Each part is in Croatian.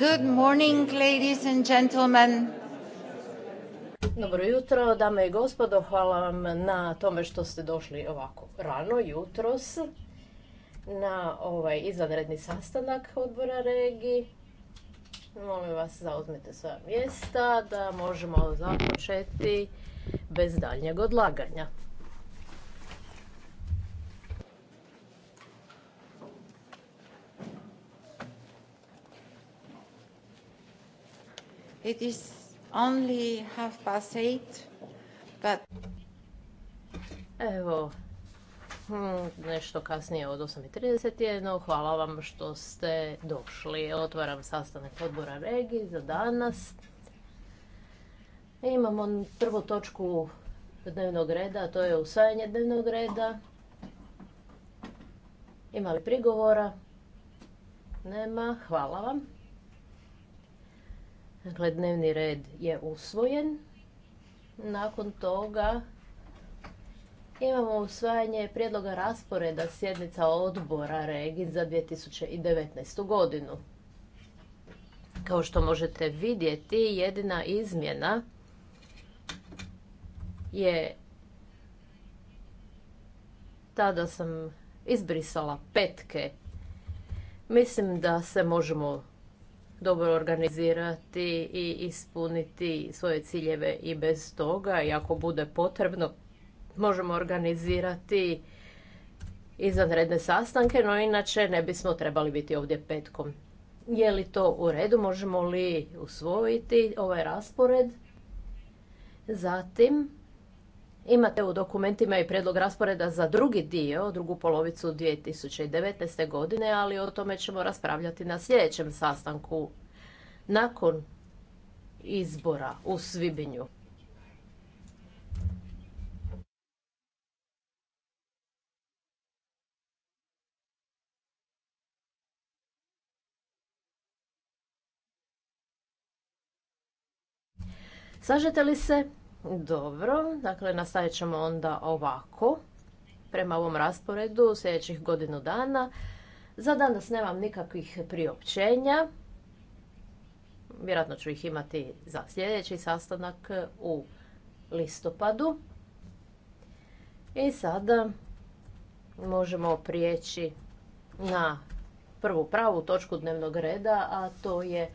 Good morning, ladies and gentlemen. Dobro jutro, dame i gospodo. Hvala vam na tome što ste došli ovako rano jutros na ovaj izvanredni sastanak odbora regi. Molim vas zauzmite sva mjesta da možemo započeti bez daljnjeg odlaganja. It is only half past eight, but... Evo, hmm, nešto kasnije od 8.30, no hvala vam što ste došli. Otvaram sastanak odbora regi za danas. Imamo prvu točku dnevnog reda, a to je usvajanje dnevnog reda. Ima li prigovora? Nema, hvala vam. Dakle, dnevni red je usvojen. Nakon toga imamo usvajanje prijedloga rasporeda sjednica odbora Regi za 2019. godinu. Kao što možete vidjeti, jedina izmjena je tada sam izbrisala petke. Mislim da se možemo dobro organizirati i ispuniti svoje ciljeve i bez toga. I ako bude potrebno, možemo organizirati izvanredne sastanke, no inače ne bismo trebali biti ovdje petkom. Je li to u redu? Možemo li usvojiti ovaj raspored? Zatim, Imate u dokumentima i predlog rasporeda za drugi dio, drugu polovicu 2019. godine, ali o tome ćemo raspravljati na sljedećem sastanku nakon izbora u Svibinju. sažete li se dobro, dakle nastavit ćemo onda ovako. Prema ovom rasporedu sljedećih godinu dana. Za danas nemam nikakvih priopćenja. Vjerojatno ću ih imati za sljedeći sastanak u listopadu. I sada možemo prijeći na prvu pravu točku dnevnog reda, a to je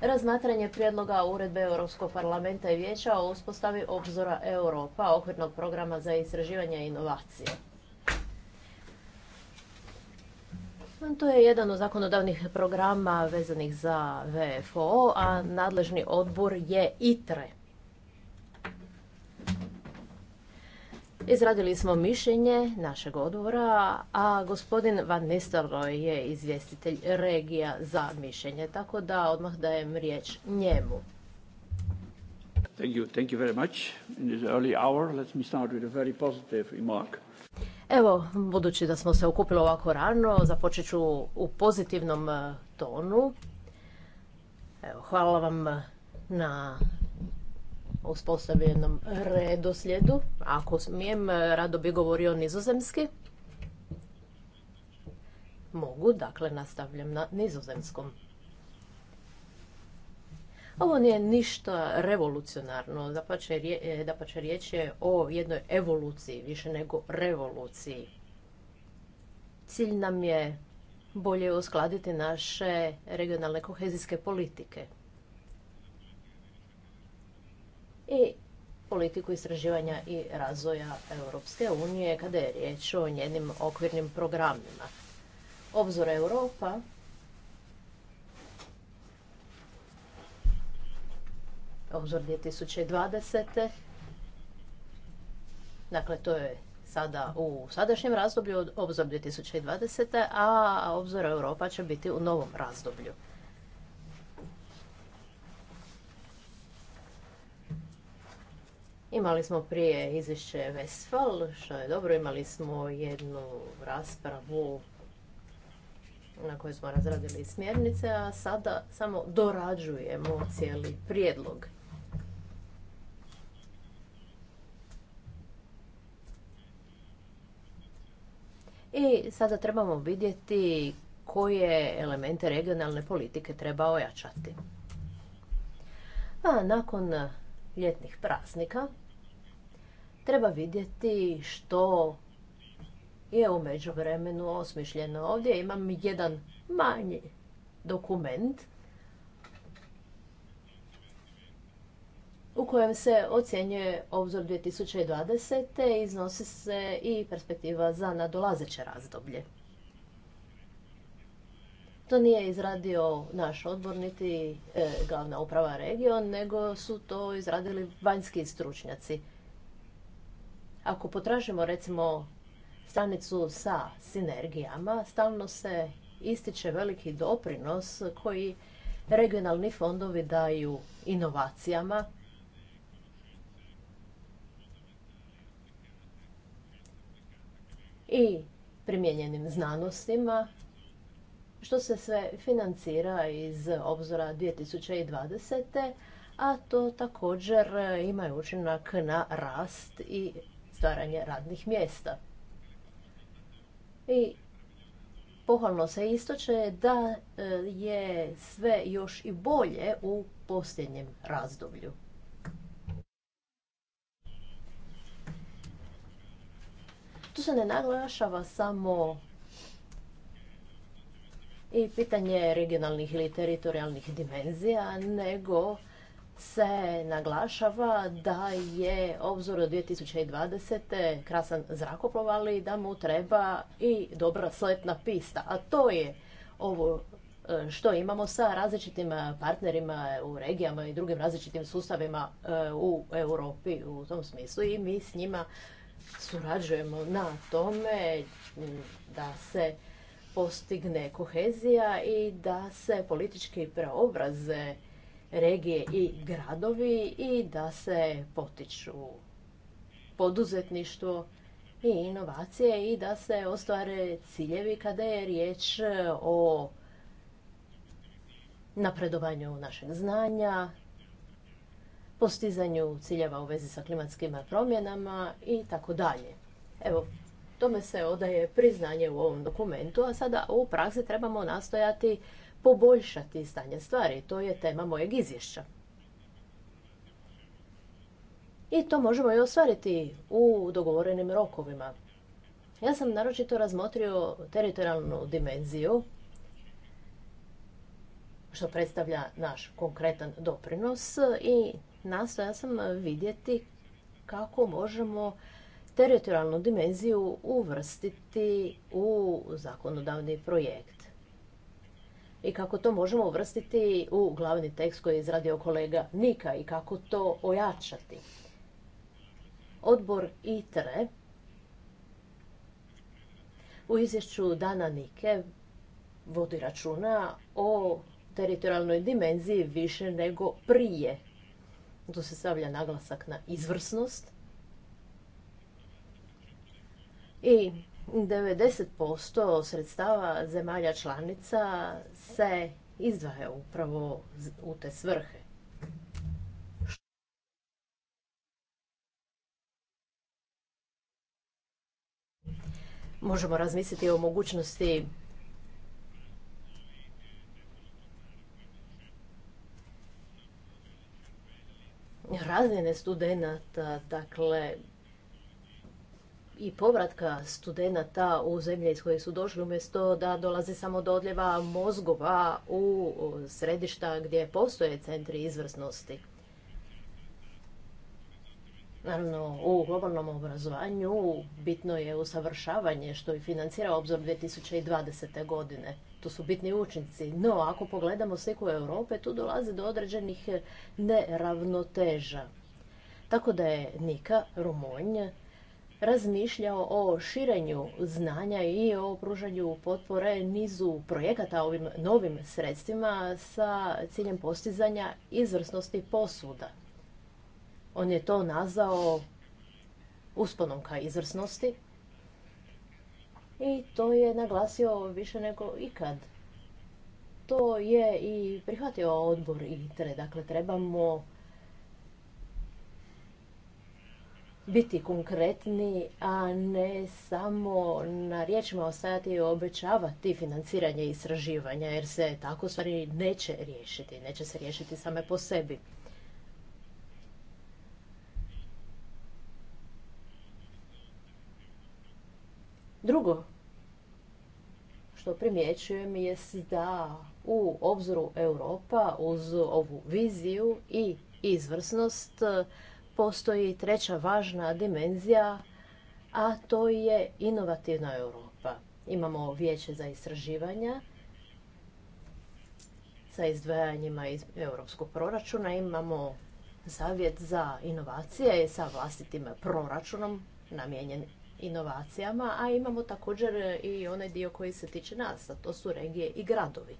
Razmatranje prijedloga uredbe Europskog parlamenta i vijeća o uspostavi obzora Europa, okvirnog programa za istraživanje i inovacije. To je jedan od zakonodavnih programa vezanih za VFO, a nadležni odbor je ITRE. Izradili smo mišljenje našeg odbora, a gospodin Van Nistelrooy je izvjestitelj regija za mišljenje, tako da odmah dajem riječ njemu. Evo, budući da smo se okupili ovako rano, započet ću u pozitivnom eh, tonu. Evo, hvala vam eh, na uspostavljenom redoslijedu. Ako smijem, rado bi govorio nizozemski. Mogu, dakle nastavljam na nizozemskom. Ovo nije ništa revolucionarno, da pa će riječ je o jednoj evoluciji, više nego revoluciji. Cilj nam je bolje uskladiti naše regionalne kohezijske politike i politiku istraživanja i razvoja Europske unije kada je riječ o njenim okvirnim programima. Obzor Europa Obzor 2020. Dakle, to je sada u sadašnjem razdoblju Obzor 2020. a Obzor Europa će biti u novom razdoblju. Imali smo prije izvješće Westfall, što je dobro. Imali smo jednu raspravu na kojoj smo razradili smjernice, a sada samo dorađujemo cijeli prijedlog. I sada trebamo vidjeti koje elemente regionalne politike treba ojačati. nakon ljetnih praznika, treba vidjeti što je u međuvremenu osmišljeno. Ovdje imam jedan manji dokument u kojem se ocjenjuje obzor 2020. iznosi se i perspektiva za nadolazeće razdoblje. To nije izradio naš odbor, niti e, glavna uprava region, nego su to izradili vanjski stručnjaci. Ako potražimo recimo stranicu sa sinergijama, stalno se ističe veliki doprinos koji regionalni fondovi daju inovacijama, i primijenjenim znanostima što se sve financira iz obzora 2020. a to također e, ima učinak na rast i stvaranje radnih mjesta. I pohvalno se istoče da e, je sve još i bolje u posljednjem razdoblju. Tu se ne naglašava samo i pitanje regionalnih ili teritorijalnih dimenzija, nego se naglašava da je obzor od 2020. krasan zrakoplov, ali da mu treba i dobra sletna pista. A to je ovo e, što imamo sa različitim partnerima u regijama i drugim različitim sustavima e, u Europi u tom smislu i mi s njima surađujemo na tome da se postigne kohezija i da se politički preobraze regije i gradovi i da se potiču poduzetništvo i inovacije i da se ostvare ciljevi kada je riječ o napredovanju našeg znanja, postizanju ciljeva u vezi sa klimatskim promjenama i tako dalje. Evo, Tome se odaje priznanje u ovom dokumentu, a sada u praksi trebamo nastojati poboljšati stanje stvari. To je tema mojeg izvješća. I to možemo i ostvariti u dogovorenim rokovima. Ja sam naročito razmotrio teritorijalnu dimenziju, što predstavlja naš konkretan doprinos i nastoja sam vidjeti kako možemo teritorijalnu dimenziju uvrstiti u zakonodavni projekt. I kako to možemo uvrstiti u glavni tekst koji je izradio kolega Nika i kako to ojačati. Odbor ITRE u izvješću Dana Nike vodi računa o teritorijalnoj dimenziji više nego prije. Tu se stavlja naglasak na izvrsnost, i 90% sredstava zemalja članica se izdvaja upravo u te svrhe. Možemo razmisliti o mogućnosti razmjene studenata, dakle i povratka studenata u zemlje iz koje su došli umjesto da dolazi samo do odljeva mozgova u središta gdje postoje centri izvrsnosti. Naravno, u globalnom obrazovanju bitno je usavršavanje što i financira obzor 2020. godine. To su bitni učinci. No, ako pogledamo sliku Europe, tu dolazi do određenih neravnoteža. Tako da je Nika Rumunj razmišljao o širenju znanja i o pružanju potpore nizu projekata ovim novim sredstvima sa ciljem postizanja izvrsnosti posuda. On je to nazvao usponom ka izvrsnosti i to je naglasio više nego ikad. To je i prihvatio odbor ITRE, dakle trebamo biti konkretni, a ne samo na riječima ostajati i obećavati financiranje i istraživanja, jer se tako stvari neće riješiti, neće se riješiti same po sebi. Drugo, što primjećujem je da u obzoru Europa uz ovu viziju i izvrsnost postoji treća važna dimenzija, a to je inovativna Europa. Imamo vijeće za istraživanja sa izdvajanjima iz europskog proračuna, imamo savjet za inovacije sa vlastitim proračunom namijenjen inovacijama, a imamo također i onaj dio koji se tiče nas, a to su regije i gradovi.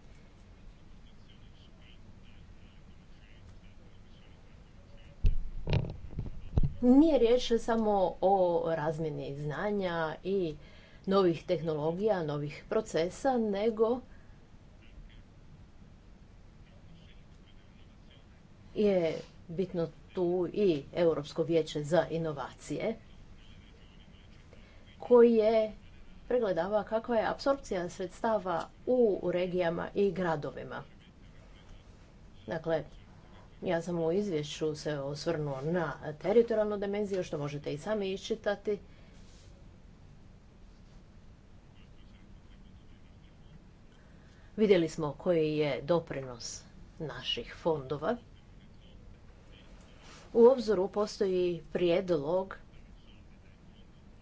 nije riječ samo o razmjeni znanja i novih tehnologija, novih procesa, nego je bitno tu i Europsko vijeće za inovacije koje pregledava kakva je apsorpcija sredstava u regijama i gradovima. Dakle, ja sam u izvješću se osvrnuo na teritorijalnu dimenziju, što možete i sami iščitati. Vidjeli smo koji je doprinos naših fondova. U obzoru postoji prijedlog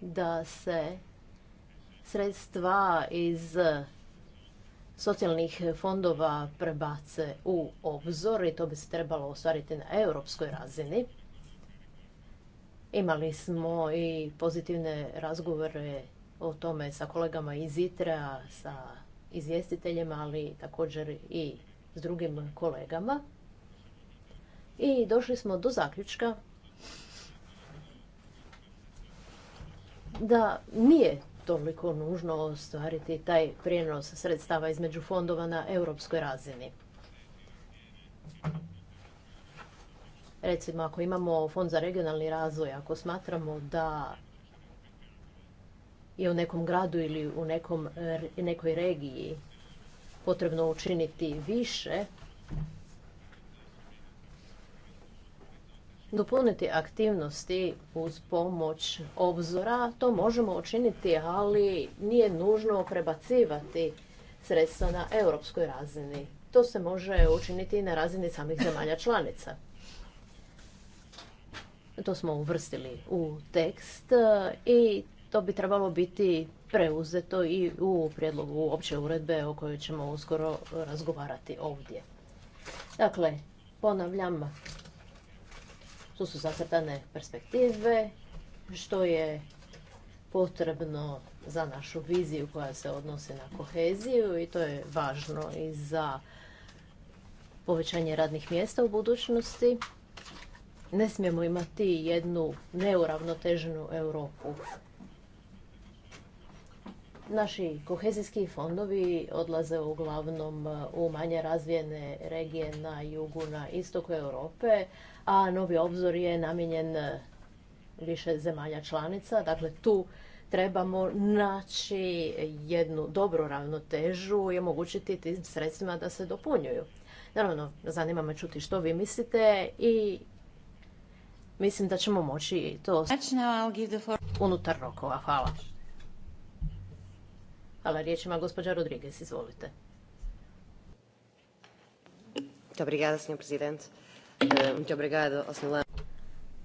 da se sredstva iz socijalnih fondova prebace u obzor i to bi se trebalo ostvariti na europskoj razini. Imali smo i pozitivne razgovore o tome sa kolegama iz ITRA, sa izvjestiteljima, ali također i s drugim kolegama. I došli smo do zaključka da nije toliko nužno ostvariti taj prijenos sredstava između fondova na europskoj razini. Recimo, ako imamo fond za regionalni razvoj, ako smatramo da je u nekom gradu ili u nekoj regiji potrebno učiniti više, dopuniti aktivnosti uz pomoć obzora, to možemo učiniti, ali nije nužno prebacivati sredstva na europskoj razini. To se može učiniti i na razini samih zemalja članica. To smo uvrstili u tekst e, i to bi trebalo biti preuzeto i u prijedlogu opće uredbe o kojoj ćemo uskoro razgovarati ovdje. Dakle, ponavljam, tu su zacrtane perspektive, što je potrebno za našu viziju koja se odnosi na koheziju i to je važno i za povećanje radnih mjesta u budućnosti. Ne smijemo imati jednu neuravnoteženu Europu. Naši kohezijski fondovi odlaze uglavnom e, u manje razvijene regije na jugu, na istoku Europe, a novi obzor je namijenjen e, više zemalja članica. Dakle, tu trebamo naći jednu dobru ravnotežu i omogućiti tim sredstvima da se dopunjuju. Naravno, zanima me čuti što vi mislite i mislim da ćemo moći to unutar rokova. Hvala. Hvala. Riječ gospođa Rodriguez. Izvolite. Ehm,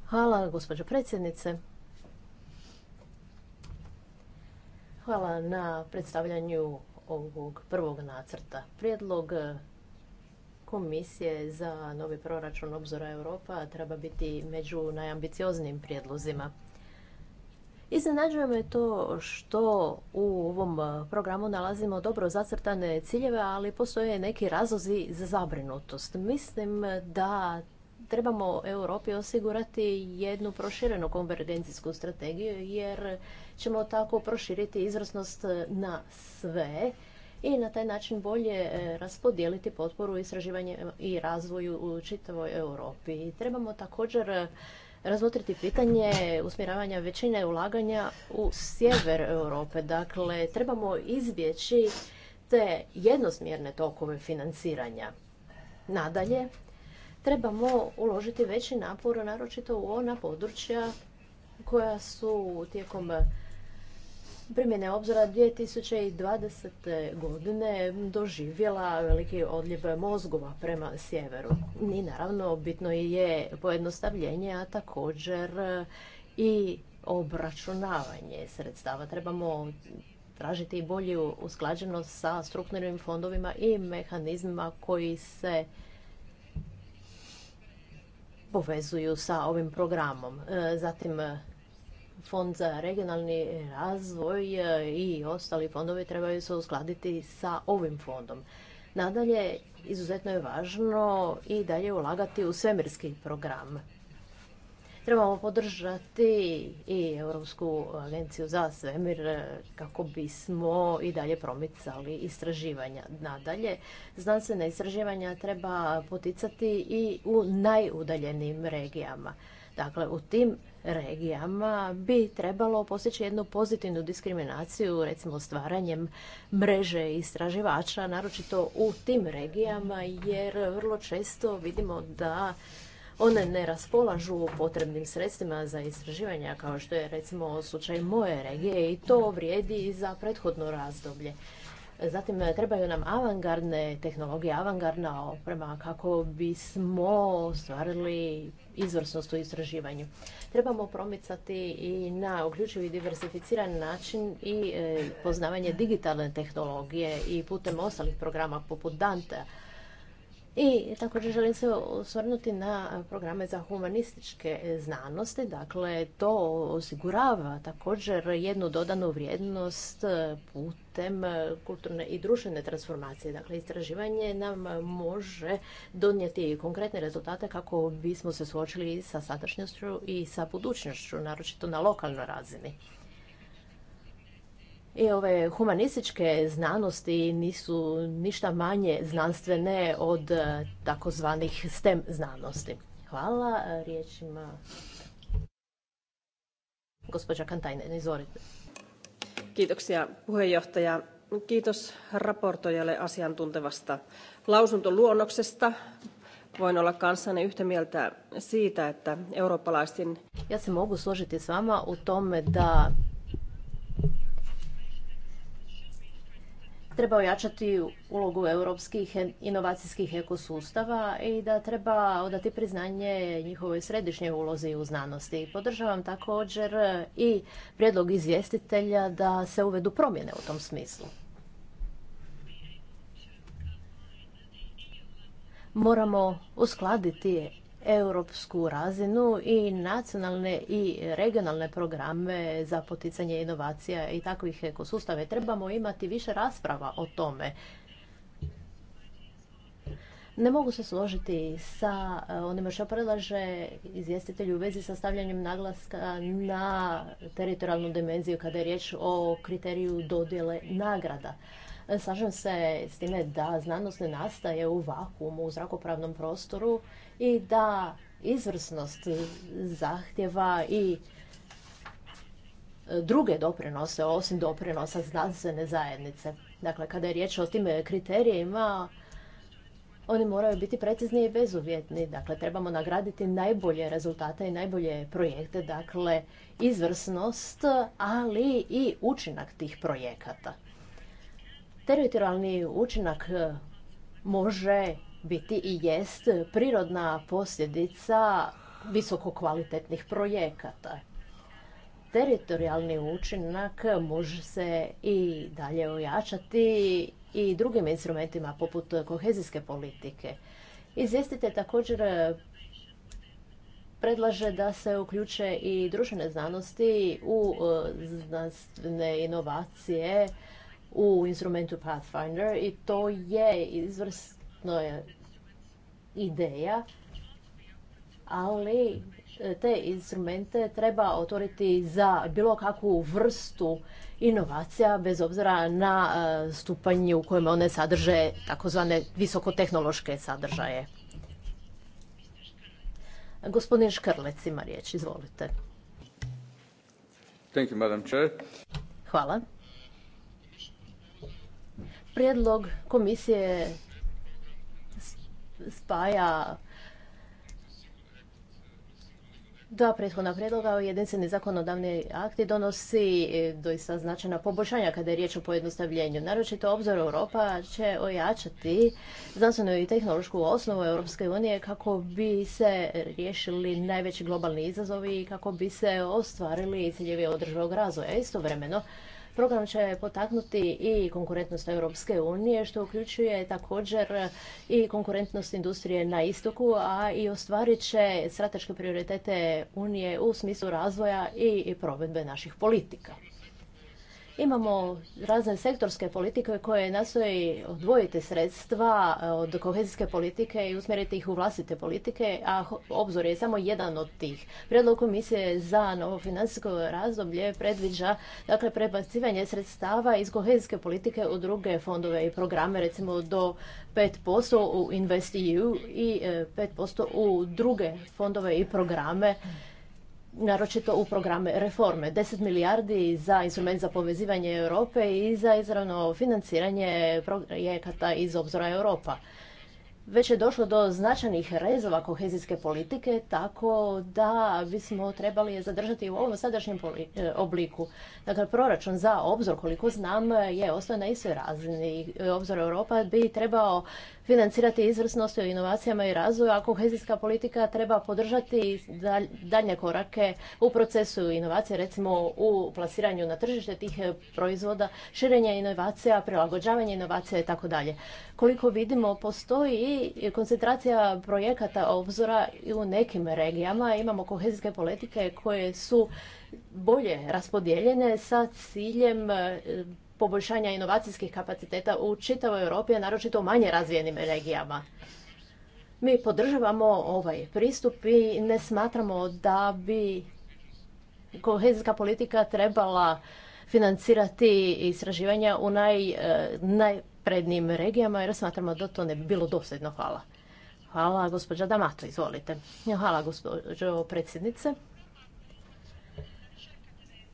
Hvala, gospođo predsjednice. Hvala na predstavljanju ovog prvog nacrta. Prijedlog komisije za novi proračun obzora Europa treba biti među najambicioznijim prijedlozima. Iznenađuje me to što u ovom e, programu nalazimo dobro zacrtane ciljeve, ali postoje neki razlozi za zabrinutost. Mislim da trebamo Europi osigurati jednu proširenu konvergencijsku strategiju jer ćemo tako proširiti izvrsnost na sve i na taj način bolje e, raspodijeliti potporu istraživanju i razvoju u čitavoj Europi. Trebamo također razmotriti pitanje usmjeravanja većine ulaganja u sjever Europe. Dakle, trebamo izbjeći te jednosmjerne tokove financiranja. Nadalje, trebamo uložiti veći napor, naročito u ona područja koja su tijekom primjene obzora 2020. godine doživjela veliki odljev mozgova prema sjeveru. I naravno bitno je pojednostavljenje, a također i obračunavanje sredstava. Trebamo tražiti i bolju usklađenost sa strukturnim fondovima i mehanizmima koji se povezuju sa ovim programom. E, zatim fond za regionalni razvoj e, i ostali fondovi trebaju se uskladiti sa ovim fondom. Nadalje, izuzetno je važno i dalje ulagati u svemirski program. Trebamo podržati i Europsku agenciju za svemir e, kako bismo i dalje promicali istraživanja. Nadalje, znanstvena istraživanja treba poticati i u najudaljenim regijama. Dakle, u tim regijama bi trebalo postići jednu pozitivnu diskriminaciju, recimo stvaranjem mreže istraživača, naročito u tim regijama, jer vrlo često vidimo da one ne raspolažu potrebnim sredstvima za istraživanja, kao što je recimo slučaj moje regije i to vrijedi i za prethodno razdoblje. Zatim e, trebaju nam avangardne tehnologije, avangardna oprema kako bismo stvarili izvrsnost u istraživanju. Trebamo promicati i na uključivi i diversificiran način i e, poznavanje digitalne tehnologije i putem ostalih programa poput Dante i također želim se osvrnuti na programe za humanističke znanosti. Dakle, to osigurava također jednu dodanu vrijednost e, putem e, kulturne i društvene transformacije. Dakle, istraživanje nam može donijeti konkretne rezultate kako bismo se suočili sa sadašnjošću i sa budućnošću, naročito na lokalnoj razini. I ove humanističke znanosti nisu ništa manje znanstvene od e, takozvanih STEM znanosti. Hvala e, riječima. Gospođa Kantajnen, izvolite. Kiitoksia puheenjohtaja. Kiitos raportoijalle asiantuntevasta lausuntoluonnoksesta. Voin olla kanssanne yhtä mieltä siitä, että eurooppalaisten... Ja se mogu složiti s vama u tome da treba ojačati ulogu europskih inovacijskih ekosustava i da treba odati priznanje njihovoj središnjoj ulozi u znanosti. Podržavam također i prijedlog izvjestitelja da se uvedu promjene u tom smislu. Moramo uskladiti europsku razinu i nacionalne i regionalne programe za poticanje inovacija i takvih ekosustave. Trebamo imati više rasprava o tome. Ne mogu se složiti sa eh, onima što predlaže izvjestitelj u vezi sa stavljanjem naglaska na teritorijalnu dimenziju kada je riječ o kriteriju dodjele nagrada. Slažem se s time da znanost ne nastaje u vakumu, u zrakopravnom prostoru i da izvrsnost zahtjeva i druge doprinose, osim doprinosa znanstvene zajednice. Dakle, kada je riječ o tim kriterijima, oni moraju biti precizni i bezuvjetni. Dakle, trebamo nagraditi najbolje rezultate i najbolje projekte. Dakle, izvrsnost, ali i učinak tih projekata. Teritorijalni učinak može biti i jest prirodna posljedica visokokvalitetnih projekata. Teritorijalni učinak može se i dalje ojačati i drugim instrumentima poput kohezijske politike. Izvjestitelj također predlaže da se uključe i društvene znanosti u e, znanstvene inovacije u instrumentu Pathfinder i to je izvrs to je ideja, ali e, te instrumente treba otvoriti za bilo kakvu vrstu inovacija bez obzira na e, stupanju u kojem one sadrže takozvane visokotehnološke sadržaje. Gospodin Škrlec ima riječ, izvolite. Hvala. Prijedlog komisije spaja dva prethodna prijedloga o jedinstveni zakonodavni akti donosi e, doista značajna poboljšanja kada je riječ o pojednostavljenju. Naročito obzor Europa će ojačati znanstvenu i tehnološku osnovu Europske unije kako bi se riješili najveći globalni izazovi i kako bi se ostvarili ciljevi održivog razvoja. Istovremeno, Program će potaknuti i konkurentnost Europske unije, što uključuje također i konkurentnost industrije na istoku, a i ostvarit će strateške prioritete Unije u smislu razvoja i provedbe naših politika. Imamo razne sektorske politike koje nastoji odvojiti sredstva e, od kohezijske politike i usmjeriti ih u vlastite politike, a obzor je samo jedan od tih. Prijedlog komisije za novo financijsko razdoblje predviđa dakle, prebacivanje sredstava iz kohezijske politike u druge fondove i programe, recimo do 5% u InvestEU i 5% e, u druge fondove i programe naročito u programe reforme. 10 milijardi za instrument za povezivanje Europe i za izravno financiranje projekata iz obzora Europa. Već je došlo do značajnih rezova kohezijske politike, tako da bismo trebali je zadržati u ovom sadašnjem e, obliku. Dakle, proračun za obzor, koliko znam, je ostao na istoj razini. Obzor Europa bi trebao financirati izvrsnost u inovacijama i razvoju, a kohezijska politika treba podržati daljnje korake u procesu inovacije, recimo u plasiranju na tržište tih e, proizvoda, širenje inovacija, prilagođavanje inovacija i tako dalje. Koliko vidimo, postoji koncentracija projekata obzora i u nekim regijama. Imamo kohezijske politike koje su bolje raspodijeljene sa ciljem e, poboljšanja inovacijskih kapaciteta u čitavoj Europi, naročito u manje razvijenim regijama. Mi podržavamo ovaj pristup i ne smatramo da bi kohezijska politika trebala financirati istraživanja u naj, eh, najprednijim regijama jer smatramo da to ne bi bilo dosljedno. Hvala. Hvala, gospođa Damato, izvolite. Hvala, gospođo predsjednice.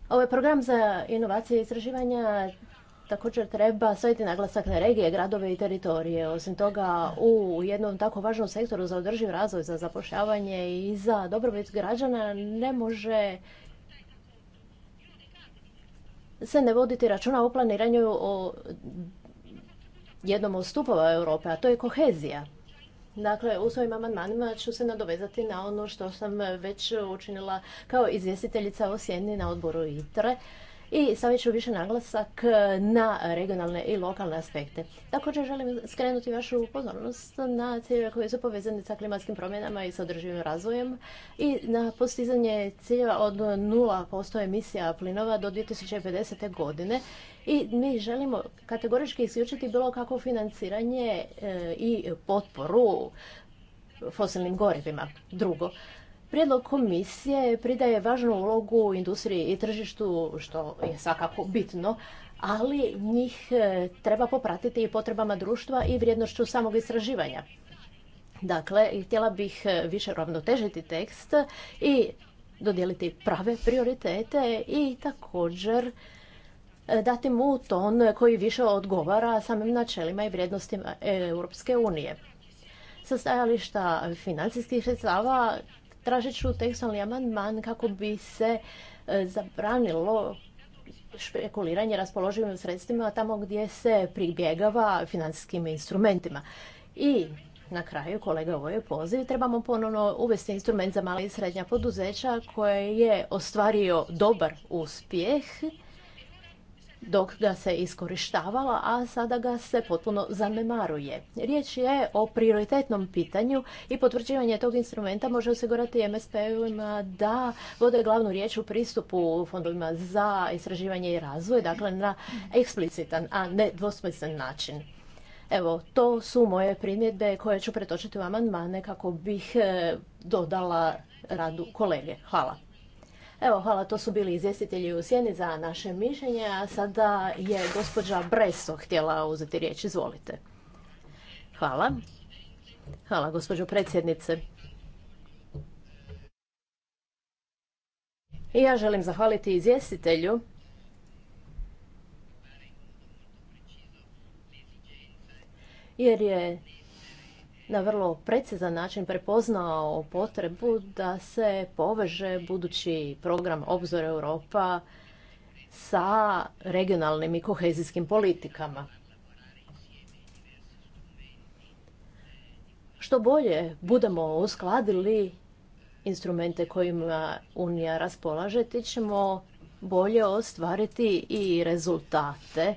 Ovaj program za inovacije i istraživanja također treba staviti naglasak na regije, gradove i teritorije. Osim toga, u jednom tako važnom sektoru za održiv razvoj, za zapošljavanje i za dobrobit građana ne može se ne voditi računa o planiranju o jednom od stupova Europe, a to je kohezija. Dakle, u svojim amandmanima ću se nadovezati na ono što sam već učinila kao izvjestiteljica o sjeni na odboru ITRE i stavit ću više naglasak e, na regionalne i lokalne aspekte. Također želim skrenuti vašu pozornost na ciljeve koje su povezane sa klimatskim promjenama i sa održivim razvojem i na postizanje ciljeva od 0% emisija plinova do 2050. godine i mi želimo kategorički isključiti bilo kako financiranje e, i potporu fosilnim gorivima. Drugo, Prijedlog komisije pridaje važnu ulogu industriji i tržištu, što je svakako bitno, ali njih e, treba popratiti i potrebama društva i vrijednošću samog istraživanja. Dakle, htjela bih e, više ravnotežiti tekst i dodijeliti prave prioritete i također e, dati mu ton koji više odgovara samim načelima i vrijednostima Europske unije. Sa stajališta financijskih sredstava tražit ću tekstalni amandman kako bi se e, zabranilo špekuliranje raspoloživim sredstvima tamo gdje se pribjegava financijskim instrumentima. I na kraju, kolega, ovo je poziv. Trebamo ponovno uvesti instrument za mala i srednja poduzeća koje je ostvario dobar uspjeh dok ga se iskorištavala, a sada ga se potpuno zanemaruje. Riječ je o prioritetnom pitanju i potvrđivanje tog instrumenta može osigurati MSP-ovima da vode glavnu riječ u pristupu fondovima za istraživanje i razvoj, dakle na eksplicitan, a ne dvosmislen način. Evo, to su moje primjedbe koje ću pretočiti u amandmane kako bih e, dodala radu kolege. Hvala. Evo, hvala, to su bili izvjestitelji u sjeni za naše mišljenje, a sada je gospođa Breso htjela uzeti riječ. Izvolite. Hvala. Hvala, gospođo predsjednice. I ja želim zahvaliti izvjestitelju jer je na vrlo precizan način prepoznao potrebu da se poveže budući program Obzor Europa sa regionalnim i kohezijskim politikama. Što bolje budemo uskladili instrumente kojima Unija raspolaže, ti ćemo bolje ostvariti i rezultate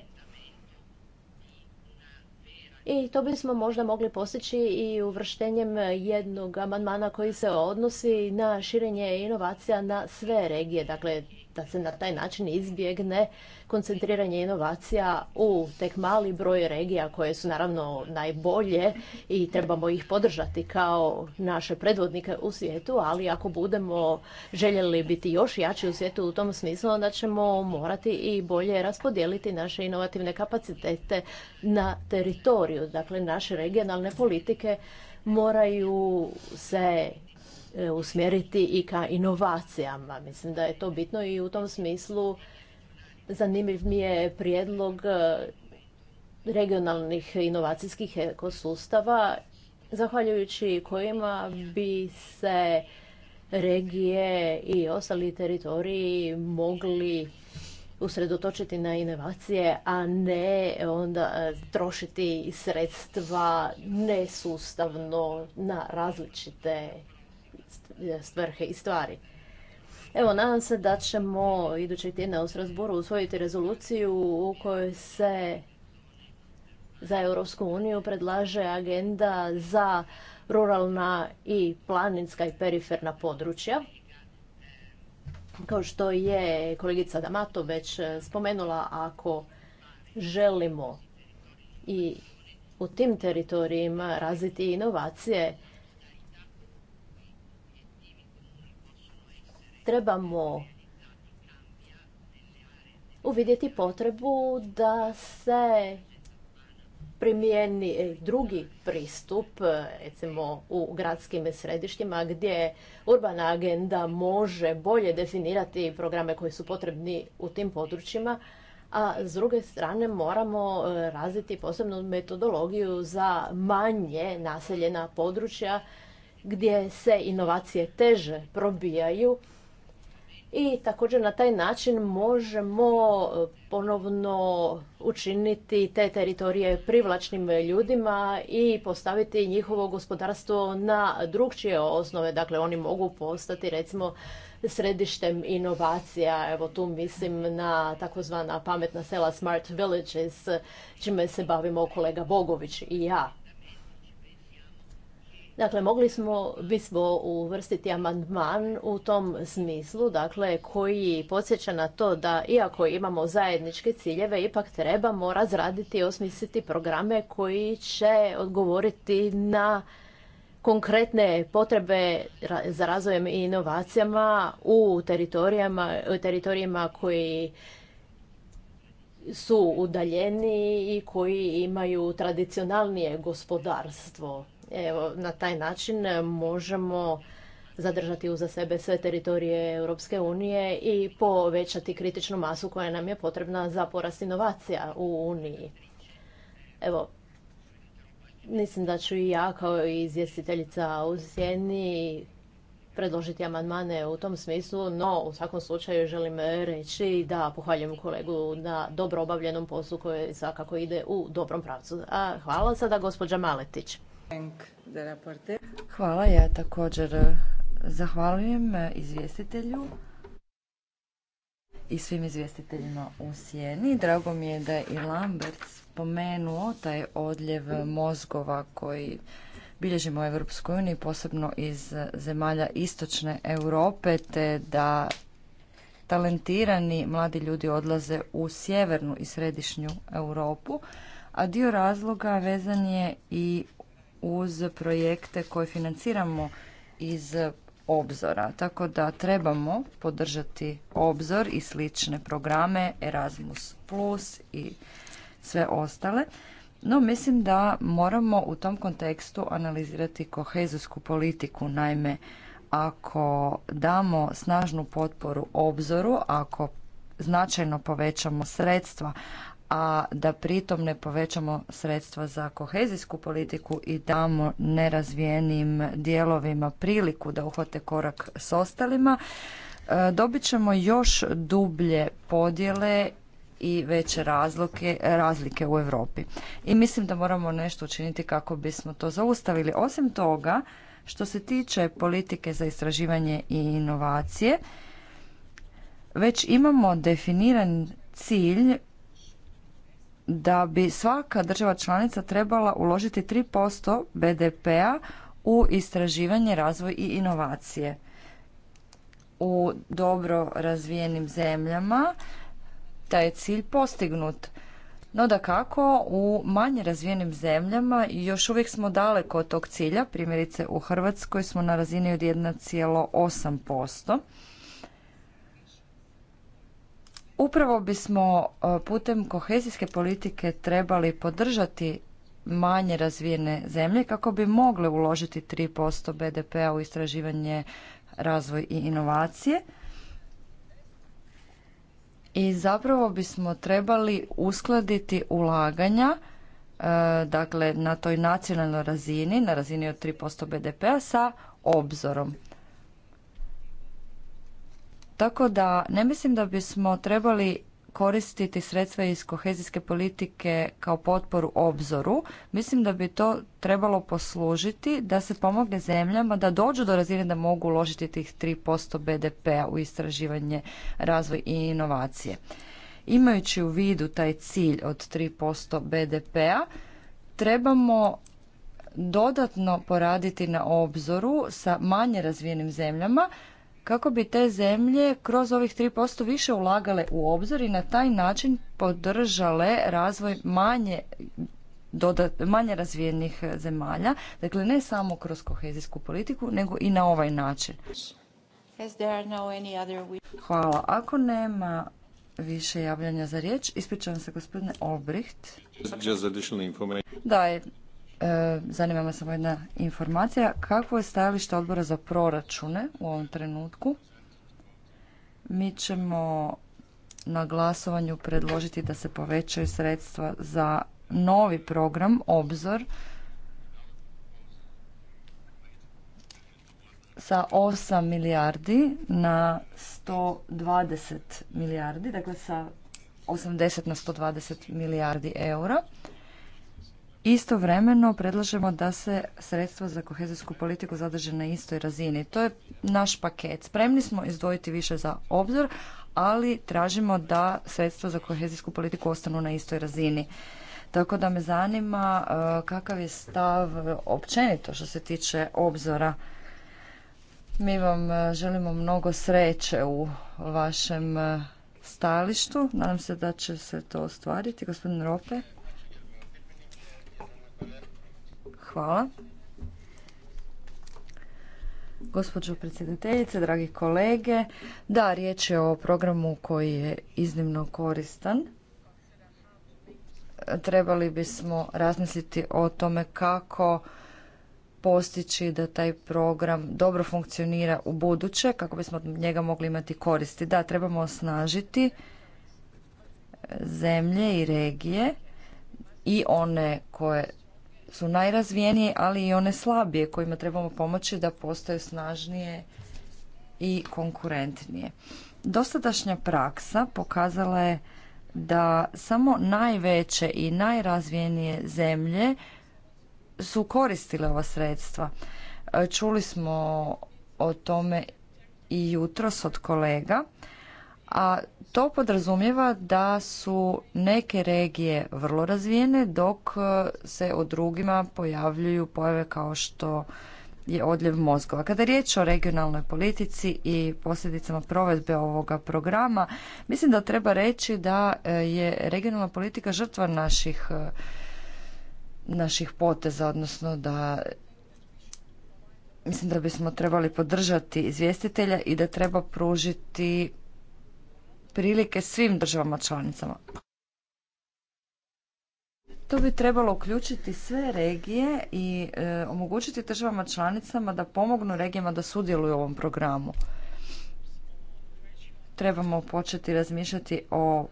i to bismo možda mogli postići i uvrštenjem jednog amandmana koji se odnosi na širenje inovacija na sve regije. Dakle, da se na taj način izbjegne koncentriranje inovacija u tek mali broj regija koje su naravno najbolje i trebamo ih podržati kao naše predvodnike u svijetu, ali ako budemo željeli biti još jači u svijetu u tom smislu, onda ćemo morati i bolje raspodijeliti naše inovativne kapacitete na teritoriju. Dakle, naše regionalne politike moraju se E, usmjeriti i ka inovacijama. Mislim da je to bitno i u tom smislu zanimljiv mi je prijedlog e, regionalnih inovacijskih ekosustava zahvaljujući kojima bi se regije i ostali teritoriji mogli usredotočiti na inovacije, a ne onda e, trošiti sredstva nesustavno na različite svrhe i stvari. Evo, nadam se da ćemo idući tjedna u Strasburu usvojiti rezoluciju u kojoj se za Europsku uniju predlaže agenda za ruralna i planinska i periferna područja. Kao što je kolegica Damato već spomenula, ako želimo i u tim teritorijima razviti inovacije, trebamo uvidjeti potrebu da se primijeni e, drugi pristup, e, recimo u gradskim središtima gdje urbana agenda može bolje definirati programe koji su potrebni u tim područjima, a s druge strane moramo e, razviti posebnu metodologiju za manje naseljena područja gdje se inovacije teže probijaju i također na taj način možemo e, ponovno učiniti te teritorije privlačnim ljudima i postaviti njihovo gospodarstvo na drugčije osnove. Dakle, oni mogu postati recimo središtem inovacija. Evo tu mislim na takozvana pametna sela Smart Villages, čime se bavimo kolega Bogović i ja. Dakle, mogli smo, bismo uvrstiti amandman u tom smislu, dakle, koji podsjeća na to da iako imamo zajedničke ciljeve, ipak trebamo razraditi i osmisliti programe koji će odgovoriti na konkretne potrebe za razvojem i inovacijama u teritorijama, teritorijima koji su udaljeni i koji imaju tradicionalnije gospodarstvo. Evo, na taj način možemo zadržati uza sebe sve teritorije Europske unije i povećati kritičnu masu koja nam je potrebna za porast inovacija u Uniji. Evo, mislim da ću i ja kao izvjestiteljica u Sjeni predložiti amandmane u tom smislu, no u svakom slučaju želim reći da pohvaljujem kolegu na dobro obavljenom poslu koji svakako ide u dobrom pravcu. A hvala sada gospođa Maletić. Hvala, ja također eh, zahvaljujem eh, izvjestitelju i svim izvjestiteljima u Sjeni. Drago mi je da je i Lambert spomenuo taj odljev mozgova koji bilježimo u Europskoj uniji, posebno iz eh, zemalja istočne Europe, te da talentirani mladi ljudi odlaze u sjevernu i središnju Europu, a dio razloga vezan je i uz projekte koje financiramo iz obzora. Tako da trebamo podržati obzor i slične programe Erasmus Plus i sve ostale. No, mislim da moramo u tom kontekstu analizirati kohezijsku politiku. Naime, ako damo snažnu potporu obzoru, ako značajno povećamo sredstva, a da pritom ne povećamo sredstva za kohezijsku politiku i damo nerazvijenim dijelovima priliku da uhvate korak s ostalima, e, dobit ćemo još dublje podjele i veće razlike, razlike u Europi. I mislim da moramo nešto učiniti kako bismo to zaustavili. Osim toga, što se tiče politike za istraživanje i inovacije, već imamo definiran cilj da bi svaka država članica trebala uložiti 3% BDP-a u istraživanje, razvoj i inovacije. U dobro razvijenim zemljama taj je cilj postignut. No da kako, u manje razvijenim zemljama još uvijek smo daleko od tog cilja, primjerice u Hrvatskoj smo na razini od 1,8%. Upravo bismo e, putem kohezijske politike trebali podržati manje razvijene zemlje kako bi mogle uložiti 3% BDP-a u istraživanje, razvoj i inovacije. I zapravo bismo trebali uskladiti ulaganja e, dakle na toj nacionalnoj razini, na razini od 3% BDP-a sa obzorom. Tako da ne mislim da bismo trebali koristiti sredstva iz kohezijske politike kao potporu obzoru. Mislim da bi to trebalo poslužiti da se pomogne zemljama da dođu do razine da mogu uložiti tih 3% BDP-a u istraživanje, razvoj i inovacije. Imajući u vidu taj cilj od 3% BDP-a, trebamo dodatno poraditi na obzoru sa manje razvijenim zemljama kako bi te zemlje kroz ovih 3% više ulagale u obzor i na taj način podržale razvoj manje dodat, manje razvijenih e, zemalja, dakle ne samo kroz kohezijsku politiku, nego i na ovaj način. Hvala. Ako nema više javljanja za riječ, ispričavam se gospodine information. Da, E, zanima me samo jedna informacija. Kakvo je stajalište odbora za proračune u ovom trenutku? Mi ćemo na glasovanju predložiti da se povećaju sredstva za novi program Obzor sa 8 milijardi na 120 milijardi, dakle sa 80 na 120 milijardi eura. Istovremeno predlažemo da se sredstva za kohezijsku politiku zadrže na istoj razini. To je naš paket. Spremni smo izdvojiti više za obzor, ali tražimo da sredstva za kohezijsku politiku ostanu na istoj razini. Tako da me zanima e, kakav je stav općenito što se tiče obzora. Mi vam e, želimo mnogo sreće u vašem e, stalištu. Nadam se da će se to ostvariti. Gospodin Rope. Hvala. Gospođo predsjedateljice, dragi kolege, da, riječ je o programu koji je iznimno koristan. Trebali bismo razmisliti o tome kako postići da taj program dobro funkcionira u buduće, kako bismo od njega mogli imati koristi. Da, trebamo osnažiti zemlje i regije i one koje su najrazvijenije, ali i one slabije kojima trebamo pomoći da postaju snažnije i konkurentnije. Dosadašnja praksa pokazala je da samo najveće i najrazvijenije zemlje su koristile ova sredstva. Čuli smo o tome i jutros od kolega a to podrazumijeva da su neke regije vrlo razvijene dok e, se o drugima pojavljuju pojave kao što je odljev mozgova. Kada je riječ o regionalnoj politici i posljedicama provedbe ovoga programa, mislim da treba reći da e, je regionalna politika žrtva naših e, naših poteza, odnosno da mislim da bismo trebali podržati izvjestitelja i da treba pružiti prilike svim državama članicama. To bi trebalo uključiti sve regije i e, omogućiti državama članicama da pomognu regijama da sudjeluju u ovom programu. Trebamo početi razmišljati o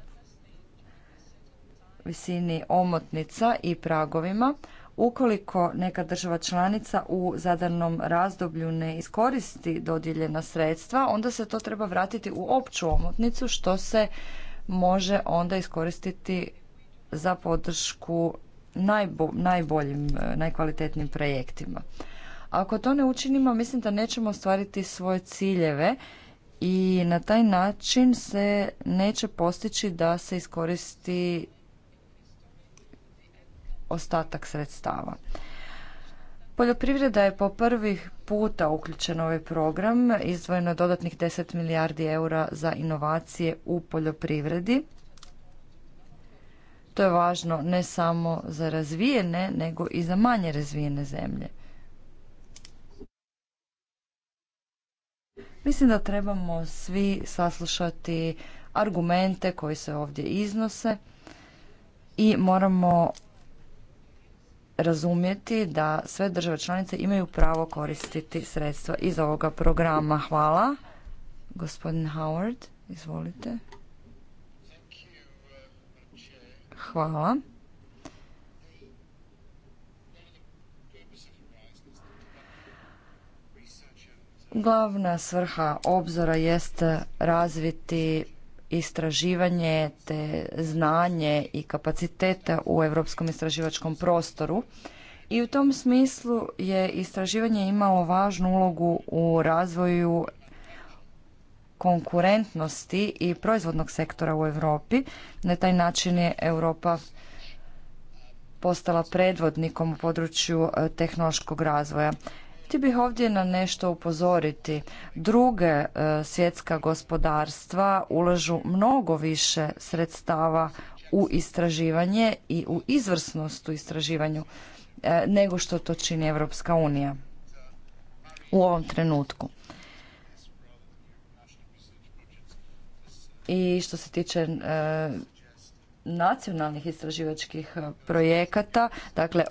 visini omotnica i pragovima, Ukoliko neka država članica u zadanom razdoblju ne iskoristi dodijeljena sredstva, onda se to treba vratiti u opću omotnicu što se može onda iskoristiti za podršku najboljim, e, najkvalitetnijim projektima. Ako to ne učinimo, mislim da nećemo ostvariti svoje ciljeve i na taj način se neće postići da se iskoristi ostatak sredstava. Poljoprivreda je po prvi puta uključena u ovaj program, izdvojeno je dodatnih 10 milijardi eura za inovacije u poljoprivredi. To je važno ne samo za razvijene, nego i za manje razvijene zemlje. Mislim da trebamo svi saslušati argumente koji se ovdje iznose i moramo razumjeti da sve države članice imaju pravo koristiti sredstva iz ovoga programa. Hvala. Gospodin Howard, izvolite. Hvala. Glavna svrha obzora jeste razviti istraživanje te znanje i kapacitete u europskom istraživačkom prostoru. I u tom smislu je istraživanje imalo važnu ulogu u razvoju konkurentnosti i proizvodnog sektora u Europi. Na taj način je Europa postala predvodnikom u području e, tehnološkog razvoja. Htio bih ovdje na nešto upozoriti. Druge e, svjetska gospodarstva ulažu mnogo više sredstava u istraživanje i u izvrsnost u istraživanju e, nego što to čini Europska unija u ovom trenutku. I što se tiče e, nacionalnih istraživačkih projekata, dakle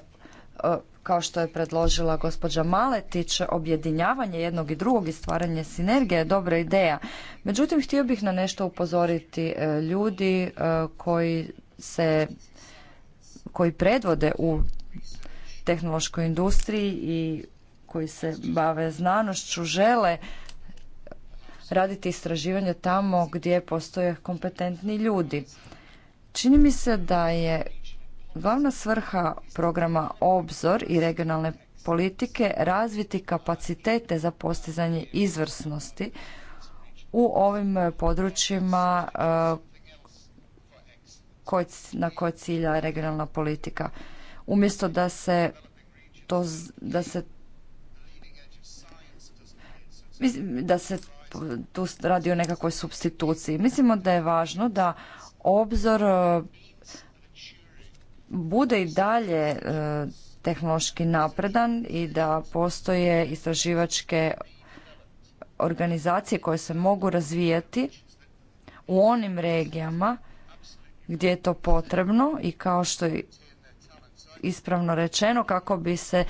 kao što je predložila gospođa Maletić, objedinjavanje jednog i drugog i stvaranje sinergije je dobra ideja. Međutim, htio bih na nešto upozoriti e, ljudi e, koji se koji predvode u tehnološkoj industriji i koji se bave znanošću žele raditi istraživanje tamo gdje postoje kompetentni ljudi. Čini mi se da je Glavna svrha programa Obzor i regionalne politike razviti kapacitete za postizanje izvrsnosti u ovim područjima eh, na koje cilja regionalna politika. Umjesto da se to, da se da se tu radi o nekakvoj substituciji. Mislimo da je važno da obzor eh, bude i dalje e, tehnološki napredan i da postoje istraživačke organizacije koje se mogu razvijati u onim regijama gdje je to potrebno i kao što je ispravno rečeno kako bi se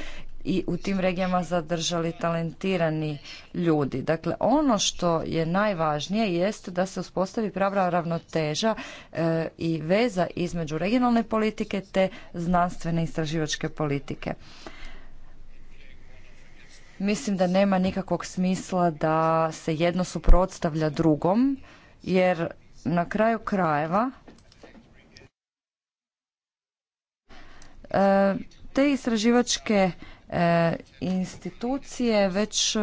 i u tim regijama zadržali talentirani ljudi. Dakle, ono što je najvažnije jest da se uspostavi pravna ravnoteža e, i veza između regionalne politike te znanstvene istraživačke politike. Mislim da nema nikakvog smisla da se jedno suprotstavlja drugom, jer na kraju krajeva e, te istraživačke E, institucije već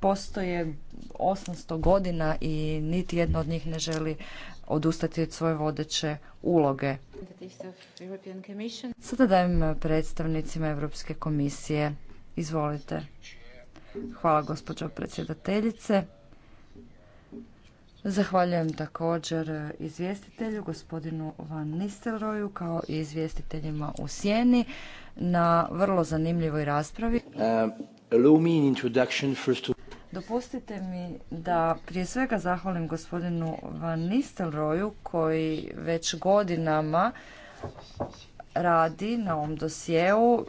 postoje 800 godina i niti jedna od njih ne želi odustati od svoje vodeće uloge. Sada dajem predstavnicima Europske komisije. Izvolite. Hvala gospođo predsjedateljice. Zahvaljujem također izvjestitelju, gospodinu Van Nistelroju, kao i izvjestiteljima u Sjeni na vrlo zanimljivoj raspravi. Um, Dopustite mi da prije svega zahvalim gospodinu Van Nistelroju koji već godinama radi na ovom dosjeu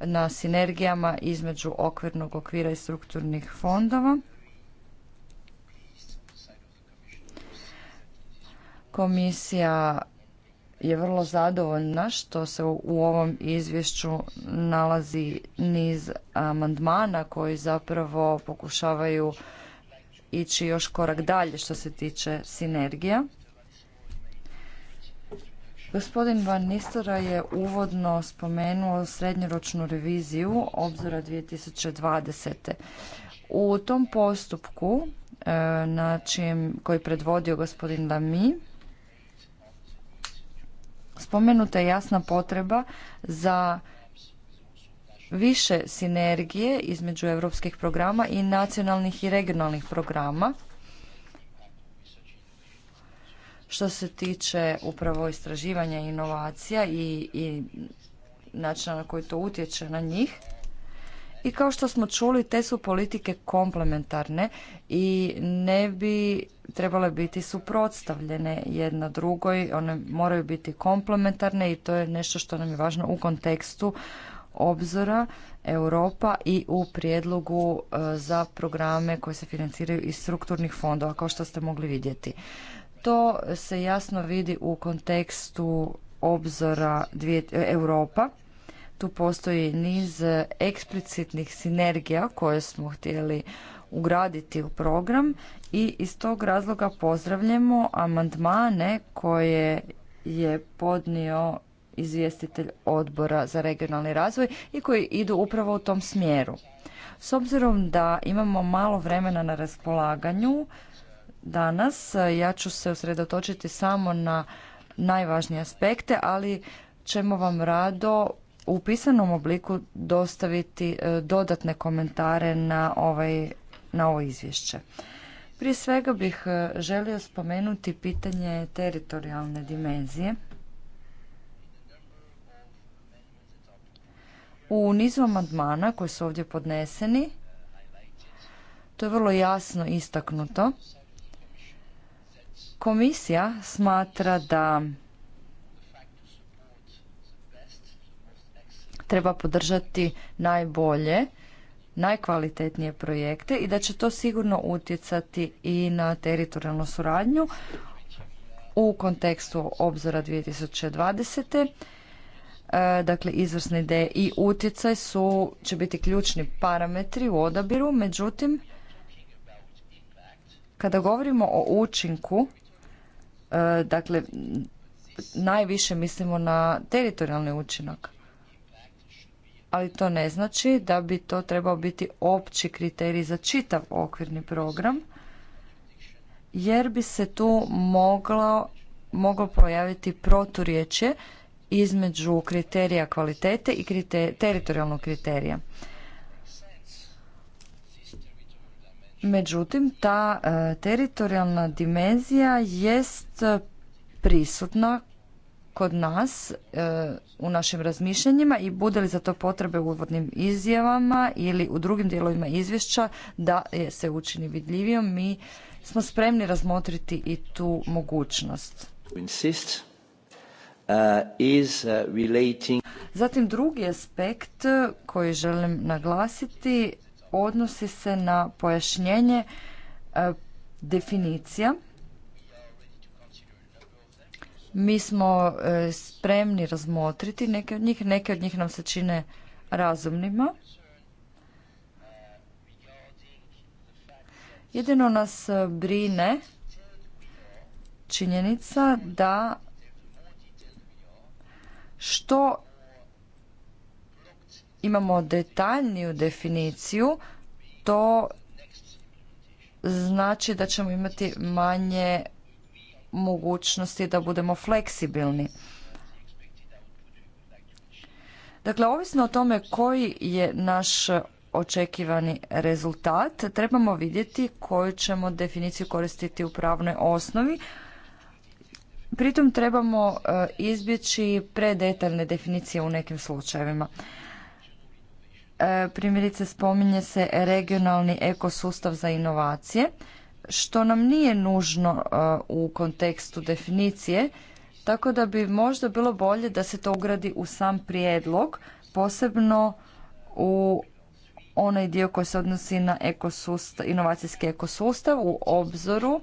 na sinergijama između okvirnog okvira i strukturnih fondova. Komisija je vrlo zadovoljna što se u ovom izvješću nalazi niz amandmana koji zapravo pokušavaju ići još korak dalje što se tiče sinergija. Gospodin Van Nistora je uvodno spomenuo srednjoročnu reviziju obzora 2020. U tom postupku e, na čijem, koji predvodio gospodin Lamy, Spomenuta je jasna potreba za više sinergije između europskih programa i nacionalnih i regionalnih programa što se tiče upravo istraživanja inovacija i, i načina na koji to utječe na njih. I kao što smo čuli, te su politike komplementarne i ne bi trebale biti suprotstavljene jedna drugoj, one moraju biti komplementarne i to je nešto što nam je važno u kontekstu obzora Europa i u prijedlogu e, za programe koji se financiraju iz strukturnih fondova, kao što ste mogli vidjeti. To se jasno vidi u kontekstu obzora e, Europa tu postoji niz eksplicitnih sinergija koje smo htjeli ugraditi u program i iz tog razloga pozdravljamo amandmane koje je podnio izvjestitelj odbora za regionalni razvoj i koji idu upravo u tom smjeru. S obzirom da imamo malo vremena na raspolaganju danas, ja ću se usredotočiti samo na najvažnije aspekte, ali ćemo vam rado u pisanom obliku dostaviti e, dodatne komentare na, ovaj, na ovo izvješće. Prije svega bih e, želio spomenuti pitanje teritorijalne dimenzije. U nizu amandmana koji su ovdje podneseni, to je vrlo jasno istaknuto, komisija smatra da treba podržati najbolje, najkvalitetnije projekte i da će to sigurno utjecati i na teritorijalnu suradnju u kontekstu obzora 2020. E, dakle, izvrsne ideje i utjecaj su, će biti ključni parametri u odabiru, međutim, kada govorimo o učinku, e, dakle, najviše mislimo na teritorijalni učinak ali to ne znači da bi to trebao biti opći kriterij za čitav okvirni program, jer bi se tu moglo, moglo pojaviti proturječje između kriterija kvalitete i kriter, teritorijalnog kriterija. Međutim, ta e, teritorijalna dimenzija jest prisutna kod nas e, u našim razmišljanjima i bude li za to potrebe u uvodnim izjavama ili u drugim dijelovima izvješća da je se učini vidljivijom, mi smo spremni razmotriti i tu mogućnost. Uh, uh, Zatim drugi aspekt koji želim naglasiti odnosi se na pojašnjenje uh, definicija mi smo e, spremni razmotriti neke od njih, neke od njih nam se čine razumnima. Jedino nas e, brine činjenica da što imamo detaljniju definiciju, to znači da ćemo imati manje mogućnosti da budemo fleksibilni. Dakle, ovisno o tome koji je naš očekivani rezultat, trebamo vidjeti koju ćemo definiciju koristiti u pravnoj osnovi. Pritom trebamo e, izbjeći predetaljne definicije u nekim slučajevima. E, primjerice spominje se regionalni ekosustav za inovacije što nam nije nužno e, u kontekstu definicije, tako da bi možda bilo bolje da se to ugradi u sam prijedlog, posebno u onaj dio koji se odnosi na ekosustav, inovacijski ekosustav u obzoru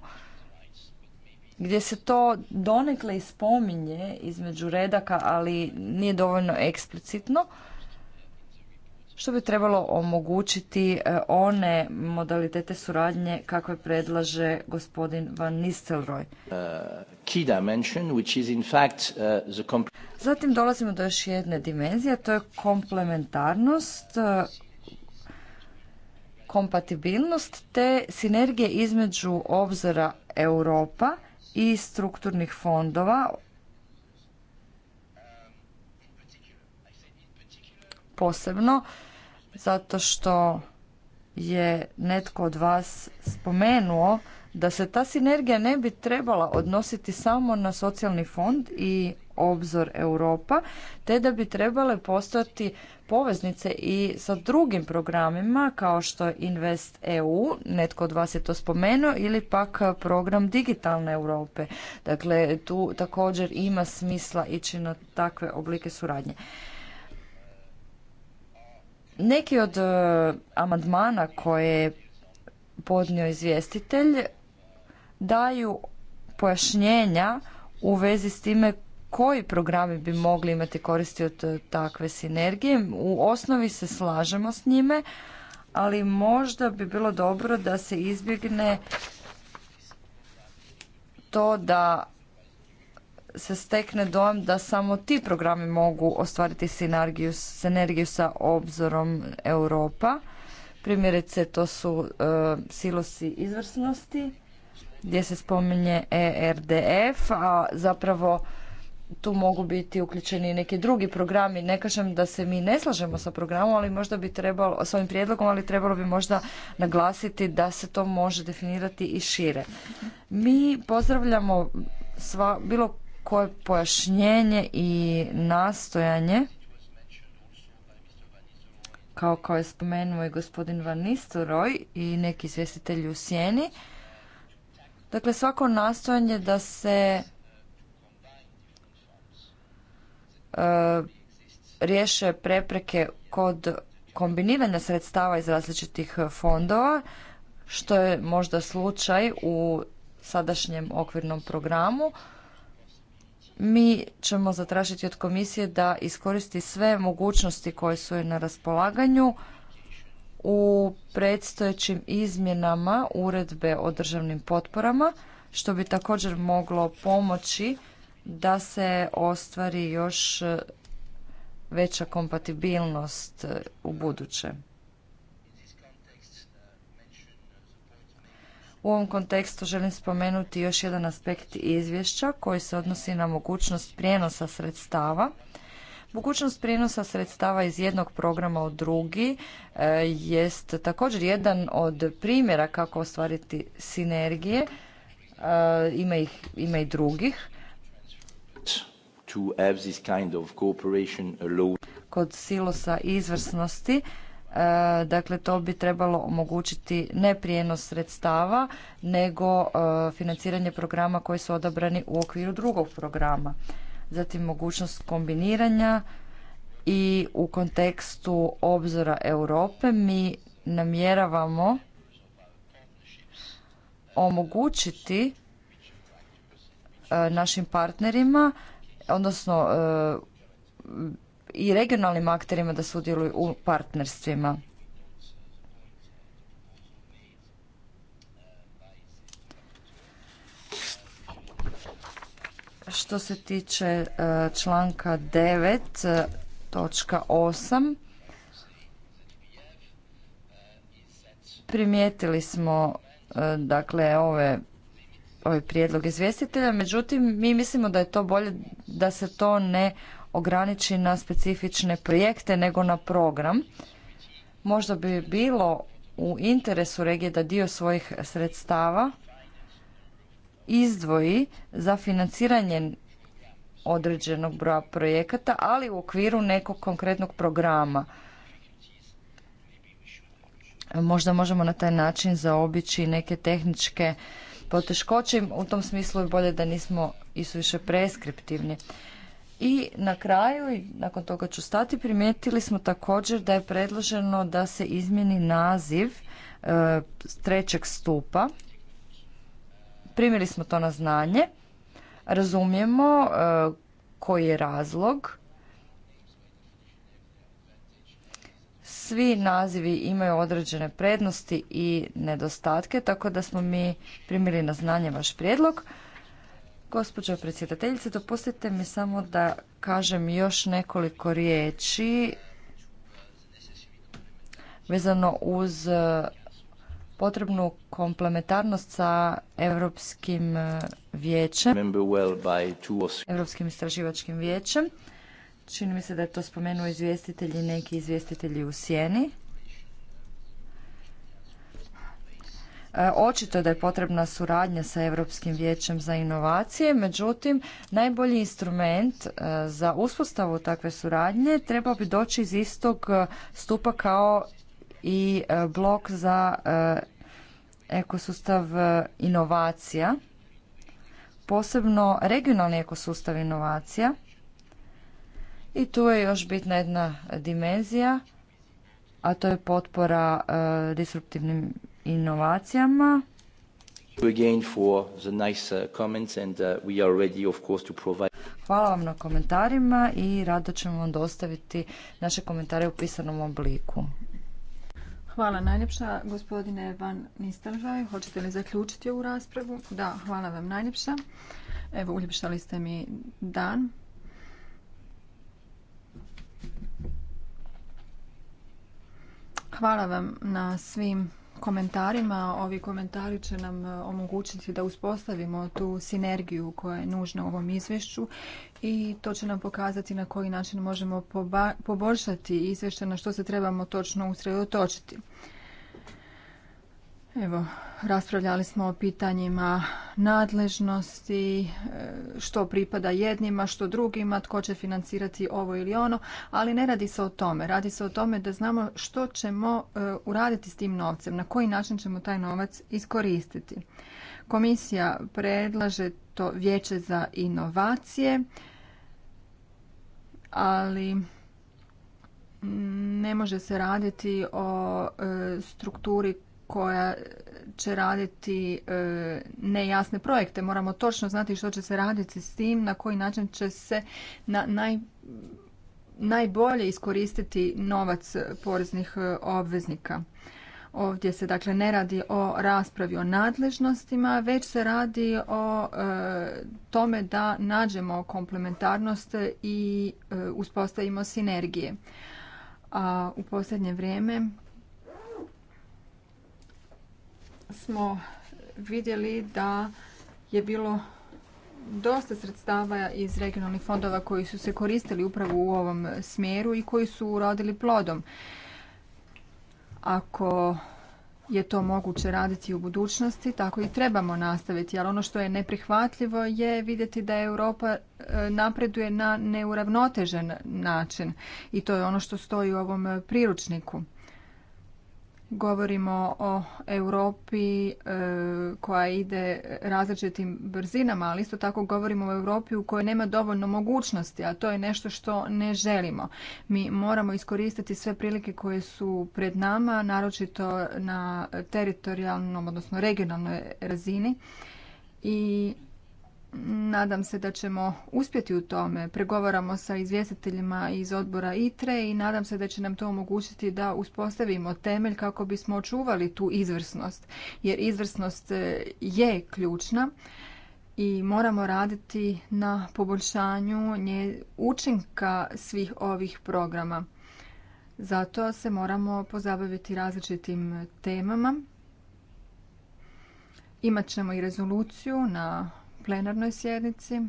gdje se to donekle ispominje između redaka, ali nije dovoljno eksplicitno što bi trebalo omogućiti e, one modalitete suradnje kakve predlaže gospodin Van Nistelrooy. Uh, uh, Zatim dolazimo do još jedne dimenzije, to je komplementarnost, e, kompatibilnost te sinergije između obzora Europa i strukturnih fondova, posebno zato što je netko od vas spomenuo da se ta sinergija ne bi trebala odnositi samo na socijalni fond i obzor Europa, te da bi trebale postojati poveznice i sa drugim programima kao što je Invest EU, netko od vas je to spomenuo, ili pak program Digitalne Europe. Dakle, tu također ima smisla ići na takve oblike suradnje. Neki od e, amandmana koje je podnio izvjestitelj daju pojašnjenja u vezi s time koji programi bi mogli imati koristi od e, takve sinergije. U osnovi se slažemo s njime, ali možda bi bilo dobro da se izbjegne to da se stekne dojam da samo ti programi mogu ostvariti sinergiju, sinergiju sa obzorom Europa. Primjerice to su e, silosi izvrsnosti gdje se spominje ERDF, a zapravo tu mogu biti uključeni i neki drugi programi. Ne kažem da se mi ne slažemo sa programom, ali možda bi trebalo, s ovim prijedlogom, ali trebalo bi možda naglasiti da se to može definirati i šire. Mi pozdravljamo sva, bilo koje pojašnjenje i nastojanje kao kao je spomenuo i gospodin Van Nistelrooy i neki izvjestitelji u sjeni. Dakle, svako nastojanje da se e, riješe prepreke kod kombiniranja sredstava iz različitih fondova, što je možda slučaj u sadašnjem okvirnom programu, mi ćemo zatražiti od komisije da iskoristi sve mogućnosti koje su joj na raspolaganju u predstojećim izmjenama uredbe o državnim potporama, što bi također moglo pomoći da se ostvari još veća kompatibilnost u buduće. U ovom kontekstu želim spomenuti još jedan aspekt izvješća koji se odnosi na mogućnost prijenosa sredstava. Mogućnost prijenosa sredstava iz jednog programa u drugi e, jest također jedan od primjera kako ostvariti sinergije. E, ima, ih, ima i drugih. Kod silosa izvrsnosti E, dakle, to bi trebalo omogućiti ne prijenos sredstava, nego e, financiranje programa koji su odabrani u okviru drugog programa. Zatim mogućnost kombiniranja i u kontekstu obzora Europe mi namjeravamo omogućiti e, našim partnerima, odnosno i regionalnim akterima da sudjeluju u partnerstvima. Što se tiče e, članka 9.8, e, točka primijetili smo e, dakle ove ovaj prijedlog izvjestitelja, međutim mi mislimo da je to bolje da se to ne ograniči na specifične projekte nego na program. Možda bi bilo u interesu regije da dio svojih sredstava izdvoji za financiranje određenog broja projekata, ali u okviru nekog konkretnog programa. Možda možemo na taj način zaobići neke tehničke poteškoće. U tom smislu je bolje da nismo isuviše preskriptivni. I na kraju, nakon toga ću stati, primijetili smo također da je predloženo da se izmjeni naziv e, trećeg stupa. Primili smo to na znanje. Razumijemo e, koji je razlog. Svi nazivi imaju određene prednosti i nedostatke, tako da smo mi primili na znanje vaš prijedlog. Gospođo predsjedateljice, dopustite mi samo da kažem još nekoliko riječi vezano uz e, potrebnu komplementarnost sa Europskim e, vijećem, Europskim istraživačkim vijećem. Čini mi se da je to spomenuo izvjestitelj i neki izvjestitelji u sjeni. E, očito da je potrebna suradnja sa Europskim vijećem za inovacije, međutim najbolji instrument e, za uspostavu takve suradnje treba bi doći iz istog e, stupa kao i blok za ekosustav inovacija, posebno regionalni ekosustav inovacija. I tu je još bitna jedna dimenzija, a to je potpora disruptivnim inovacijama. Hvala vam na komentarima i rado ćemo vam dostaviti naše komentare u pisanom obliku. Hvala najljepša. Gospodine Van Nistelžaj, hoćete li zaključiti ovu raspravu? Da, hvala vam najljepša. Evo, uljepšali ste mi dan. Hvala vam na svim komentarima. Ovi komentari će nam e, omogućiti da uspostavimo tu sinergiju koja je nužna u ovom izvješću i to će nam pokazati na koji način možemo poboljšati izvješće na što se trebamo točno usredotočiti. Evo, raspravljali smo o pitanjima nadležnosti, e, što pripada jednima, što drugima, tko će financirati ovo ili ono, ali ne radi se o tome. Radi se o tome da znamo što ćemo e, uraditi s tim novcem, na koji način ćemo taj novac iskoristiti. Komisija predlaže to vijeće za inovacije, ali ne može se raditi o e, strukturi koja će raditi e, nejasne projekte. Moramo točno znati što će se raditi s tim, na koji način će se na najbolje iskoristiti novac poreznih e, obveznika. Ovdje se dakle ne radi o raspravi o nadležnostima, već se radi o e, tome da nađemo komplementarnost i uspostavimo sinergije. A u posljednje vrijeme smo vidjeli da je bilo dosta sredstava iz regionalnih fondova koji su se koristili upravo u ovom smjeru i koji su urodili plodom. Ako je to moguće raditi u budućnosti, tako i trebamo nastaviti. Ali ono što je neprihvatljivo je vidjeti da Europa e, napreduje na neuravnotežen način. I to je ono što stoji u ovom priručniku govorimo o Europi e, koja ide različitim brzinama, ali isto tako govorimo o Europi u kojoj nema dovoljno mogućnosti, a to je nešto što ne želimo. Mi moramo iskoristiti sve prilike koje su pred nama, naročito na teritorijalnom, odnosno regionalnoj razini i Nadam se da ćemo uspjeti u tome. Pregovaramo sa izvjestiteljima iz odbora ITRE i nadam se da će nam to omogućiti da uspostavimo temelj kako bismo očuvali tu izvrsnost. Jer izvrsnost e, je ključna i moramo raditi na poboljšanju nje učinka svih ovih programa. Zato se moramo pozabaviti različitim temama. Imat ćemo i rezoluciju na plenarnoj sjednici.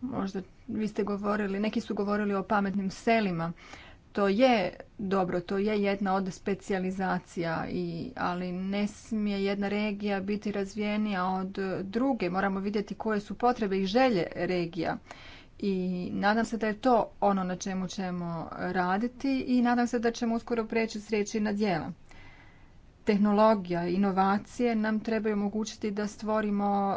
Možda vi ste govorili, neki su govorili o pametnim selima. To je dobro, to je jedna od specijalizacija, i, ali ne smije jedna regija biti razvijenija od druge. Moramo vidjeti koje su potrebe i želje regija i nadam se da je to ono na čemu ćemo raditi i nadam se da ćemo uskoro preći s riječi na djela. Tehnologija, inovacije nam trebaju omogućiti da stvorimo e,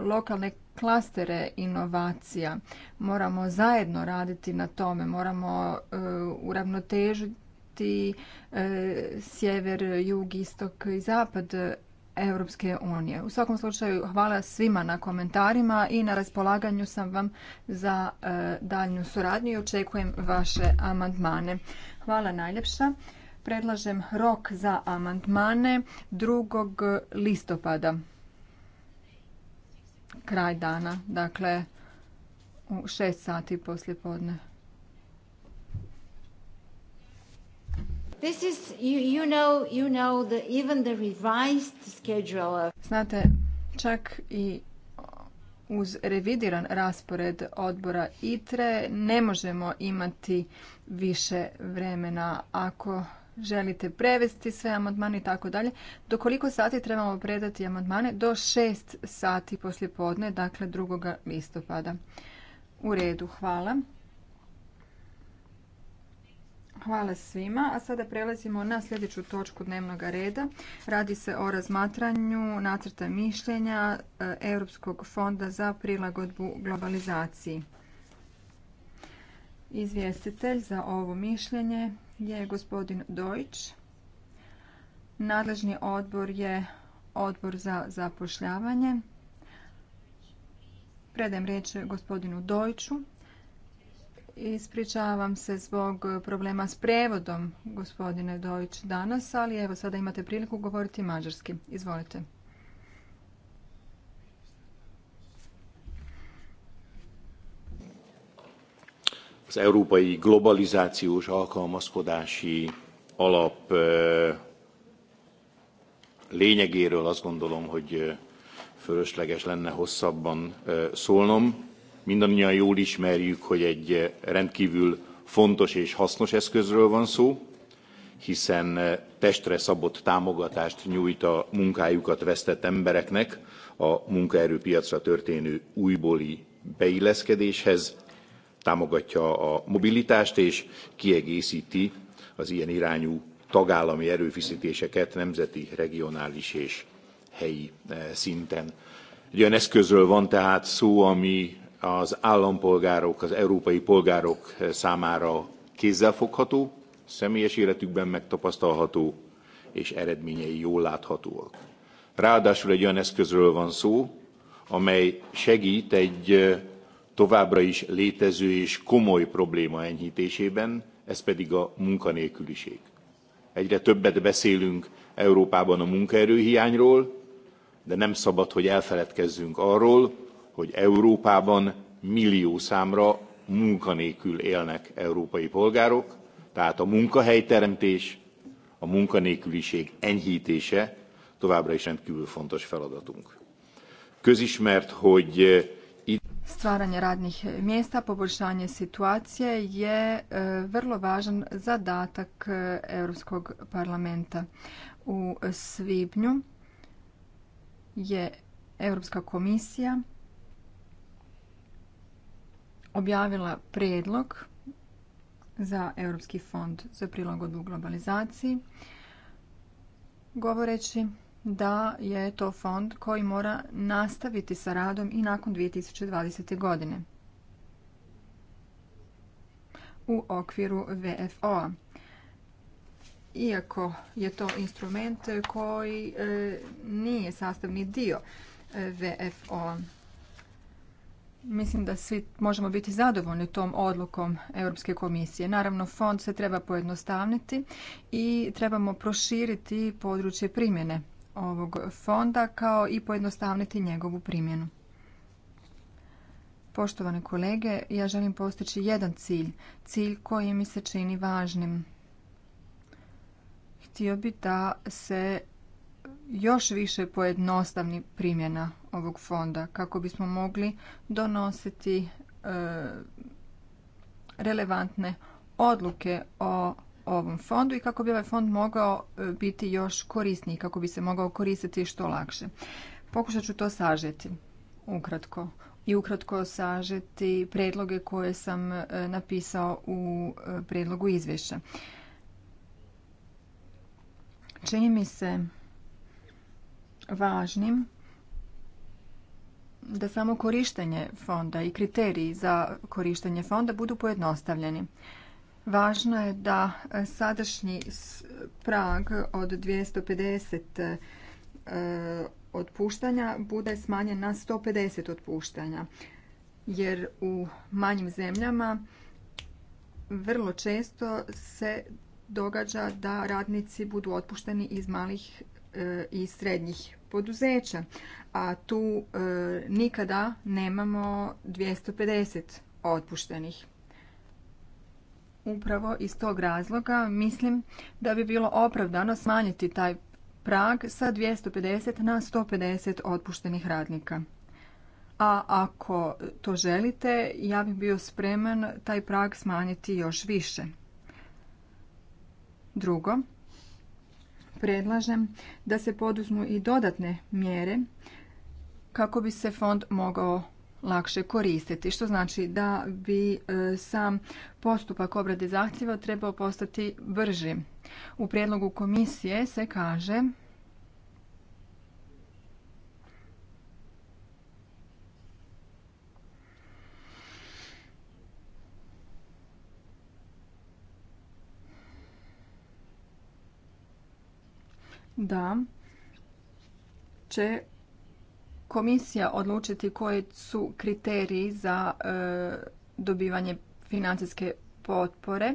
lokalne klastere inovacija. Moramo zajedno raditi na tome, moramo e, uravnotežiti e, sjever, jug, istok i zapad Europske unije. U svakom slučaju hvala svima na komentarima i na raspolaganju sam vam za e, daljnju suradnju i očekujem vaše amandmane. Hvala najljepša. Predlažem rok za amandmane 2. listopada. Kraj dana, dakle u 6 sati poslijepodne. podne. This is, you, know, you know the, even the revised schedule Znate, čak i uz revidiran raspored odbora ITRE ne možemo imati više vremena ako želite prevesti sve amandmane i tako dalje. Do koliko sati trebamo predati amandmane? Do šest sati poslje podne, dakle 2. listopada. U redu, hvala. Hvala svima. A sada prelazimo na sljedeću točku dnevnog reda. Radi se o razmatranju nacrta mišljenja e, Europskog fonda za prilagodbu globalizaciji. Izvjestitelj za ovo mišljenje je gospodin Dojč. Nadležni odbor je odbor za zapošljavanje. Predajem riječ gospodinu Dojču. Ispričavam se zbog problema s prevodom, gospodine Dojić, danas, ali evo sada imate priliku govoriti mađarski. Izvolite. Az európai globalizációs alkalmazkodási alap lényegéről azt gondolom, hogy fölösleges lenne hosszabban szólnom mindannyian jól ismerjük, hogy egy eh, rendkívül fontos és hasznos eszközről van szó, hiszen eh, testre szabott támogatást nyújt a munkájukat vesztett embereknek a munkaerőpiacra történő újbóli beilleszkedéshez, támogatja a mobilitást és kiegészíti az ilyen irányú tagállami erőfeszítéseket nemzeti, regionális és helyi eh, szinten. Egy olyan eszközről van tehát szó, ami az állampolgárok, az európai polgárok eh, számára kézzelfogható, személyes életükben megtapasztalható és eredményei jól láthatóak. Ráadásul egy olyan eszközről van szó, amely segít egy eh, továbbra is létező és komoly probléma enyhítésében, ez pedig a munkanélküliség. Egyre többet beszélünk Európában a munkaerőhiányról, de nem szabad, hogy elfeledkezzünk arról, hogy Európában millió számra munkanélkül élnek európai polgárok, tehát a munkahelyteremtés, a munkanélküliség enyhítése továbbra is rendkívül fontos feladatunk. Közismert, hogy Stvaranje radnih mjesta, poboljšanje situacije je e, vrlo važan zadatak e, Europskog parlamenta. U svibnju je Europska komisija objavila prijedlog za Europski fond za prilagodbu globalizaciji, govoreći da je to fond koji mora nastaviti sa radom i nakon 2020. godine u okviru VFO-a. Iako je to instrument koji e, nije sastavni dio e, VFO-a. Mislim da svi možemo biti zadovoljni tom odlukom Europske komisije. Naravno, fond se treba pojednostavniti i trebamo proširiti područje primjene ovog fonda kao i pojednostavniti njegovu primjenu. Poštovane kolege, ja želim postići jedan cilj, cilj koji mi se čini važnim. Htio bi da se još više pojednostavni primjena ovog fonda kako bismo mogli donositi e, relevantne odluke o ovom fondu i kako bi ovaj fond mogao e, biti još korisniji, kako bi se mogao koristiti što lakše. Pokušat ću to sažeti ukratko i ukratko sažeti predloge koje sam e, napisao u predlogu izvješća. Čini mi se važnim da samo korištenje fonda i kriteriji za korištenje fonda budu pojednostavljeni. Važno je da sadašnji prag od 250 e, otpuštanja bude smanjen na 150 otpuštanja. Jer u manjim zemljama vrlo često se događa da radnici budu otpušteni iz malih E, i srednjih poduzeća, a tu e, nikada nemamo 250 otpuštenih. Upravo iz tog razloga mislim da bi bilo opravdano smanjiti taj prag sa 250 na 150 otpuštenih radnika. A ako to želite, ja bih bio spreman taj prag smanjiti još više. Drugo, predlažem da se poduzmu i dodatne mjere kako bi se fond mogao lakše koristiti, što znači da bi e, sam postupak obrade zahtjeva trebao postati brži. U prijedlogu komisije se kaže da će komisija odlučiti koji su kriteriji za e, dobivanje financijske potpore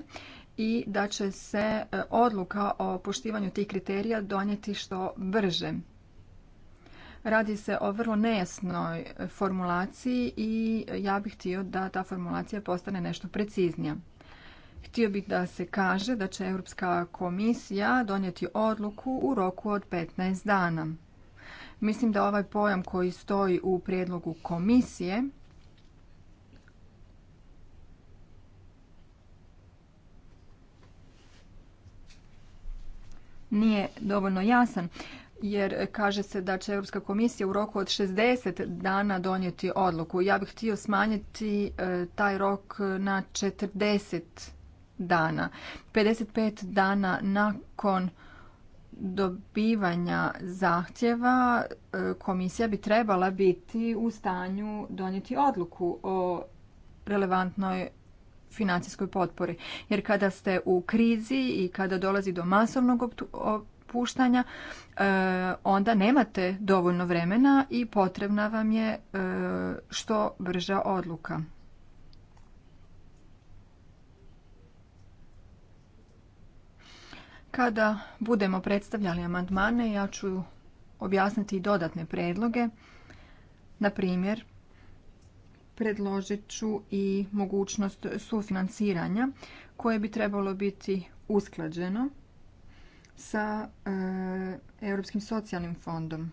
i da će se e, odluka o poštivanju tih kriterija donijeti što brže. Radi se o vrlo nejasnoj formulaciji i ja bih htio da ta formulacija postane nešto preciznija. Htio bih da se kaže da će Europska komisija donijeti odluku u roku od 15 dana. Mislim da ovaj pojam koji stoji u prijedlogu komisije nije dovoljno jasan jer kaže se da će Europska komisija u roku od 60 dana donijeti odluku. Ja bih htio smanjiti e, taj rok na 40 dana. 55 dana nakon dobivanja zahtjeva e, komisija bi trebala biti u stanju donijeti odluku o relevantnoj financijskoj potpori. Jer kada ste u krizi i kada dolazi do masovnog puštanja, e, onda nemate dovoljno vremena i potrebna vam je e, što brža odluka. Kada budemo predstavljali amandmane, ja ću objasniti i dodatne predloge. Na primjer, predložit ću i mogućnost sufinanciranja koje bi trebalo biti usklađeno sa e, Europskim socijalnim fondom.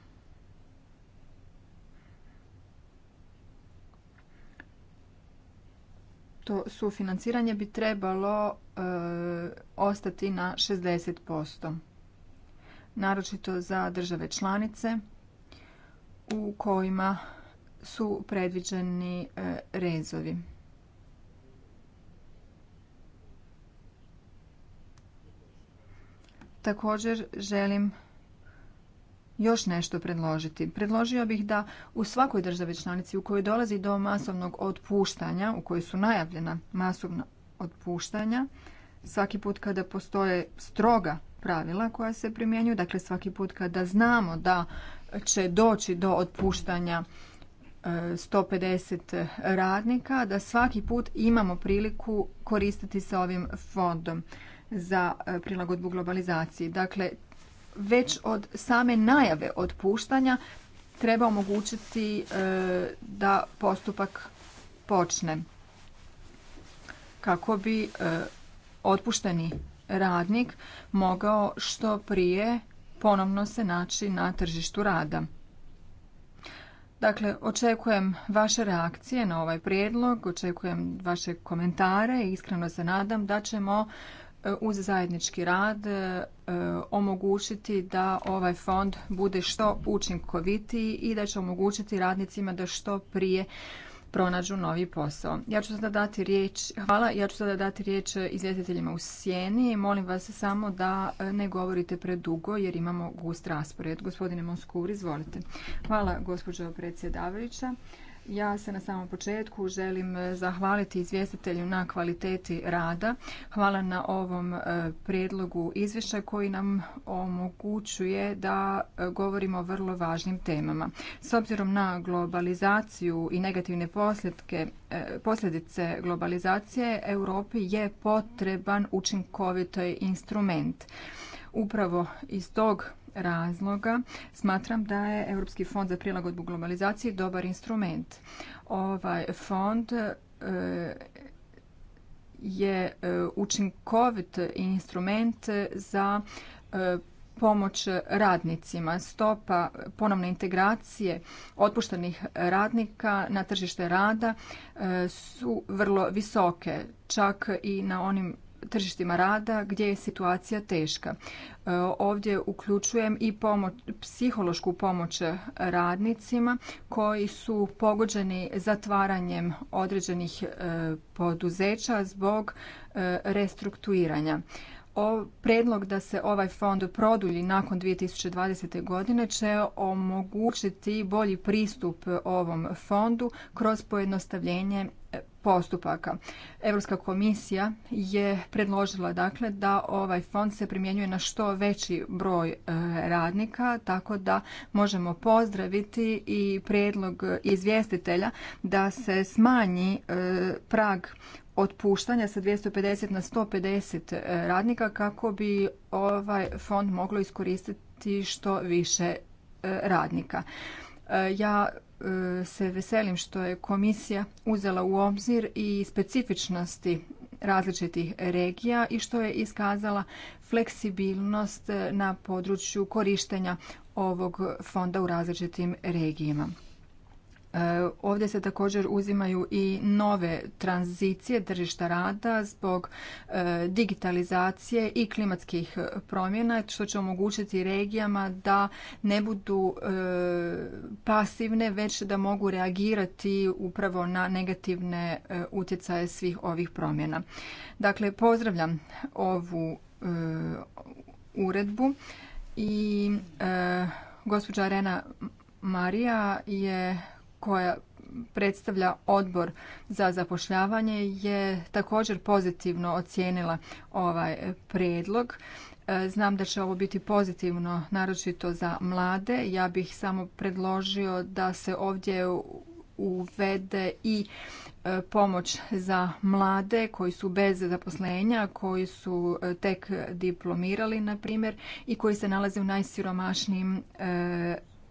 to sufinanciranje bi trebalo e, ostati na 60%. Naročito za države članice u kojima su predviđeni e, rezovi. Također želim još nešto predložiti. Predložio bih da u svakoj državi članici u kojoj dolazi do masovnog otpuštanja, u kojoj su najavljena masovna otpuštanja, svaki put kada postoje stroga pravila koja se primjenjuju, dakle svaki put kada znamo da će doći do otpuštanja 150 e, radnika, da svaki put imamo priliku koristiti se ovim fondom za e, prilagodbu globalizaciji. Dakle, već od same najave otpuštanja treba omogućiti e, da postupak počne kako bi e, otpušteni radnik mogao što prije ponovno se naći na tržištu rada. Dakle, očekujem vaše reakcije na ovaj prijedlog, očekujem vaše komentare i iskreno se nadam da ćemo uz zajednički rad e, omogućiti da ovaj fond bude što učinkovitiji i da će omogućiti radnicima da što prije pronađu novi posao. Ja ću sada dati riječ, hvala, ja ću sada dati riječ izvjetiteljima u sjeni i molim vas samo da e, ne govorite predugo jer imamo gust raspored. Gospodine Moskur, izvolite. Hvala, gospođo predsjedavajuća. Ja se na samom početku želim e, zahvaliti izvjestitelju na kvaliteti rada. Hvala na ovom e, prijedlogu izvješća koji nam omogućuje da e, govorimo o vrlo važnim temama. S obzirom na globalizaciju i negativne posljedice globalizacije, Europi je potreban učinkovitoj instrument. Upravo iz tog razloga smatram da je Europski fond za prilagodbu globalizaciji dobar instrument. Ovaj fond e, je e, učinkovit instrument za e, pomoć radnicima. Stopa ponovne integracije otpuštenih radnika na tržište rada su vrlo visoke, čak i na onim tržištima rada gdje je situacija teška. E, ovdje uključujem i pomoć, psihološku pomoć radnicima koji su pogođeni zatvaranjem određenih e, poduzeća zbog e, restrukturiranja. Predlog da se ovaj fond produlji nakon 2020. godine će omogućiti bolji pristup ovom fondu kroz pojednostavljenje e, postupaka. Europska komisija je predložila dakle da ovaj fond se primjenjuje na što veći broj e, radnika, tako da možemo pozdraviti i predlog izvjestitelja da se smanji e, prag otpuštanja sa 250 na 150 e, radnika kako bi ovaj fond moglo iskoristiti što više e, radnika. E, ja se veselim što je komisija uzela u obzir i specifičnosti različitih regija i što je iskazala fleksibilnost na području korištenja ovog fonda u različitim regijima. E, ovdje se također uzimaju i nove tranzicije tržišta rada zbog e, digitalizacije i klimatskih promjena što će omogućiti regijama da ne budu e, pasivne već da mogu reagirati upravo na negativne utjecaje svih ovih promjena. Dakle, pozdravljam ovu uredbu i gospođa Arena Marija je koja predstavlja odbor za zapošljavanje je također pozitivno ocijenila ovaj predlog. E, znam da će ovo biti pozitivno, naročito za mlade. Ja bih samo predložio da se ovdje uvede i e, pomoć za mlade koji su bez zaposlenja, koji su e, tek diplomirali, na primjer, i koji se nalaze u najsiromašnijim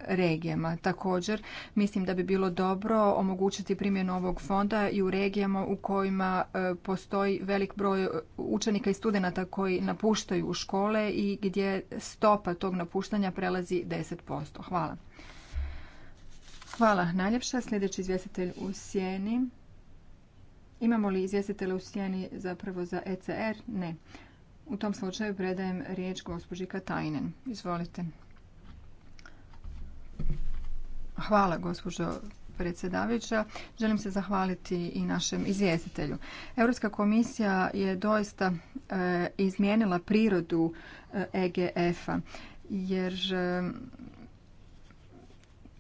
regijama. Također, mislim da bi bilo dobro omogućiti primjenu ovog fonda i u regijama u kojima e, postoji velik broj e, učenika i studenata koji napuštaju škole i gdje stopa tog napuštanja prelazi 10%. Hvala. Hvala najljepša. Sljedeći izvjestitelj u sjeni. Imamo li izvjestitelja u sjeni zapravo za ECR? Ne. U tom slučaju predajem riječ gospođi Katajnen. Izvolite. Hvala, gospođo predsjedavajuća. Želim se zahvaliti i našem izvjestitelju. Europska komisija je doista e, izmijenila prirodu EGF-a e jer e,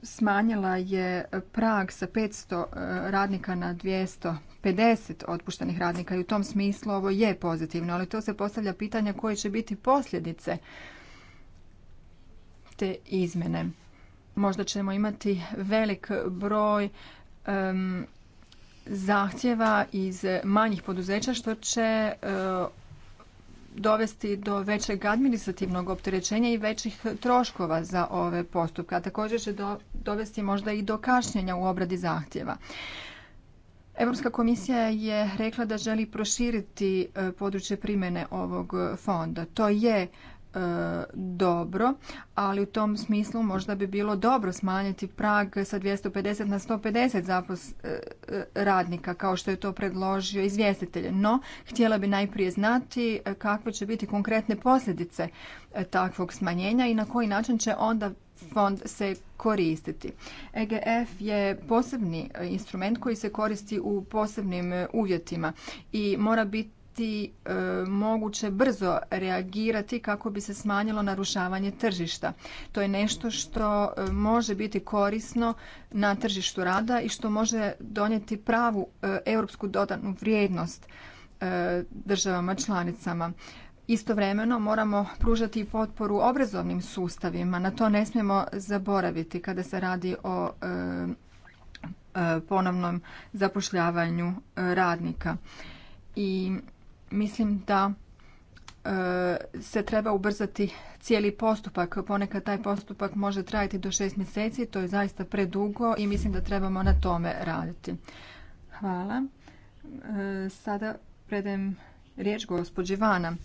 smanjila je prag sa 500 radnika na 250 otpuštenih radnika i u tom smislu ovo je pozitivno, ali to se postavlja pitanje koje će biti posljedice te izmjene možda ćemo imati velik broj zahtjeva iz manjih poduzeća što će eh, dovesti do većeg administrativnog opterećenja i većih troškova za ove postupke, a također će dovesti možda i do kašnjenja u obradi zahtjeva. Europska komisija je rekla da želi proširiti eh, područje primjene ovog fonda. To je E, dobro, ali u tom smislu možda bi bilo dobro smanjiti prag sa 250 na 150 zapos e, e, radnika kao što je to predložio izvjestitelj. No, htjela bi najprije znati kakve će biti konkretne posljedice takvog smanjenja i na koji način će onda fond se koristiti. EGF je posebni instrument koji se koristi u posebnim uvjetima i mora biti biti e, moguće brzo reagirati kako bi se smanjilo narušavanje tržišta. To je nešto što e, može biti korisno na tržištu rada i što može donijeti pravu e, europsku dodatnu vrijednost državama članicama. Istovremeno moramo pružati potporu obrazovnim sustavima, na to ne smijemo zaboraviti kada se radi o ponovnom zapošljavanju radnika. I mislim da e, se treba ubrzati cijeli postupak. Ponekad taj postupak može trajati do šest mjeseci, to je zaista predugo i mislim da trebamo na tome raditi. Hvala. E, sada predajem riječ gospođi Vana.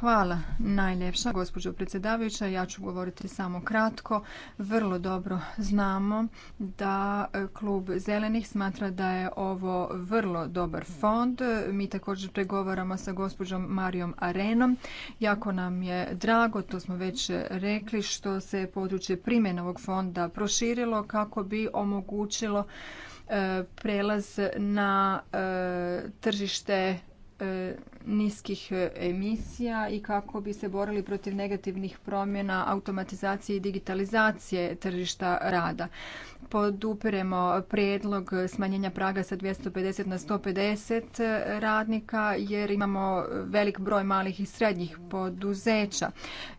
Hvala najljepša, gospođo predsjedavajuća. Ja ću govoriti samo kratko. Vrlo dobro znamo da e, klub zelenih smatra da je ovo vrlo dobar fond. Mi također pregovaramo sa gospođom Marijom Arenom. Jako nam je drago, to smo već rekli, što se područje primjene ovog fonda proširilo kako bi omogućilo e, prelaz na e, tržište E, niskih e, emisija i kako bi se borili protiv negativnih promjena automatizacije i digitalizacije tržišta rada. Podupiremo prijedlog smanjenja praga sa 250 na 150 e, radnika jer imamo velik broj malih i srednjih poduzeća.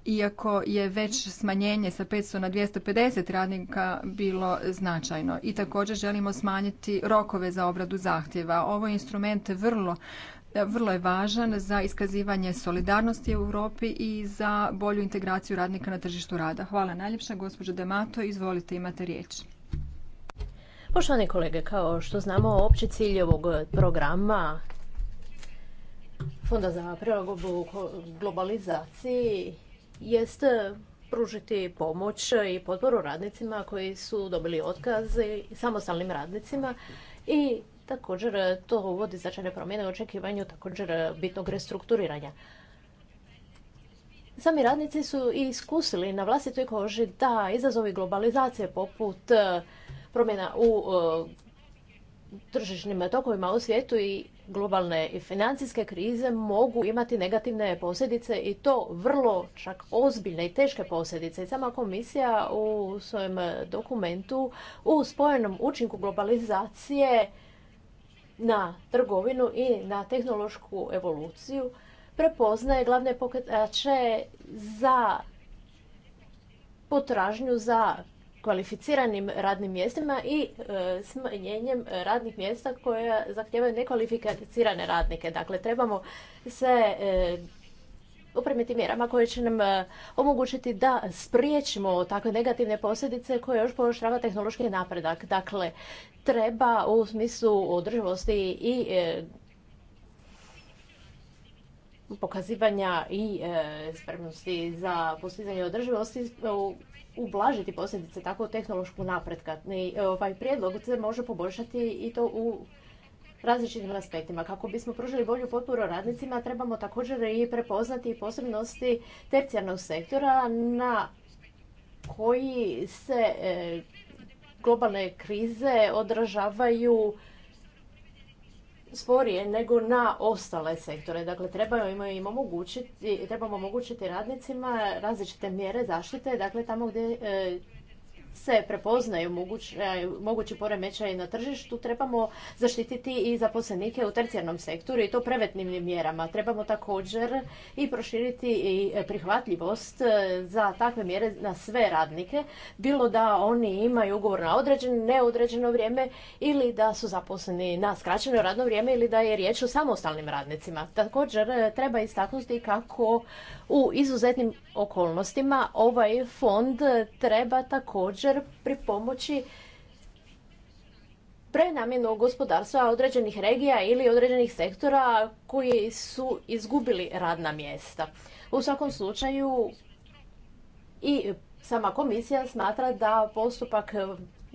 Iako je već smanjenje sa 500 na 250 radnika bilo značajno. I također želimo smanjiti rokove za obradu zahtjeva. Ovo je instrument vrlo E, vrlo je važan za iskazivanje solidarnosti u Europi i za bolju integraciju radnika na tržištu rada. Hvala najljepša, gospođo Demato, izvolite, imate riječ. Poštovani kolege, kao što znamo, opći cilj ovog programa Fonda za prilagodbu globalizaciji jest pružiti pomoć i potporu radnicima koji su dobili otkaz samostalnim radnicima i Također, e, to uvodi značajne promjene u očekivanju također e, bitnog restrukturiranja. Sami radnici su i iskusili na vlastitoj koži da izazovi globalizacije poput e, promjena u tržišnim tokovima u svijetu i globalne i financijske krize mogu imati negativne posljedice i to vrlo čak ozbiljne i teške posljedice. I sama komisija u svojem dokumentu u spojenom učinku globalizacije na trgovinu i na tehnološku evoluciju prepoznaje glavne pokretače za potražnju za kvalificiranim radnim mjestima i e, smanjenjem radnih mjesta koja zahtijevaju nekvalificirane radnike. Dakle, trebamo se e, upremiti mjerama koje će nam e, omogućiti da spriječimo takve negativne posljedice koje još pooštrava tehnološki napredak. Dakle, treba u smislu održivosti i e, pokazivanja i e, spremnosti za postizanje održivosti ublažiti posljedice takvog tehnološkog napretka. Ovaj prijedlog se može poboljšati i to u različitim aspektima. Kako bismo pružili bolju potporu radnicima, trebamo također i prepoznati posebnosti tercijarnog sektora na koji se e, globalne krize odražavaju sporije nego na ostale sektore. Dakle, trebamo im omogućiti, trebamo omogućiti radnicima različite mjere zaštite, dakle tamo gdje e, se prepoznaju mogući, mogući na tržištu, trebamo zaštititi i zaposlenike u tercijarnom sektoru i to preventivnim mjerama. Trebamo također i proširiti i prihvatljivost e, za takve mjere na sve radnike, bilo da oni imaju ugovor na određeno, neodređeno vrijeme ili da su zaposleni na skraćeno radno vrijeme ili da je riječ o samostalnim radnicima. Također e, treba istaknuti kako u izuzetnim okolnostima ovaj fond treba također pripomoći prenamjenu gospodarstva određenih regija ili određenih sektora koji su izgubili radna mjesta. U svakom slučaju i sama komisija smatra da postupak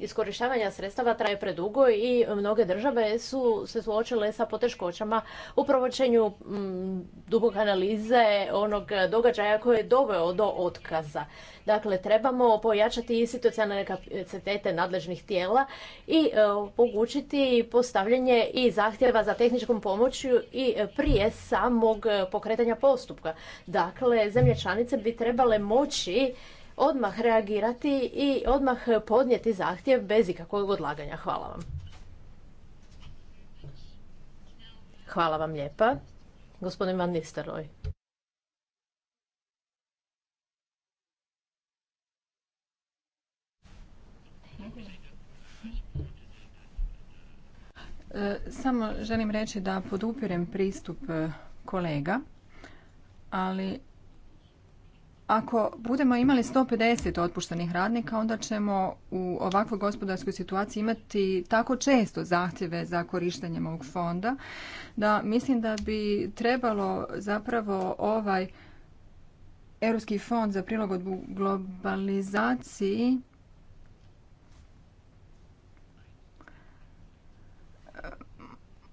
iskorištavanja sredstava traje predugo i mnoge države su se suočile sa poteškoćama u provođenju mm, dubog analize onog događaja koji je doveo do otkaza. Dakle, trebamo pojačati institucionalne kapacitete nadležnih tijela i pogućiti e, postavljanje i zahtjeva za tehničkom pomoću i prije samog pokretanja postupka. Dakle, zemlje članice bi trebale moći odmah reagirati i odmah podnijeti zahtjev bez ikakvog odlaganja. Hvala vam. Hvala vam lijepa. Gospodin Van Nistelrooy. E, samo želim reći da podupirem pristup e, kolega, ali ako budemo imali 150 otpuštenih radnika, onda ćemo u ovakvoj gospodarskoj situaciji imati tako često zahtjeve za korištenjem ovog fonda, da mislim da bi trebalo zapravo ovaj Europski fond za prilagodbu globalizaciji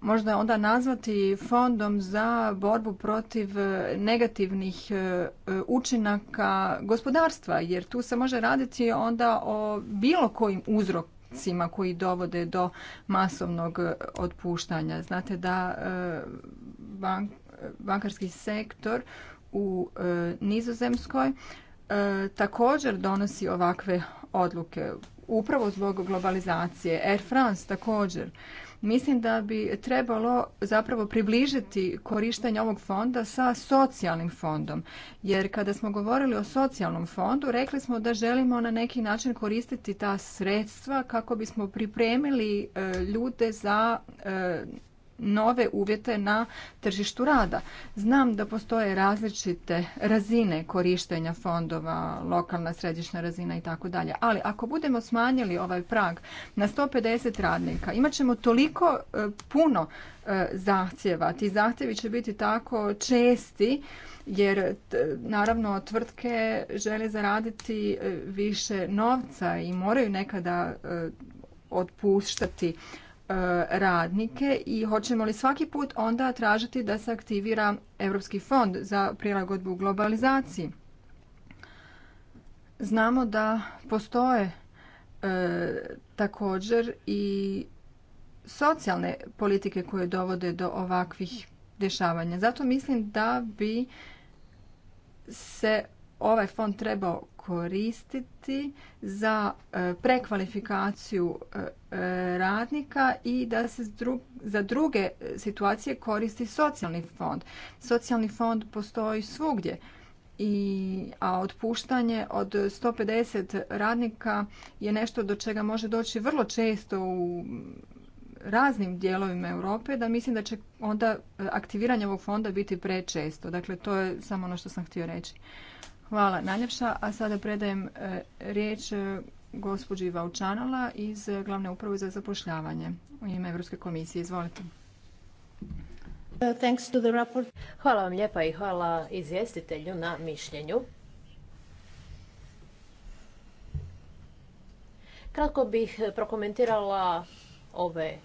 možda onda nazvati fondom za borbu protiv e, negativnih e, e, učinaka gospodarstva, jer tu se može raditi onda o bilo kojim uzrocima koji dovode do masovnog otpuštanja. Znate da bank, bankarski sektor u Nizozemskoj također donosi ovakve odluke upravo zbog globalizacije. Air France također Mislim da bi trebalo zapravo približiti korištenje ovog fonda sa socijalnim fondom. Jer kada smo govorili o socijalnom fondu, rekli smo da želimo na neki način koristiti ta sredstva kako bismo pripremili e, ljude za e, nove uvjete na tržištu rada. Znam da postoje različite razine korištenja fondova, lokalna, središnja razina i tako dalje, ali ako budemo smanjili ovaj prag na 150 radnika, imat ćemo toliko e, puno e, zahtjeva. Ti zahtjevi će biti tako česti jer naravno tvrtke žele zaraditi e, više novca i moraju nekada otpuštati E, radnike i hoćemo li svaki put onda tražiti da se aktivira Europski fond za prilagodbu globalizaciji? Znamo da postoje e, također i socijalne politike koje dovode do ovakvih dešavanja. Zato mislim da bi se ovaj fond trebao koristiti za e, prekvalifikaciju E, radnika i da se za druge situacije koristi socijalni fond. Socijalni fond postoji svugdje. I, a otpuštanje od 150 radnika je nešto do čega može doći vrlo često u raznim dijelovima Europe da mislim da će onda e, aktiviranje ovog fonda biti prečesto. Dakle, to je samo ono što sam htio reći. Hvala najljepša, a sada predajem e, riječ gospođi Vaučanala iz Glavne uprave za zapošljavanje u ime Europske komisije. Izvolite. Thanks to Hvala vam lijepa i hvala izvjestitelju na mišljenju. Kratko bih prokomentirala ove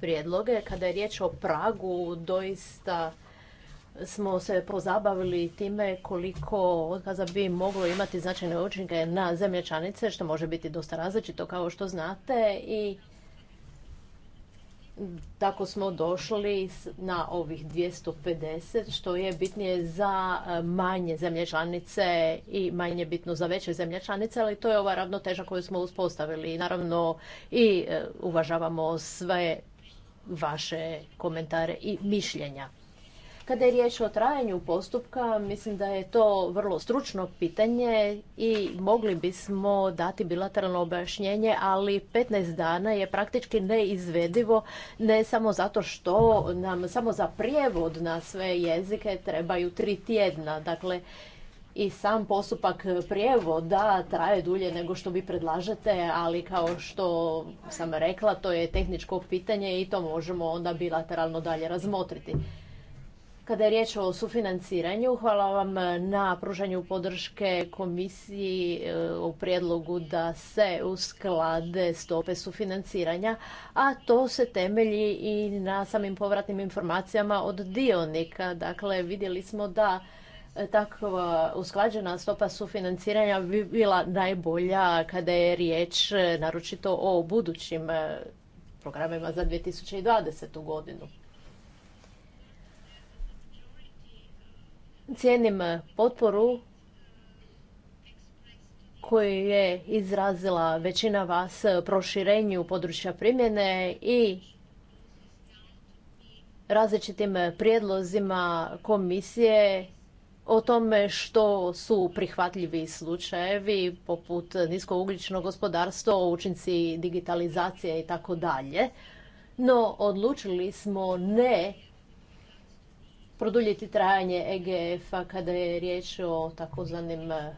prijedloge. Kada je riječ o pragu, doista smo se pozabavili time koliko otkaza bi moglo imati značajne učinke na zemlje članice, što može biti dosta različito kao što znate i tako smo došli na ovih 250, što je bitnije za e, manje zemlje članice i manje bitno za veće zemlje članice, ali to je ova ravnoteža koju smo uspostavili. I naravno i e, uvažavamo sve vaše komentare i mišljenja. Kada je riječ o trajanju postupka, mislim da je to vrlo stručno pitanje i mogli bismo dati bilateralno objašnjenje, ali 15 dana je praktički neizvedivo, ne samo zato što nam samo za prijevod na sve jezike trebaju tri tjedna. Dakle, i sam postupak prijevoda traje dulje nego što vi predlažete, ali kao što sam rekla, to je tehničko pitanje i to možemo onda bilateralno dalje razmotriti. Kada je riječ o sufinanciranju, hvala vam na pružanju podrške komisiji e, u prijedlogu da se usklade stope sufinanciranja, a to se temelji i na samim povratnim informacijama od dionika. Dakle, vidjeli smo da e, takva usklađena stopa sufinanciranja bi bila najbolja kada je riječ e, naročito o budućim programima za 2020. godinu. Cijenim e, potporu koju je izrazila većina vas e, proširenju područja primjene i različitim e, prijedlozima komisije o tome što su prihvatljivi slučajevi poput niskougljičnog gospodarstvo, učinci digitalizacije i tako dalje. No, odlučili smo ne produljiti trajanje EGF-a kada je riječ o takozvanim e,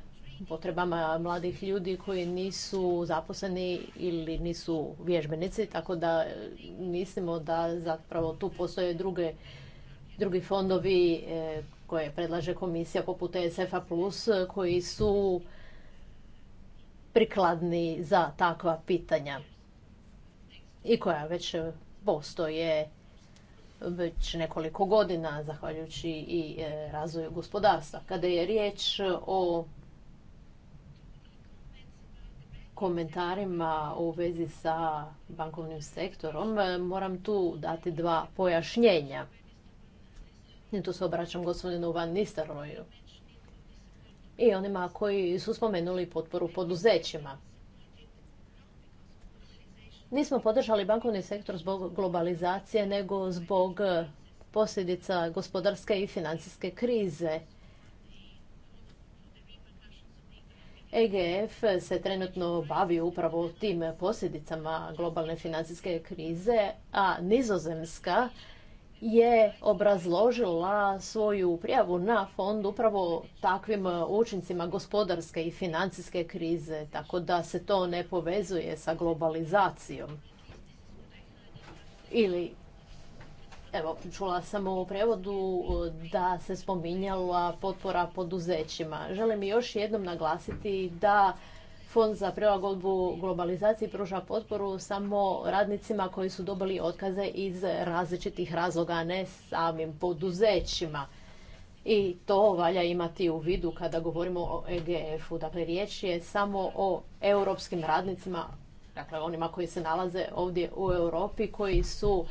potrebama mladih ljudi koji nisu zaposleni ili nisu vježbenici, tako da e, mislimo da zapravo tu postoje druge, drugi fondovi e, koje predlaže komisija poput ESF-a plus koji su prikladni za takva pitanja i koja već postoje već nekoliko godina, zahvaljujući i e, razvoju gospodarstva. Kada je riječ o komentarima u vezi sa bankovnim sektorom, e, moram tu dati dva pojašnjenja. I e, tu se obraćam gospodinu Van Nistelrooju i onima koji su spomenuli potporu poduzećima nismo podržali bankovni sektor zbog globalizacije, nego zbog e, posljedica gospodarske i financijske krize. EGF se trenutno bavi upravo tim posljedicama globalne financijske krize, a nizozemska je obrazložila svoju prijavu na fond upravo takvim e, učincima gospodarske i financijske krize, tako da se to ne povezuje sa globalizacijom. Ili, evo, čula sam u prevodu e, da se spominjala potpora poduzećima. Želim još jednom naglasiti da Fond za prilagodbu globalizaciji pruža potporu samo radnicima koji su dobili otkaze iz različitih razloga, a ne samim poduzećima. I to valja imati u vidu kada govorimo o EGF-u. Dakle, riječ je samo o europskim radnicima, dakle onima koji se nalaze ovdje u Europi, koji su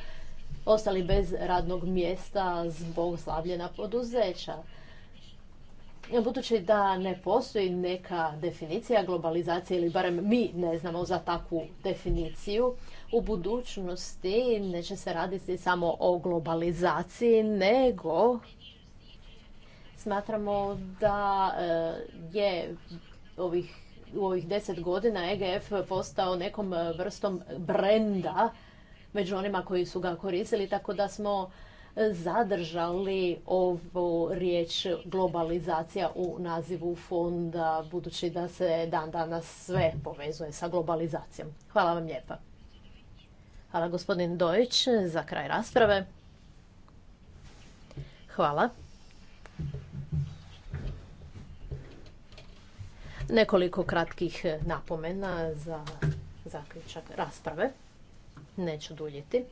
ostali bez radnog mjesta zbog slavljena poduzeća. Budući da ne postoji neka definicija globalizacije ili barem mi ne znamo za takvu definiciju, u budućnosti neće se raditi samo o globalizaciji, nego smatramo da e, je u ovih deset godina EGF postao nekom e, vrstom brenda među onima koji su ga koristili, tako da smo zadržali ovu riječ globalizacija u nazivu fonda, budući da se dan danas sve povezuje sa globalizacijom. Hvala vam lijepa. Hvala gospodin Dojić za kraj rasprave. Hvala. Nekoliko kratkih napomena za zaključak rasprave. Neću duljiti.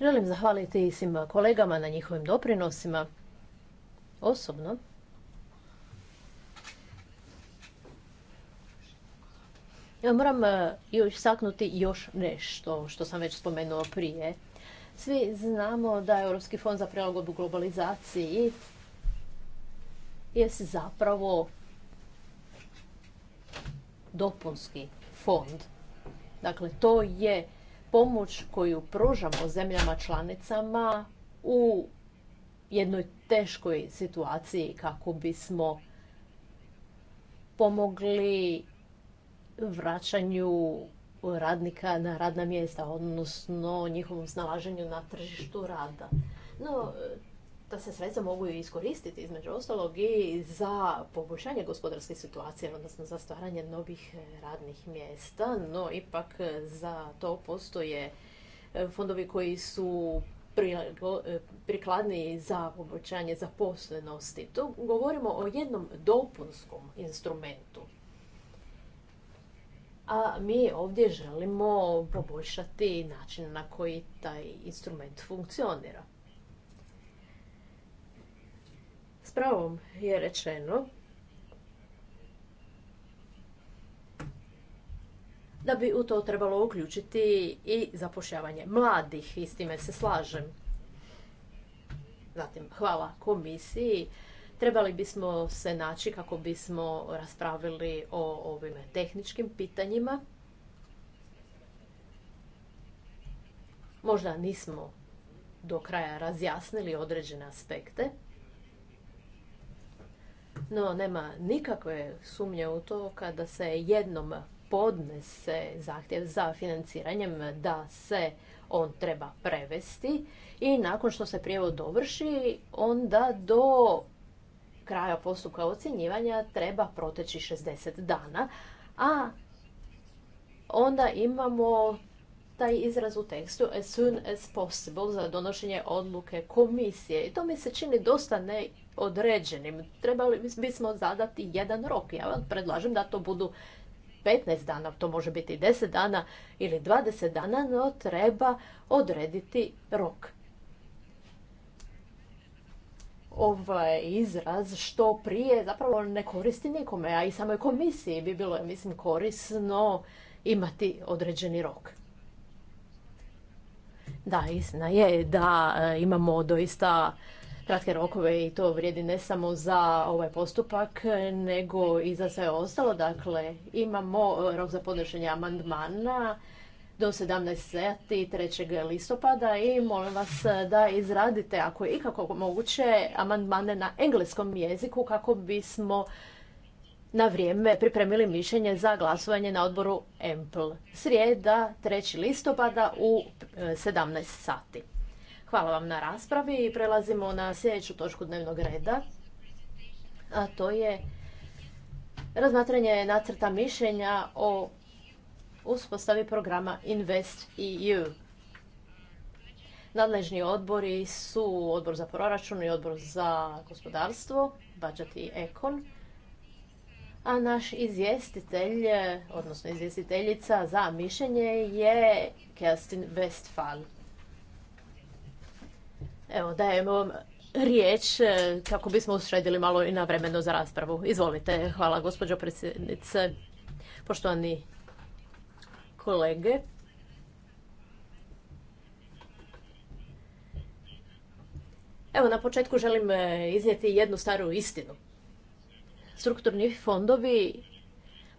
Želim zahvaliti i svima kolegama na njihovim doprinosima. Osobno. Ja moram e, još istaknuti još nešto što sam već spomenuo prije. Svi znamo da je Europski fond za prilagodbu globalizaciji je zapravo dopunski fond. Dakle, to je pomoć koju pružamo zemljama članicama u jednoj teškoj situaciji kako bismo pomogli vraćanju radnika na radna mjesta, odnosno njihovom snalaženju na tržištu rada. No, ta se sredstva mogu iskoristiti između ostalog i za poboljšanje gospodarske situacije, odnosno za stvaranje novih e, radnih mjesta, no ipak e, za to postoje e, fondovi koji su prikladniji za poboljšanje zaposlenosti. Tu govorimo o jednom dopunskom instrumentu. A mi ovdje želimo poboljšati način na koji taj instrument funkcionira. je rečeno da bi u to trebalo uključiti i zapošljavanje mladih i s time se slažem. Zatim, hvala komisiji. Trebali bismo se naći kako bismo raspravili o ovim tehničkim pitanjima. Možda nismo do kraja razjasnili određene aspekte. No, nema nikakve sumnje u to kada se jednom podnese zahtjev za financiranjem da se on treba prevesti i nakon što se prijevod dovrši, onda do kraja postupka ocjenjivanja treba proteći 60 dana, a onda imamo taj izraz u tekstu as soon as possible za donošenje odluke komisije. I to mi se čini dosta ne određenim. Trebali bismo zadati jedan rok. Ja vam predlažem da to budu 15 dana, to može biti 10 dana ili 20 dana, no treba odrediti rok. Ovaj izraz što prije zapravo ne koristi nikome, a i samoj komisiji bi bilo, mislim, korisno imati određeni rok. Da, istina je da e, imamo doista kratke rokove i to vrijedi ne samo za ovaj postupak, nego i za sve ostalo. Dakle, imamo e, rok za podnošenje amandmana do 17 sati 3. listopada i molim vas e, da izradite, ako je ikako moguće, amandmane na engleskom jeziku kako bismo na vrijeme pripremili mišljenje za glasovanje na odboru EMPL. Srijeda 3. listopada u 17 e, sati. Hvala vam na raspravi i prelazimo na sljedeću točku dnevnog reda, a to je razmatranje nacrta mišljenja o uspostavi programa Invest EU. Nadležni odbori su odbor za proračun i odbor za gospodarstvo, budget i ekon. A naš izvjestitelj, odnosno izvjestiteljica za mišljenje je Kerstin Westphal. Evo, dajem vam riječ e, kako bismo usredili malo i na vremenu za raspravu. Izvolite. Hvala, gospođo predsjednice. Poštovani kolege. Evo, na početku želim e, iznijeti jednu staru istinu. Strukturni fondovi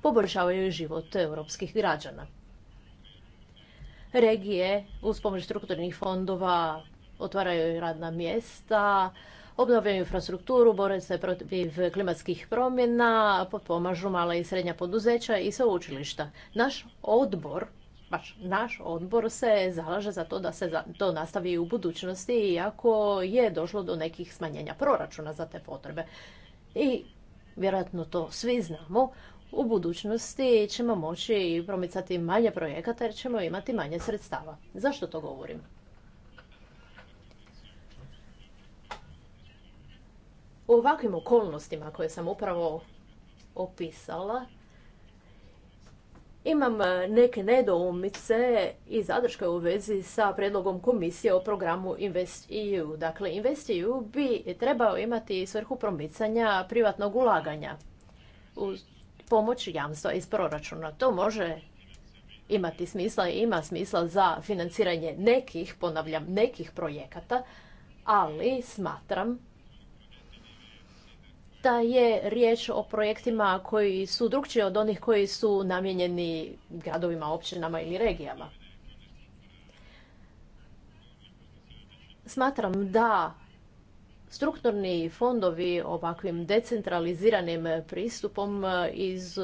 poboljšavaju život europskih građana. Regije uz pomoć strukturnih fondova otvaraju radna mjesta, obnavljaju infrastrukturu, bore se protiv klimatskih promjena, pomažu mala i srednja poduzeća i sveučilišta. Naš odbor, baš naš odbor se zalaže za to da se to nastavi u budućnosti, iako je došlo do nekih smanjenja proračuna za te potrebe. I vjerojatno to svi znamo, u budućnosti ćemo moći promicati manje projekata jer ćemo imati manje sredstava. Zašto to govorim? U ovakvim okolnostima koje sam upravo opisala, imam e, neke nedoumice i zadrške u vezi sa predlogom komisije o programu InvestEU. Dakle, InvestEU bi trebao imati svrhu promicanja privatnog ulaganja uz pomoć jamstva iz proračuna. To može imati smisla i ima smisla za financiranje nekih, ponavljam, nekih projekata, ali smatram da je riječ o projektima koji su drugčiji od onih koji su namijenjeni gradovima, općinama ili regijama. Smatram da strukturni fondovi ovakvim decentraliziranim pristupom iz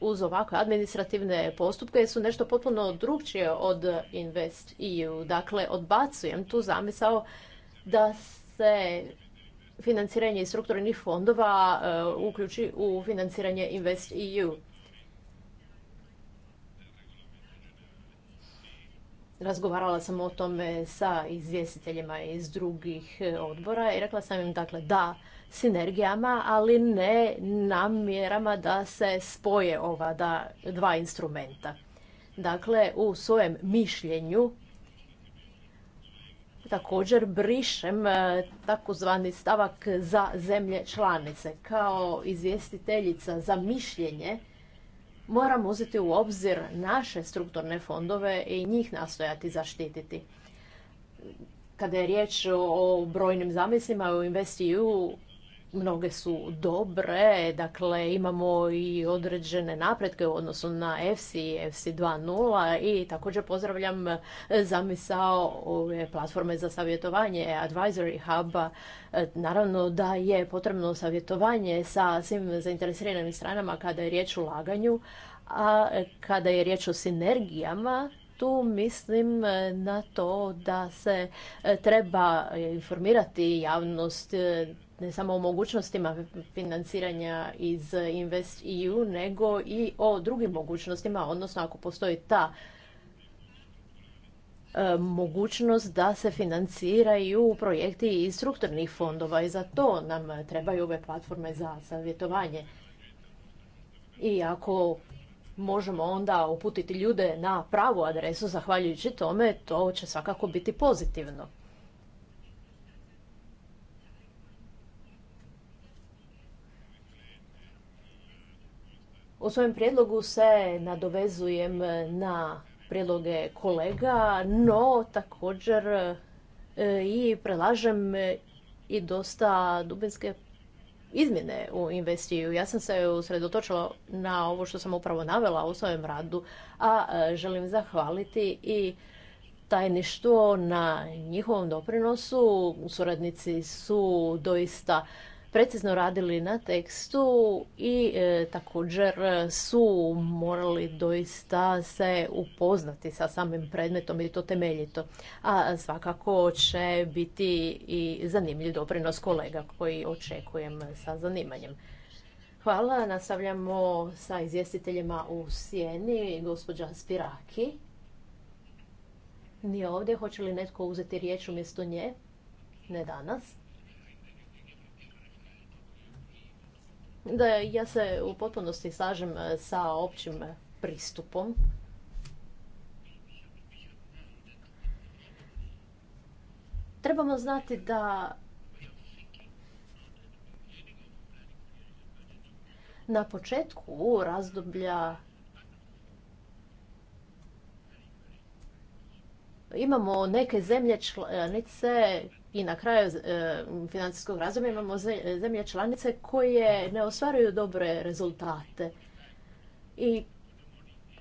uz ovakve administrativne postupke su nešto potpuno drugčije od InvestEU. Dakle, odbacujem tu zamisao da se financiranje strukturnih fondova e, uključi u financiranje Invest EU. Razgovarala sam o tome sa izvjestiteljima iz drugih e, odbora i rekla sam im dakle da sinergijama, ali ne namjerama da se spoje ova dva instrumenta. Dakle, u svojem mišljenju također brišem e, takozvani stavak za zemlje članice. Kao izvjestiteljica za mišljenje moram uzeti u obzir naše strukturne fondove i njih nastojati zaštititi. Kada je riječ o brojnim zamislima u InvestEU, Mnoge su dobre, dakle imamo i određene napretke u odnosu na EFSI, FC 2.0 i također pozdravljam zamisao ove platforme za savjetovanje Advisory Hub. Naravno da je potrebno savjetovanje sa svim zainteresiranim stranama kada je riječ o ulaganju, a kada je riječ o sinergijama, tu mislim na to da se treba informirati javnost ne samo o mogućnostima financiranja iz InvestEU, nego i o drugim mogućnostima, odnosno ako postoji ta e, mogućnost da se financiraju projekti iz strukturnih fondova i za to nam trebaju ove platforme za savjetovanje. I ako možemo onda uputiti ljude na pravu adresu zahvaljujući tome, to će svakako biti pozitivno. U svojem prijedlogu se nadovezujem na prijedloge kolega, no također e, i prelažem i dosta dubinske izmjene u investiju. Ja sam se usredotočila na ovo što sam upravo navela u svojem radu, a e, želim zahvaliti i tajništvo na njihovom doprinosu. Suradnici su doista precizno radili na tekstu i e, također e, su morali doista se upoznati sa samim predmetom i to temeljito. A svakako će biti i zanimljiv doprinos kolega koji očekujem sa zanimanjem. Hvala, nastavljamo sa izvjestiteljima u Sjeni, gospođa Spiraki. Nije ovdje, hoće li netko uzeti riječ umjesto nje? Ne danas. Da, ja se u potpunosti slažem e, sa općim e, pristupom. Trebamo znati da na početku razdoblja imamo neke zemlje članice i na kraju e, financijskog razdoblja imamo zemlje članice koje ne ostvaruju dobre rezultate. I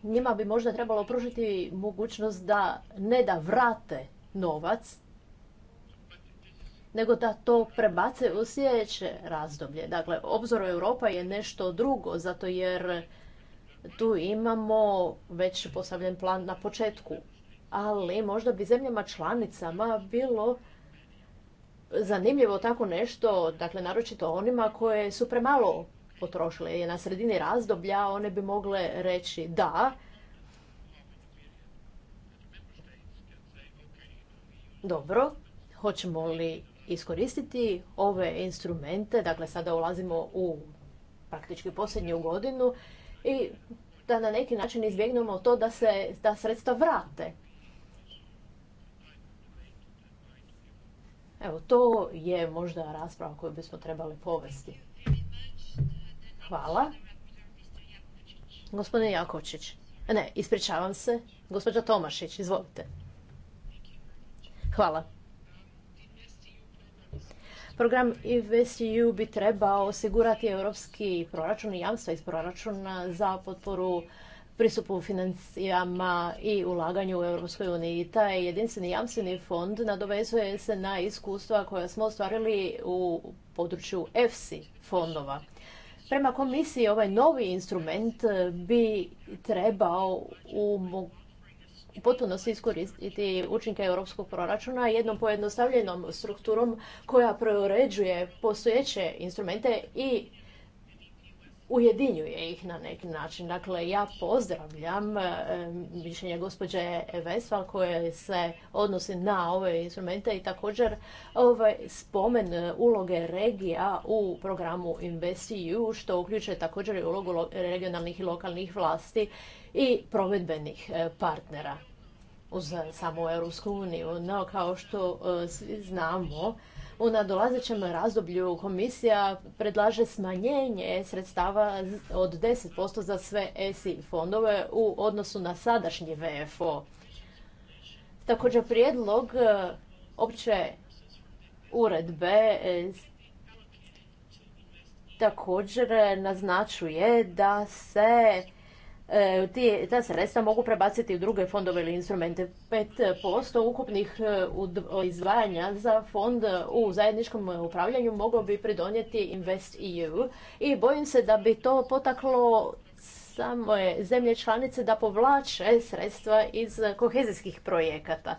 njima bi možda trebalo pružiti mogućnost da ne da vrate novac, nego da to prebace u sljedeće razdoblje. Dakle, obzor Europa je nešto drugo, zato jer tu imamo već postavljen plan na početku. Ali možda bi zemljama članicama bilo zanimljivo tako nešto, dakle naročito onima koje su premalo potrošile. Na sredini razdoblja one bi mogle reći da, Dobro, hoćemo li iskoristiti ove instrumente, dakle sada ulazimo u praktički posljednju godinu i da na neki način izbjegnemo to da se ta sredstva vrate. Evo, to je možda rasprava koju bismo trebali povesti. Hvala. Gospodin Jakovčić. Ne, ispričavam se. Gospođa Tomašić, izvolite. Hvala. Program InvestEU bi trebao osigurati europski proračun i jamstva iz proračuna za potporu pristupu financijama i ulaganju u Europskoj uniji. Taj jedinstveni jamstveni fond nadovezuje se na iskustva koja smo ostvarili u području EFSI fondova. Prema komisiji ovaj novi instrument bi trebao u potpunosti iskoristiti učinke europskog proračuna jednom pojednostavljenom strukturom koja preuređuje postojeće instrumente i ujedinjuje ih na neki način. Dakle, ja pozdravljam e, mišljenje gospođe Vesval koje se odnosi na ove instrumente i također ovaj spomen uloge regija u programu InvestEU što uključuje također i ulogu regionalnih i lokalnih vlasti i provedbenih e, partnera uz samu EU. No, kao što e, svi znamo, u nadolazećem razdoblju komisija predlaže smanjenje sredstava od 10% za sve ESI fondove u odnosu na sadašnji VFO. Također prijedlog e, opće uredbe e, također naznačuje da se E, ta sredstva mogu prebaciti u druge fondove ili instrumente. 5% e, ukupnih e, izdvajanja za fond u zajedničkom upravljanju moglo bi pridonijeti Invest EU i bojim se da bi to potaklo samo zemlje članice da povlače sredstva iz kohezijskih projekata.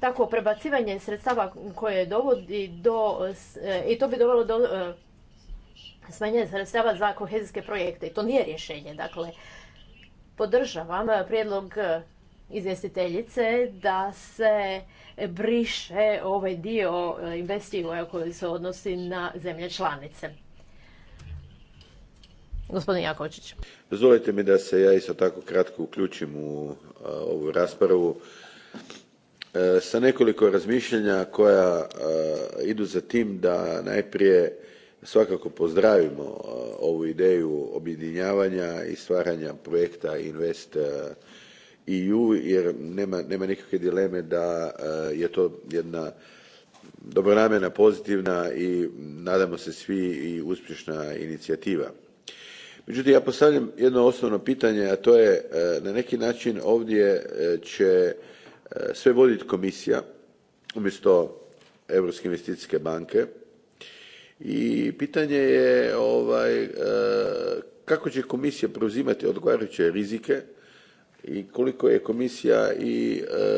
Tako, prebacivanje sredstava koje dovodi do, i to bi dovelo do smanjenje sredstava za kohezijske projekte i to nije rješenje. Dakle, podržavam prijedlog e, izvjestiteljice da se briše ovaj dio e, investicija koji se odnosi na zemlje članice. Gospodin Jakovčić. Dozvolite mi da se ja isto tako kratko uključim u e, ovu raspravu sa nekoliko razmišljanja koja idu za tim da najprije svakako pozdravimo uh, ovu ideju objedinjavanja i stvaranja projekta invest uh, eu jer nema, nema nikakve dileme da uh, je to jedna dobronamjerna pozitivna i nadamo se svi i uspješna inicijativa. međutim ja postavljam jedno osnovno pitanje a to je na neki način ovdje će sve voditi komisija umjesto europske investicijske banke i pitanje je ovaj, e, kako će komisija preuzimati odgovarajuće rizike i koliko je komisija i e, e,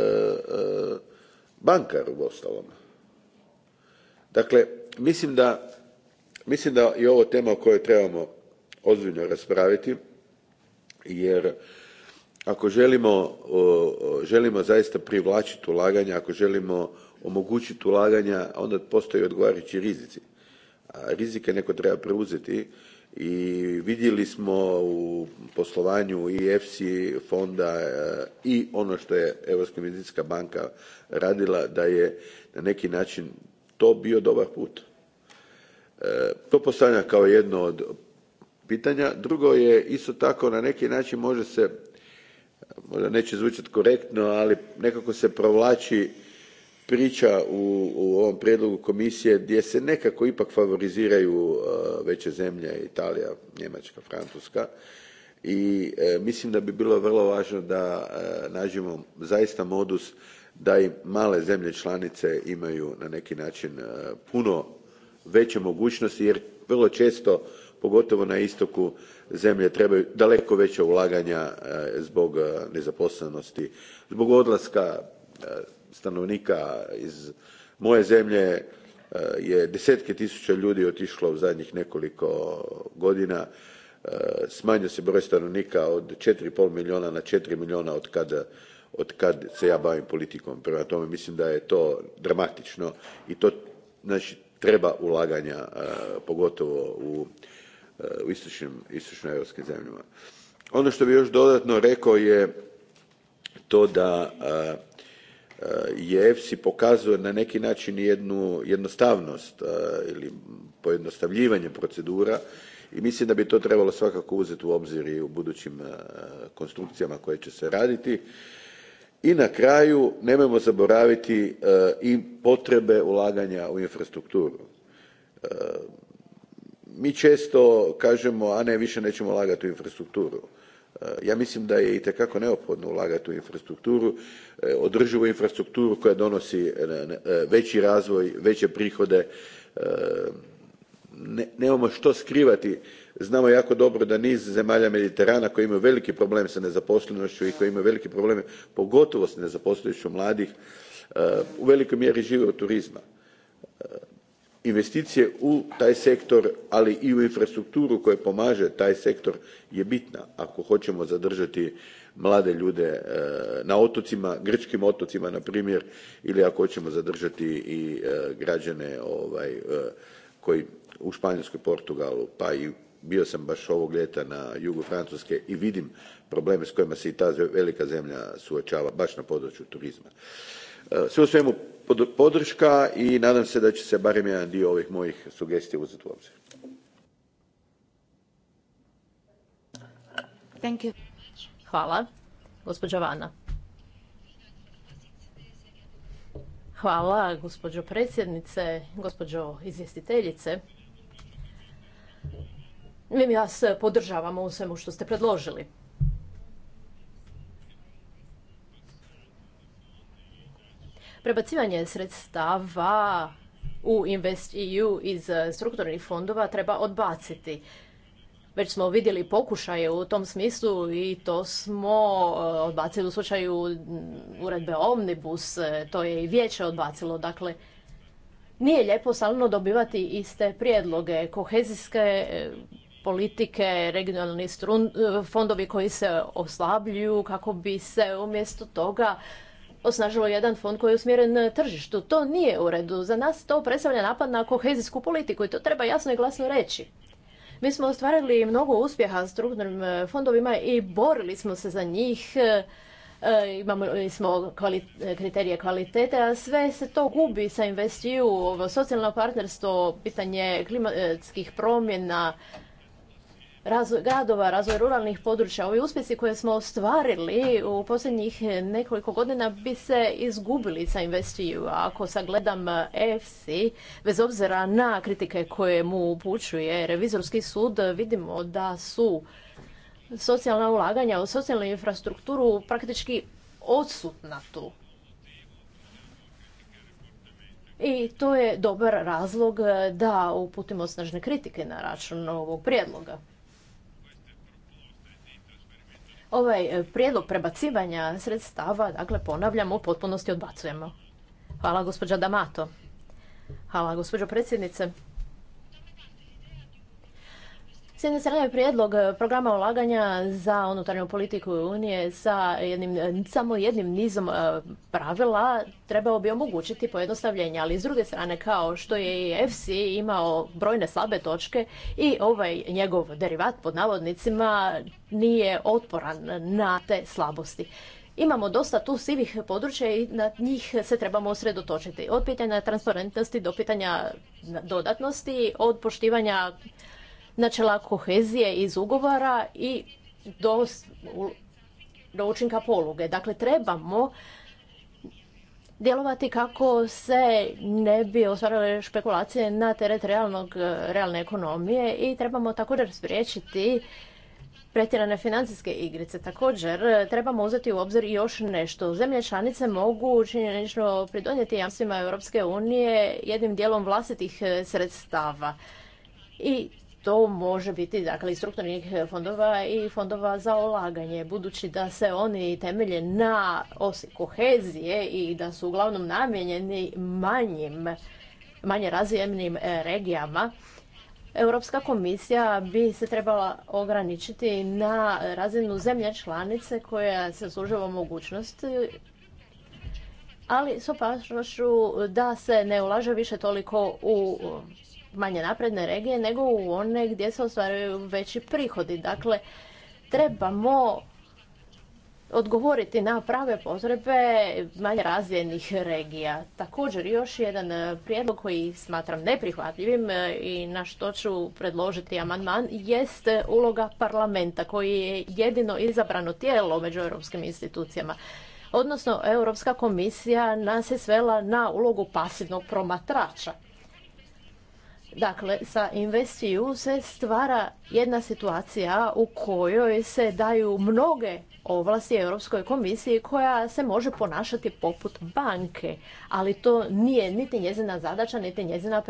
bankar u ostalom. Dakle, mislim da, mislim da je ovo tema o kojoj trebamo ozbiljno raspraviti, jer ako želimo, želimo zaista privlačiti ulaganja, ako želimo omogućiti ulaganja, onda postoje odgovarajući rizici rizike neko treba preuzeti i vidjeli smo u poslovanju i EFSI fonda e, i ono što je Europska investicijska banka radila da je na neki način to bio dobar put. E, to postavlja kao jedno od pitanja. Drugo je isto tako na neki način može se, možda neće zvučati korektno, ali nekako se provlači priča u, u ovom prijedlogu komisije gdje se nekako ipak favoriziraju e, veće zemlje italija njemačka francuska i e, mislim da bi bilo vrlo važno da e, nađemo zaista modus da i male zemlje članice imaju na neki način puno veće mogućnosti jer vrlo često pogotovo na istoku zemlje trebaju daleko veća ulaganja zbog nezaposlenosti zbog odlaska stanovnika iz moje zemlje eh, je desetke tisuća ljudi otišlo u zadnjih nekoliko godina eh, smanjio se broj stanovnika od 4,5 milijuna na četiri milijuna od kada od kad se ja bavim politikom. Prema tome mislim da je to dramatično i to znači treba ulaganja eh, pogotovo u, u istočnim, istočnoeuropskim zemljama. Ono što bih još dodatno rekao je to da E, I EFSI pokazuje na neki način jednu jednostavnost e, ili pojednostavljivanje procedura i mislim da bi to trebalo svakako uzeti u obzir i u budućim e, konstrukcijama koje će se raditi. I na kraju nemojmo zaboraviti i potrebe ulaganja u infrastrukturu. Mi često kažemo a ne više nećemo ulagati u infrastrukturu ja mislim da je itekako neophodno ulagati u infrastrukturu e, održivu infrastrukturu koja donosi e, e, veći razvoj veće prihode ne, nemamo što skrivati znamo jako dobro da niz zemalja mediterana koji imaju veliki problem sa nezaposlenošću i koji imaju velike probleme pogotovo s nezaposlenošću mladih u velikoj mjeri žive od turizma investicije u taj sektor ali i u infrastrukturu koja pomaže taj sektor je bitna ako hoćemo zadržati mlade ljude e, na otocima grčkim otocima na primjer ili ako hoćemo zadržati i e, građane ovaj, e, koji u španjolskoj portugalu pa i bio sam baš ovog ljeta na jugu francuske i vidim probleme s kojima se i ta velika zemlja suočava baš na području turizma. sve u svemu podrška i nadam se da će se barem jedan dio ovih mojih sugestija uzeti u obzir. Thank Hvala. Gospođa Vana. Hvala, gospođo predsjednice, gospođo izvjestiteljice. Mi vas podržavamo u svemu što ste predložili. Prebacivanje sredstava u InvestEU iz eh, strukturnih fondova treba odbaciti. Već smo vidjeli pokušaje u tom smislu i to smo eh, odbacili u slučaju mm, uredbe Omnibus, eh, to je i vijeće odbacilo. Dakle, nije lijepo stalno dobivati iste prijedloge. Kohezijske politike, regionalni fondovi koji se oslabljuju kako bi se umjesto toga osnažilo jedan fond koji je usmjeren tržištu. To nije u redu. Za nas to predstavlja napad na kohezijsku politiku i to treba jasno i glasno reći. Mi smo ostvarili mnogo uspjeha s strukturnim e, fondovima i borili smo se za njih. E, e, imamo smo kriterije kvalitete, a sve se to gubi sa investiju, socijalno partnerstvo, pitanje klimatskih promjena, razvoj gradova, razvoj ruralnih područja, ovi uspjesi koje smo ostvarili u posljednjih nekoliko godina bi se izgubili sa investiju. Ako sagledam EFSI, bez obzira na kritike koje mu upućuje revizorski sud, vidimo da su socijalna ulaganja u socijalnu infrastrukturu praktički odsutna tu. I to je dobar razlog da uputimo snažne kritike na račun ovog prijedloga ovaj e, prijedlog prebacivanja sredstava, dakle ponavljamo, u potpunosti odbacujemo. Hvala gospođa Damato. Hvala gospođo predsjednice. S jedne strane prijedlog e, programa ulaganja za unutarnju politiku Unije sa jednim, samo jednim nizom e, pravila trebao bi omogućiti pojednostavljenje, ali s druge strane kao što je i EFSI imao brojne slabe točke i ovaj njegov derivat pod navodnicima nije otporan na te slabosti. Imamo dosta tu sivih područja i na njih se trebamo osredotočiti. Od pitanja transparentnosti do pitanja dodatnosti, od poštivanja načela kohezije iz ugovora i do, do učinka poluge. Dakle, trebamo djelovati kako se ne bi ostvarile špekulacije na teret realnog, e, realne ekonomije i trebamo također spriječiti pretjerane financijske igrice. Također, e, trebamo uzeti u obzir još nešto. Zemlje članice mogu činjenično pridonijeti jamstvima Europske unije jednim dijelom vlastitih e, sredstava. I to može biti dakle i strukturnih fondova i fondova za ulaganje, budući da se oni temelje na osi kohezije i da su uglavnom namijenjeni manjim, manje razvijenim e, regijama. Europska komisija bi se trebala ograničiti na razinu zemlje članice koja se služava mogućnosti ali s opasnošću da se ne ulaže više toliko u manje napredne regije nego u one gdje se ostvaruju veći prihodi. Dakle, trebamo odgovoriti na prave potrebe manje razvijenih regija. Također još jedan prijedlog koji smatram neprihvatljivim e, i na što ću predložiti amandman jest uloga parlamenta koji je jedino izabrano tijelo među europskim institucijama. Odnosno, Europska komisija nas je svela na ulogu pasivnog promatrača. Dakle, sa investiju se stvara jedna situacija u kojoj se daju mnoge ovlasti Europskoj komisiji koja se može ponašati poput banke, ali to nije niti njezina zadaća, niti njezina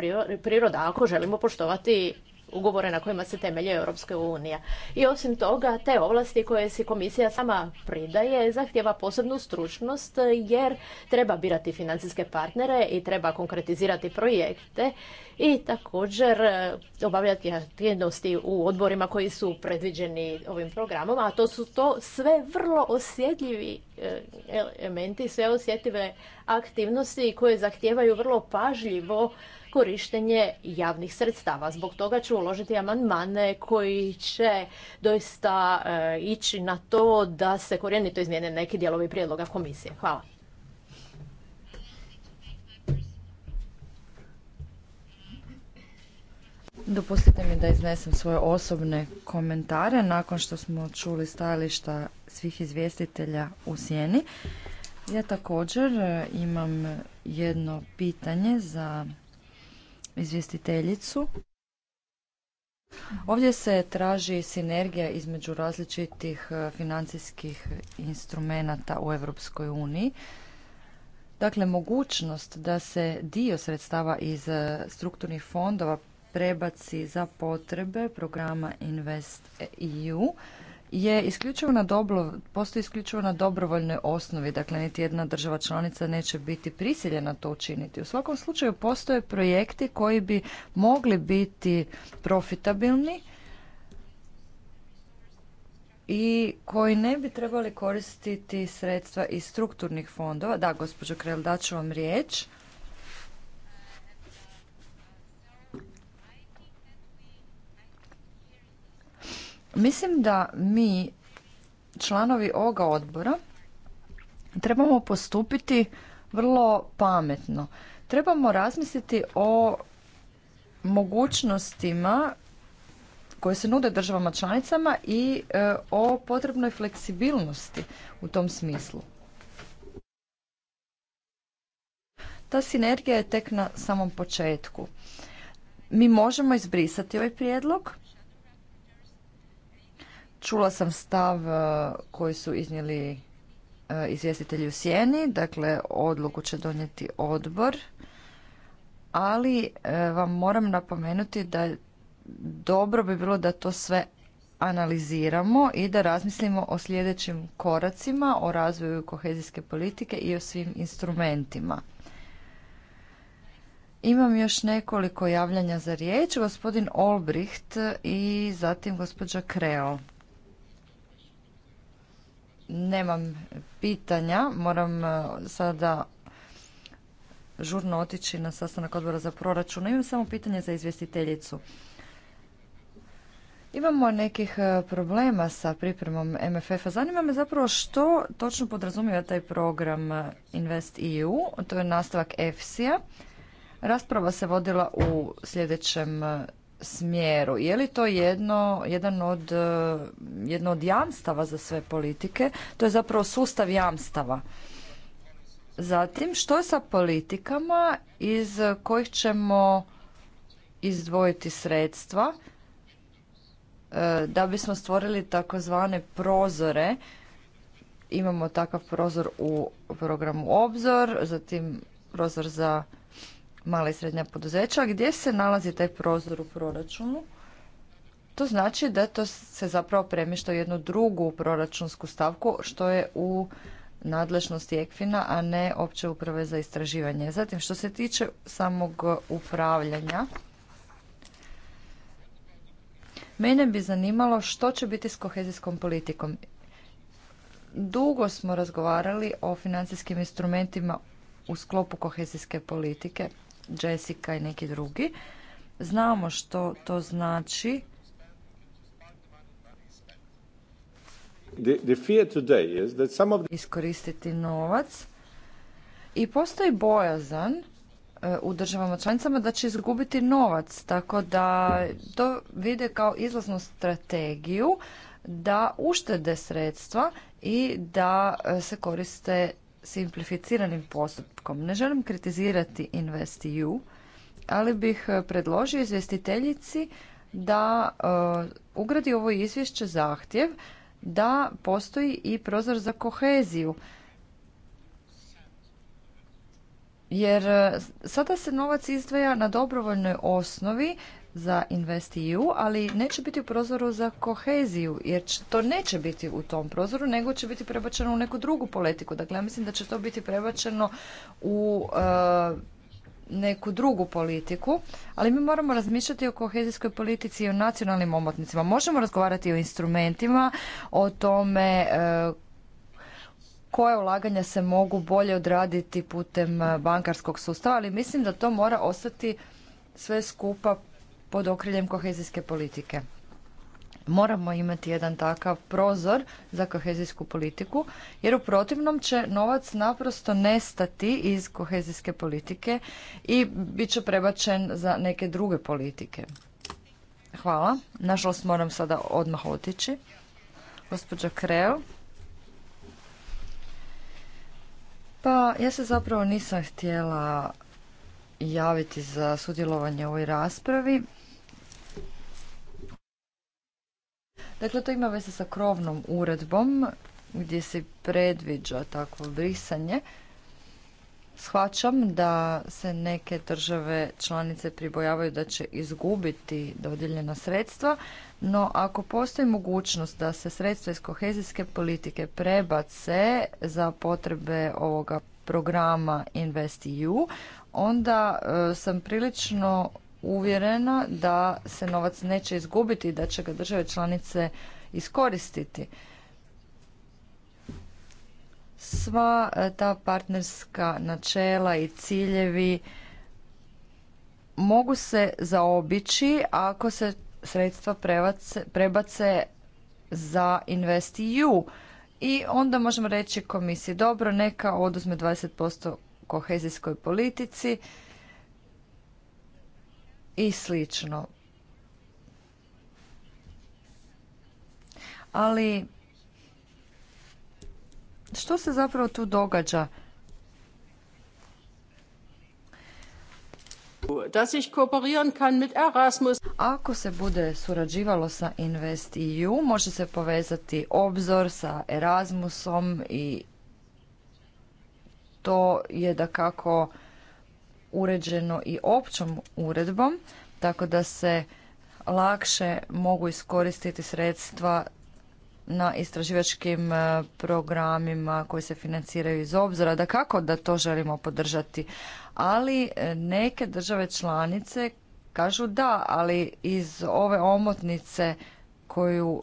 priroda ako želimo poštovati ugovore na kojima se temelje Europske unije. I osim toga, te ovlasti koje si komisija sama pridaje zahtjeva posebnu stručnost jer treba birati financijske partnere i treba konkretizirati projekte i također e, obavljati aktivnosti u odborima koji su predviđeni ovim programom, a to su to sve vrlo osjetljivi e, elementi, sve osjetljive aktivnosti koje zahtijevaju vrlo pažljivo korištenje javnih sredstava. Zbog toga ću uložiti amandmane koji će doista e, ići na to da se korijenito izmijene neki dijelovi prijedloga komisije. Hvala. Dopustite mi da iznesem svoje osobne komentare nakon što smo čuli stajališta svih izvjestitelja u sjeni. Ja također e, imam jedno pitanje za izvjestiteljicu. Ovdje se traži sinergija između različitih e, financijskih instrumenata u Europskoj uniji. Dakle, mogućnost da se dio sredstava iz e, strukturnih fondova prebaci za potrebe programa Invest EU je isključivo na dobro, postoji isključivo na dobrovoljnoj osnovi, dakle niti jedna država članica neće biti prisiljena to učiniti. U svakom slučaju postoje projekti koji bi mogli biti profitabilni i koji ne bi trebali koristiti sredstva iz strukturnih fondova. Da, gospođo Krel, daću vam riječ. Mislim da mi, članovi ovoga odbora, trebamo postupiti vrlo pametno. Trebamo razmisliti o mogućnostima koje se nude državama članicama i e, o potrebnoj fleksibilnosti u tom smislu. Ta sinergija je tek na samom početku. Mi možemo izbrisati ovaj prijedlog Čula sam stav e, koji su iznijeli e, izvjestitelji u sjeni, dakle odluku će donijeti odbor, ali e, vam moram napomenuti da dobro bi bilo da to sve analiziramo i da razmislimo o sljedećim koracima, o razvoju kohezijske politike i o svim instrumentima. Imam još nekoliko javljanja za riječ, gospodin Olbricht i zatim gospođa Kreo nemam pitanja. Moram e, sada žurno otići na sastanak odbora za proračun. Imam samo pitanje za izvjestiteljicu. Imamo nekih e, problema sa pripremom MFF-a. Zanima me zapravo što točno podrazumijeva taj program e, Invest EU. To je nastavak EFSI-a. Rasprava se vodila u sljedećem smjeru. Je li to jedno, jedan od, e, jedno od jamstava za sve politike? To je zapravo sustav jamstava. Zatim, što je sa politikama iz kojih ćemo izdvojiti sredstva e, da bismo stvorili takozvane prozore. Imamo takav prozor u programu Obzor, zatim prozor za mala i srednja poduzeća, gdje se nalazi taj prozor u proračunu? To znači da to se zapravo premješta u jednu drugu proračunsku stavku što je u nadležnosti Ekfina, a ne opće uprave za istraživanje. Zatim, što se tiče samog upravljanja, mene bi zanimalo što će biti s kohezijskom politikom. Dugo smo razgovarali o financijskim instrumentima u sklopu kohezijske politike. Jessica i neki drugi. Znamo što to znači. Iskoristiti novac. I postoji bojazan e, u državama članicama da će izgubiti novac, tako da to vide kao izlaznu strategiju da uštede sredstva i da e, se koriste simplificiranim postupkom. Ne želim kritizirati InvestEU, ali bih e, predložio izvjestiteljici da e, ugradi ovo izvješće zahtjev da postoji i prozor za koheziju. Jer e, sada se novac izdvaja na dobrovoljnoj osnovi za InvestEU, ali neće biti u prozoru za koheziju, jer to neće biti u tom prozoru, nego će biti prebačeno u neku drugu politiku. Dakle, ja mislim da će to biti prebačeno u eh, neku drugu politiku, ali mi moramo razmišljati o kohezijskoj politici i o nacionalnim omotnicima. Možemo razgovarati o instrumentima, o tome koje eh, koja ulaganja se mogu bolje odraditi putem eh, bankarskog sustava, ali mislim da to mora ostati sve skupa pod okriljem kohezijske politike. Moramo imati jedan takav prozor za kohezijsku politiku, jer u protivnom će novac naprosto nestati iz kohezijske politike i bit će prebačen za neke druge politike. Hvala. Nažalost moram sada odmah otići. Gospođa Kreo. Pa ja se zapravo nisam htjela javiti za sudjelovanje u ovoj raspravi. Dakle, to ima veze sa krovnom uredbom gdje se predviđa takvo brisanje. Shvaćam da se neke države članice pribojavaju da će izgubiti dodijeljena sredstva, no ako postoji mogućnost da se sredstva iz kohezijske politike prebace za potrebe ovoga programa InvestEU, onda e, sam prilično uvjerena da se novac neće izgubiti i da će ga države članice iskoristiti. Sva e, ta partnerska načela i ciljevi mogu se zaobići ako se sredstva prebace, za InvestEU i onda možemo reći komisiji dobro neka oduzme 20% kohezijskoj politici i slično. Ali što se zapravo tu događa? Ako se bude surađivalo sa InvestEU, može se povezati obzor sa Erasmusom i to je da kako uređeno i općom uredbom, tako da se lakše mogu iskoristiti sredstva na istraživačkim e, programima koji se financiraju iz obzora, da kako da to želimo podržati. Ali e, neke države članice kažu da, ali iz ove omotnice koju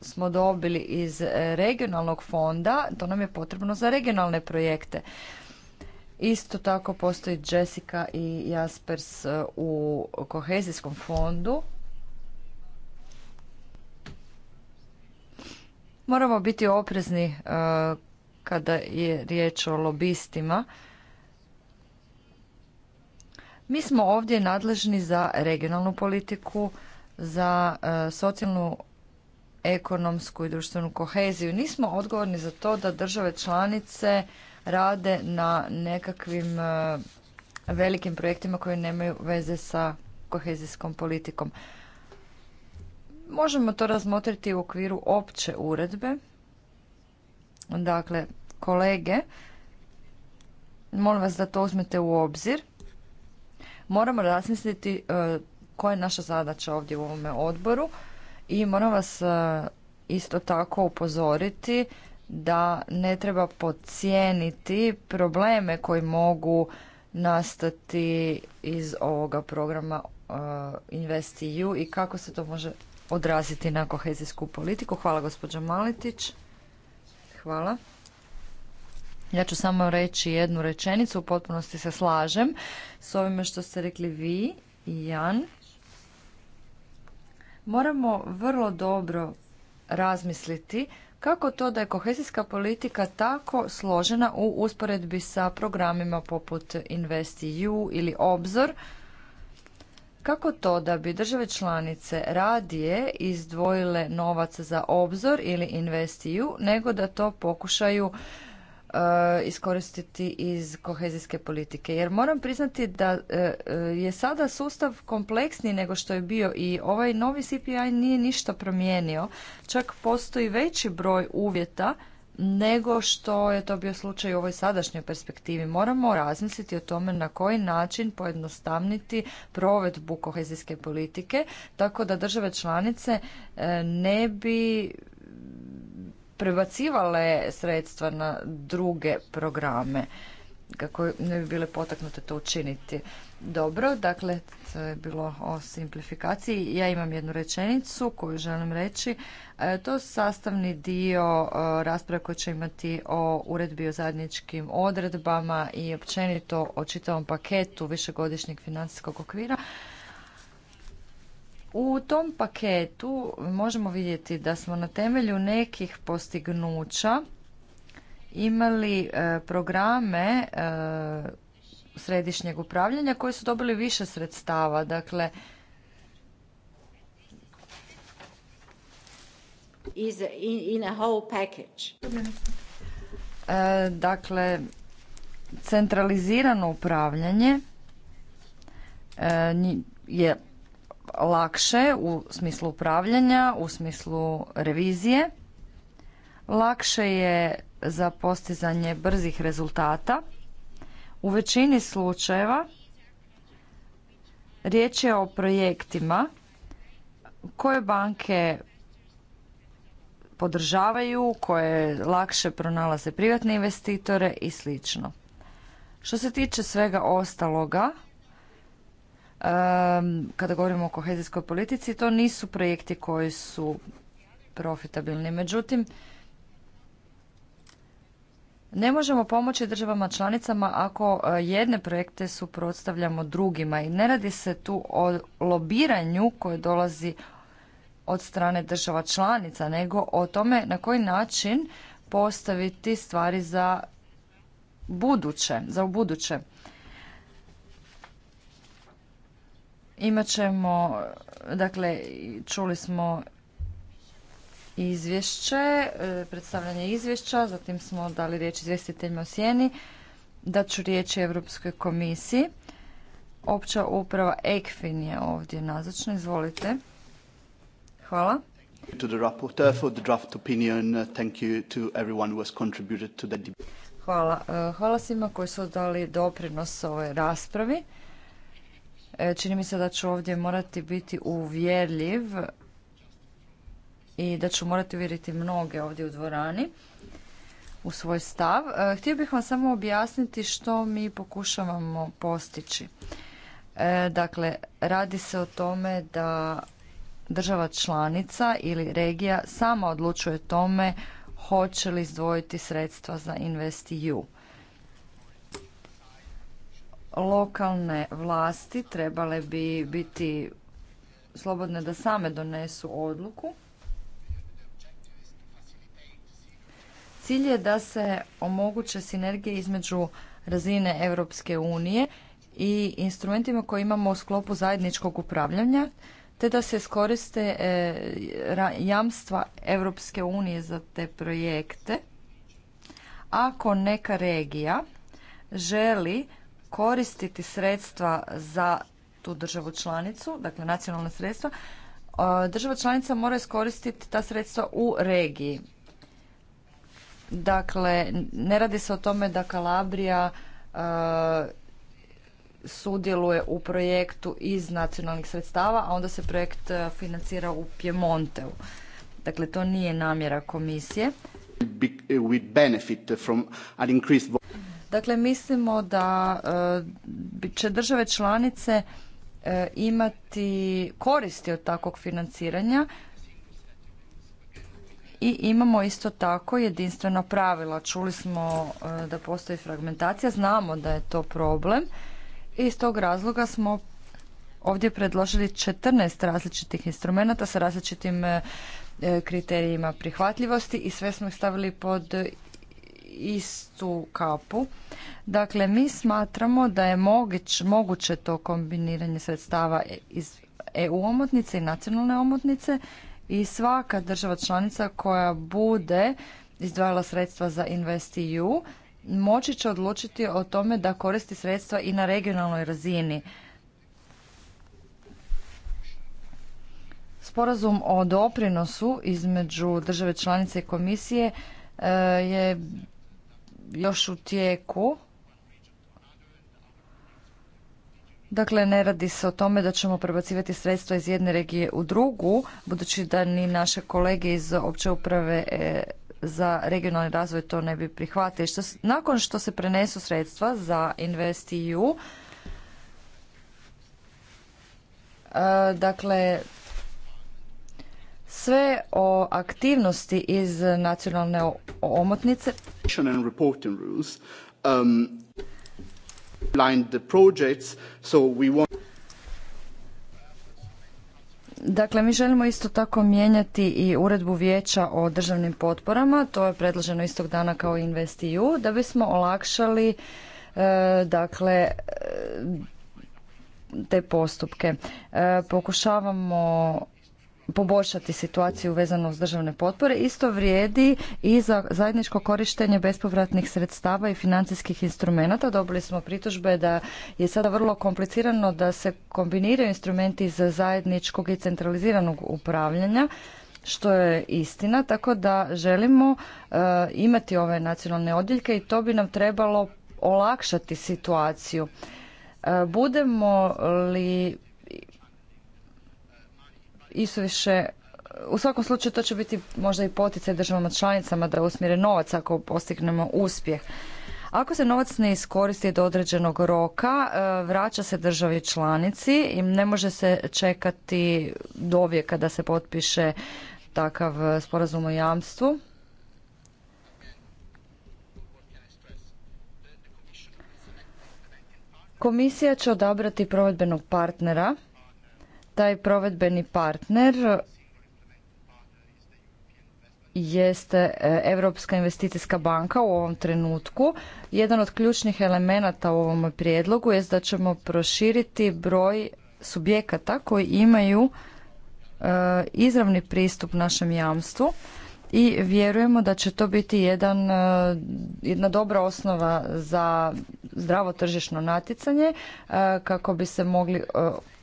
smo dobili iz e, regionalnog fonda, to nam je potrebno za regionalne projekte. Isto tako postoji Jessica i Jaspers e, u kohezijskom fondu. Moramo biti oprezni e, kada je riječ o lobistima. Mi smo ovdje nadležni za regionalnu politiku, za e, socijalnu, ekonomsku i društvenu koheziju. Nismo odgovorni za to da države članice rade na nekakvim e, velikim projektima koji nemaju veze sa kohezijskom politikom. Možemo to razmotriti u okviru opće uredbe. Dakle, kolege, molim vas da to uzmete u obzir. Moramo razmisliti e, koja je naša zadaća ovdje u ovome odboru i moram vas e, isto tako upozoriti da ne treba podcijeniti probleme koji mogu nastati iz ovoga programa uh, InvestEU i kako se to može odraziti na kohezijsku politiku. Hvala gospođo Maletić. Hvala. Ja ću samo reći jednu rečenicu, u potpunosti se slažem s ovime što ste rekli vi i Jan. Moramo vrlo dobro razmisliti kako to da je kohezijska politika tako složena u usporedbi sa programima poput InvestEU ili Obzor? Kako to da bi države članice radije izdvojile novac za Obzor ili InvestEU nego da to pokušaju E, iskoristiti iz kohezijske politike. Jer moram priznati da e, e, je sada sustav kompleksniji nego što je bio i ovaj novi CPI nije ništa promijenio. Čak postoji veći broj uvjeta nego što je to bio slučaj u ovoj sadašnjoj perspektivi. Moramo razmisliti o tome na koji način pojednostavniti provedbu kohezijske politike tako da države članice ne bi prebacivale sredstva na druge programe kako ne bi bile potaknute to učiniti. Dobro, dakle, to je bilo o simplifikaciji. Ja imam jednu rečenicu koju želim reći. E, to je sastavni dio e, rasprave koju će imati o uredbi o zajedničkim odredbama i općenito o čitavom paketu višegodišnjeg financijskog okvira. U tom paketu možemo vidjeti da smo na temelju nekih postignuća imali e, programe e, središnjeg upravljanja koji su dobili više sredstava. Dakle, in a whole package. E, dakle, centralizirano upravljanje je lakše u smislu upravljanja, u smislu revizije. Lakše je za postizanje brzih rezultata. U većini slučajeva riječ je o projektima koje banke podržavaju, koje lakše pronalaze privatne investitore i slično. Što se tiče svega ostaloga, kada govorimo o kohezijskoj politici, to nisu projekti koji su profitabilni. Međutim, ne možemo pomoći državama članicama ako e, jedne projekte suprotstavljamo drugima i ne radi se tu o lobiranju koje dolazi od strane država članica, nego o tome na koji način postaviti stvari za buduće, za u buduće. Imat ćemo, dakle, čuli smo izvješće, e, predstavljanje izvješća, zatim smo dali riječ izvjestiteljima o sjeni, dat ću riječ Europskoj komisiji. Opća uprava ECFIN je ovdje nazočna, izvolite. Hvala. Hvala. Hvala svima koji su dali doprinos ovoj raspravi. E, čini mi se da ću ovdje morati biti uvjerljiv i da ću morati uvjeriti mnoge ovdje u dvorani u svoj stav. E, htio bih vam samo objasniti što mi pokušavamo postići. E, dakle, radi se o tome da država članica ili regija sama odlučuje tome hoće li izdvojiti sredstva za InvestEU. Lokalne vlasti trebale bi biti slobodne da same donesu odluku. Cilj je da se omoguće sinergije između razine Europske unije i instrumentima koje imamo u sklopu zajedničkog upravljanja, te da se skoriste e, jamstva Europske unije za te projekte. Ako neka regija želi koristiti sredstva za tu državu članicu, dakle nacionalna sredstva, e, država članica mora iskoristiti ta sredstva u regiji. Dakle, ne radi se o tome da Kalabrija e, sudjeluje u projektu iz nacionalnih sredstava, a onda se projekt e, financira u Pjemonteu. Dakle, to nije namjera komisije. Dakle, mislimo da e, će države članice e, imati koristi od takvog financiranja i imamo isto tako jedinstvena pravila. Čuli smo e, da postoji fragmentacija, znamo da je to problem i iz tog razloga smo ovdje predložili 14 različitih instrumenata sa različitim kriterijima prihvatljivosti i sve smo ih stavili pod istu kapu. Dakle, mi smatramo da je moguće to kombiniranje sredstava iz EU omotnice i nacionalne omotnice i svaka država članica koja bude izdvajala sredstva za InvestEU moći će odlučiti o tome da koristi sredstva i na regionalnoj razini. Sporazum o doprinosu između države članice i komisije e, je još u tijeku. Dakle, ne radi se o tome da ćemo prebacivati sredstva iz jedne regije u drugu, budući da ni naše kolege iz opće uprave e, za regionalni razvoj to ne bi prihvatili. nakon što se prenesu sredstva za InvestEU, e, dakle, sve o aktivnosti iz nacionalne omotnice. Um, dakle, mi želimo isto tako mijenjati i uredbu vijeća o državnim potporama, to je predloženo istog dana kao InvestEU, da bismo olakšali e, dakle e, te postupke. E, pokušavamo poboljšati situaciju vezano uz državne potpore. Isto vrijedi i za zajedničko korištenje bespovratnih sredstava i financijskih instrumenata. Dobili smo pritužbe da je sada vrlo komplicirano da se kombiniraju instrumenti za zajedničkog i centraliziranog upravljanja što je istina, tako da želimo e, imati ove nacionalne odjeljke i to bi nam trebalo olakšati situaciju. E, budemo li isuviše u svakom slučaju to će biti možda i poticaj državama članicama da usmjere novac ako postignemo uspjeh. Ako se novac ne iskoristi do određenog roka, e, vraća se državi članici i ne može se čekati do kada se potpiše takav sporazum o jamstvu. Komisija će odabrati provedbenog partnera taj provedbeni partner jeste Europska investicijska banka u ovom trenutku. Jedan od ključnih elemenata u ovom prijedlogu je da ćemo proširiti broj subjekata koji imaju e, izravni pristup našem jamstvu i vjerujemo da će to biti jedan, e, jedna dobra osnova za zdravo tržišno natjecanje e, kako bi se mogli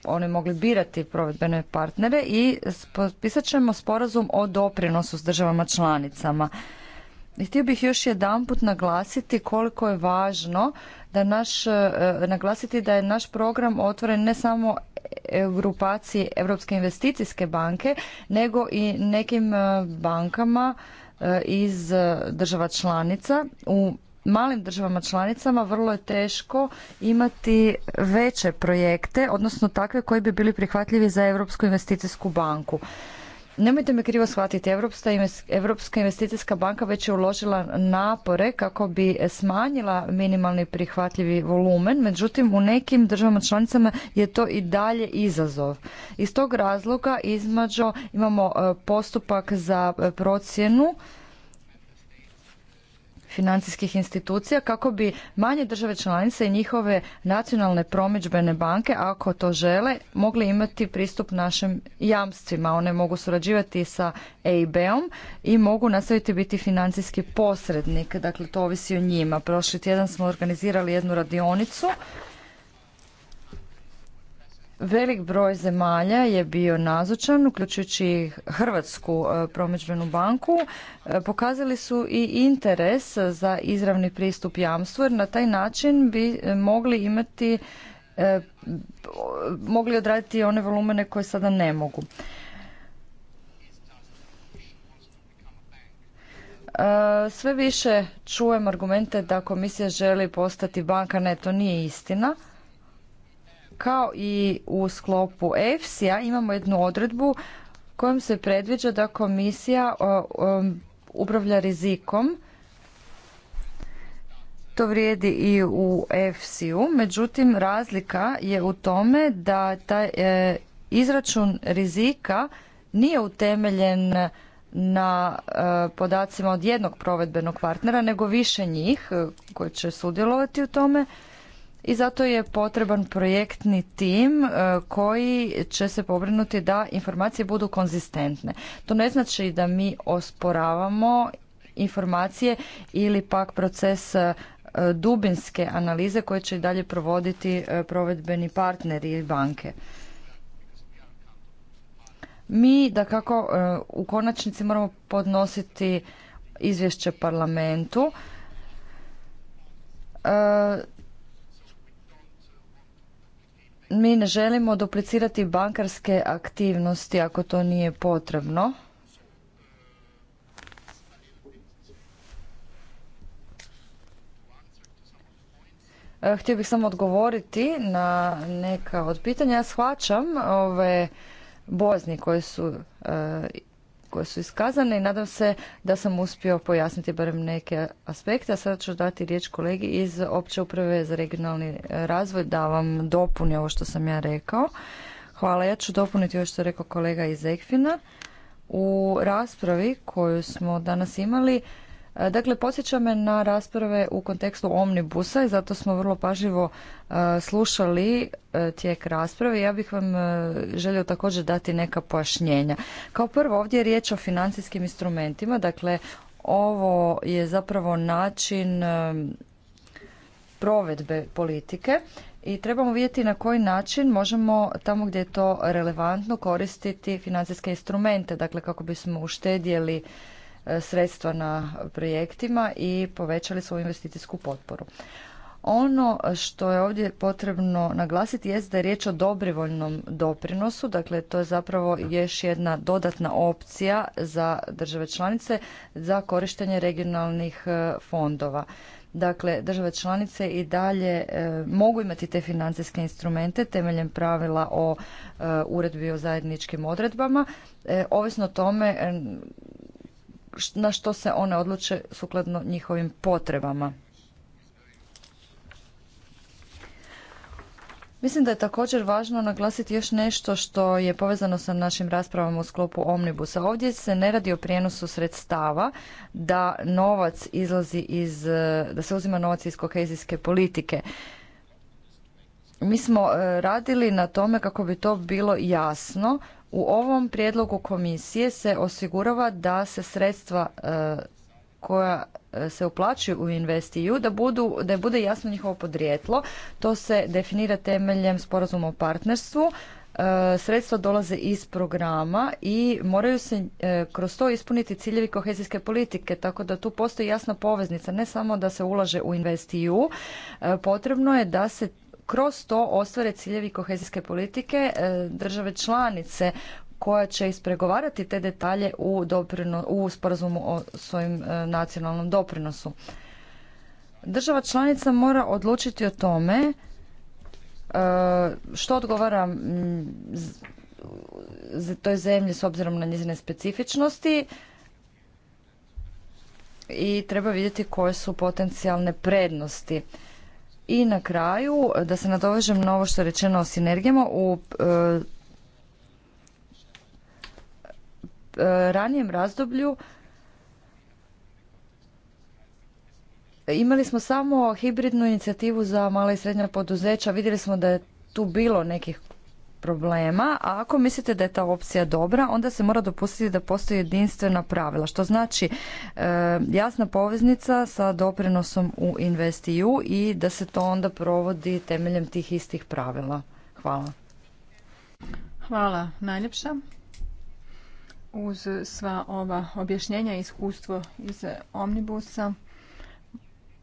oni mogli birati provedbene partnere i potpisat ćemo sporazum o doprinosu s državama članicama. I htio bih još jedanput naglasiti koliko je važno da naš, e, naglasiti da je naš program otvoren ne samo grupaciji Europske investicijske banke, nego i nekim e, bankama e, iz država članica u malim državama članicama vrlo je teško imati veće projekte, odnosno takve koji bi bili prihvatljivi za Europsku investicijsku banku. Nemojte me krivo shvatiti, Europska investicijska banka već je uložila napore kako bi smanjila minimalni prihvatljivi volumen, međutim u nekim državama članicama je to i dalje izazov. Iz tog razloga izmađo imamo e, postupak za e, procjenu financijskih institucija kako bi manje države članice i njihove nacionalne promidžbene banke, ako to žele, mogli imati pristup našim jamstvima. One mogu surađivati sa EIB-om i mogu nastaviti biti financijski posrednik. Dakle, to ovisi o njima. Prošli tjedan smo organizirali jednu radionicu Velik broj zemalja je bio nazočan, uključujući Hrvatsku e, promidžbenu banku. E, pokazali su i interes za izravni pristup jamstvu, jer na taj način bi e, mogli imati mogli odraditi one volumene koje sada ne mogu. Sve više čujem argumente da komisija želi postati banka, ne, to nije istina kao i u sklopu EFSI-a imamo jednu odredbu kojom se predviđa da komisija upravlja rizikom. To vrijedi i u EFSI-u, međutim razlika je u tome da taj e, izračun rizika nije utemeljen na e, podacima od jednog provedbenog partnera, nego više njih e, koji će sudjelovati u tome i zato je potreban projektni tim e, koji će se pobrinuti da informacije budu konzistentne. To ne znači da mi osporavamo informacije ili pak proces e, dubinske analize koje će i dalje provoditi e, provedbeni partneri i banke. Mi da kako u konačnici moramo podnositi izvješće parlamentu. Mi ne želimo duplicirati bankarske aktivnosti ako to nije potrebno. E, htio bih samo odgovoriti na neka od pitanja. Ja shvaćam ove bozni koje su e, koje su iskazane i nadam se da sam uspio pojasniti barem neke aspekte. A sada ću dati riječ kolegi iz Opće uprave za regionalni razvoj da vam dopuni ovo što sam ja rekao. Hvala, ja ću dopuniti ovo što je rekao kolega iz Ekfina. U raspravi koju smo danas imali E, dakle, podsjeća me na rasprave u kontekstu omnibusa i zato smo vrlo pažljivo e, slušali e, tijek rasprave. Ja bih vam želio također dati neka pojašnjenja. Kao prvo, ovdje je riječ o financijskim instrumentima, dakle ovo je zapravo način provedbe politike i trebamo vidjeti na koji način možemo tamo gdje je to relevantno koristiti financijske instrumente, dakle kako bismo uštedjeli sredstva na projektima i povećali svoju investicijsku potporu. Ono što je ovdje potrebno naglasiti jest da je riječ o dobrovoljnom doprinosu, dakle to je zapravo još jedna dodatna opcija za države članice za korištenje regionalnih e, fondova. Dakle, države članice i dalje e, mogu imati te financijske instrumente temeljem pravila o e, uredbi o zajedničkim odredbama, e, ovisno o tome na što se one odluče sukladno njihovim potrebama. Mislim da je također važno naglasiti još nešto što je povezano sa našim raspravama u sklopu Omnibusa. Ovdje se ne radi o prijenosu sredstava da novac izlazi iz, e, da se uzima novac iz kohezijske politike. Mi smo e, radili na tome kako bi to bilo jasno u ovom prijedlogu komisije se osigurava da se sredstva e, koja e, se uplaćuju u investiju, da, budu, da bude jasno njihovo podrijetlo. To se definira temeljem sporazuma o partnerstvu. E, sredstva dolaze iz programa i moraju se kroz to ispuniti ciljevi kohezijske politike, tako da tu postoji jasna poveznica. Ne samo da se ulaže u investiju. potrebno je da se kroz to ostvare ciljevi kohezijske politike e, države članice koja će ispregovarati te detalje u, sporazumu o svojim e, nacionalnom doprinosu. Država članica mora odlučiti o tome e, što odgovara toj zemlji s obzirom na njezine specifičnosti i treba vidjeti koje su potencijalne prednosti i na kraju, da se nadovežem na ovo što je rečeno o sinergijama, u e, e, ranijem razdoblju imali smo samo hibridnu inicijativu za mala i srednja poduzeća. Vidjeli smo da je tu bilo nekih problema, a ako mislite da je ta opcija dobra, onda se mora dopustiti da postoji jedinstvena pravila, što znači e, jasna poveznica sa doprinosom u investiju i da se to onda provodi temeljem tih istih pravila. Hvala. Hvala najljepša. Uz sva ova objašnjenja i iskustvo iz Omnibusa,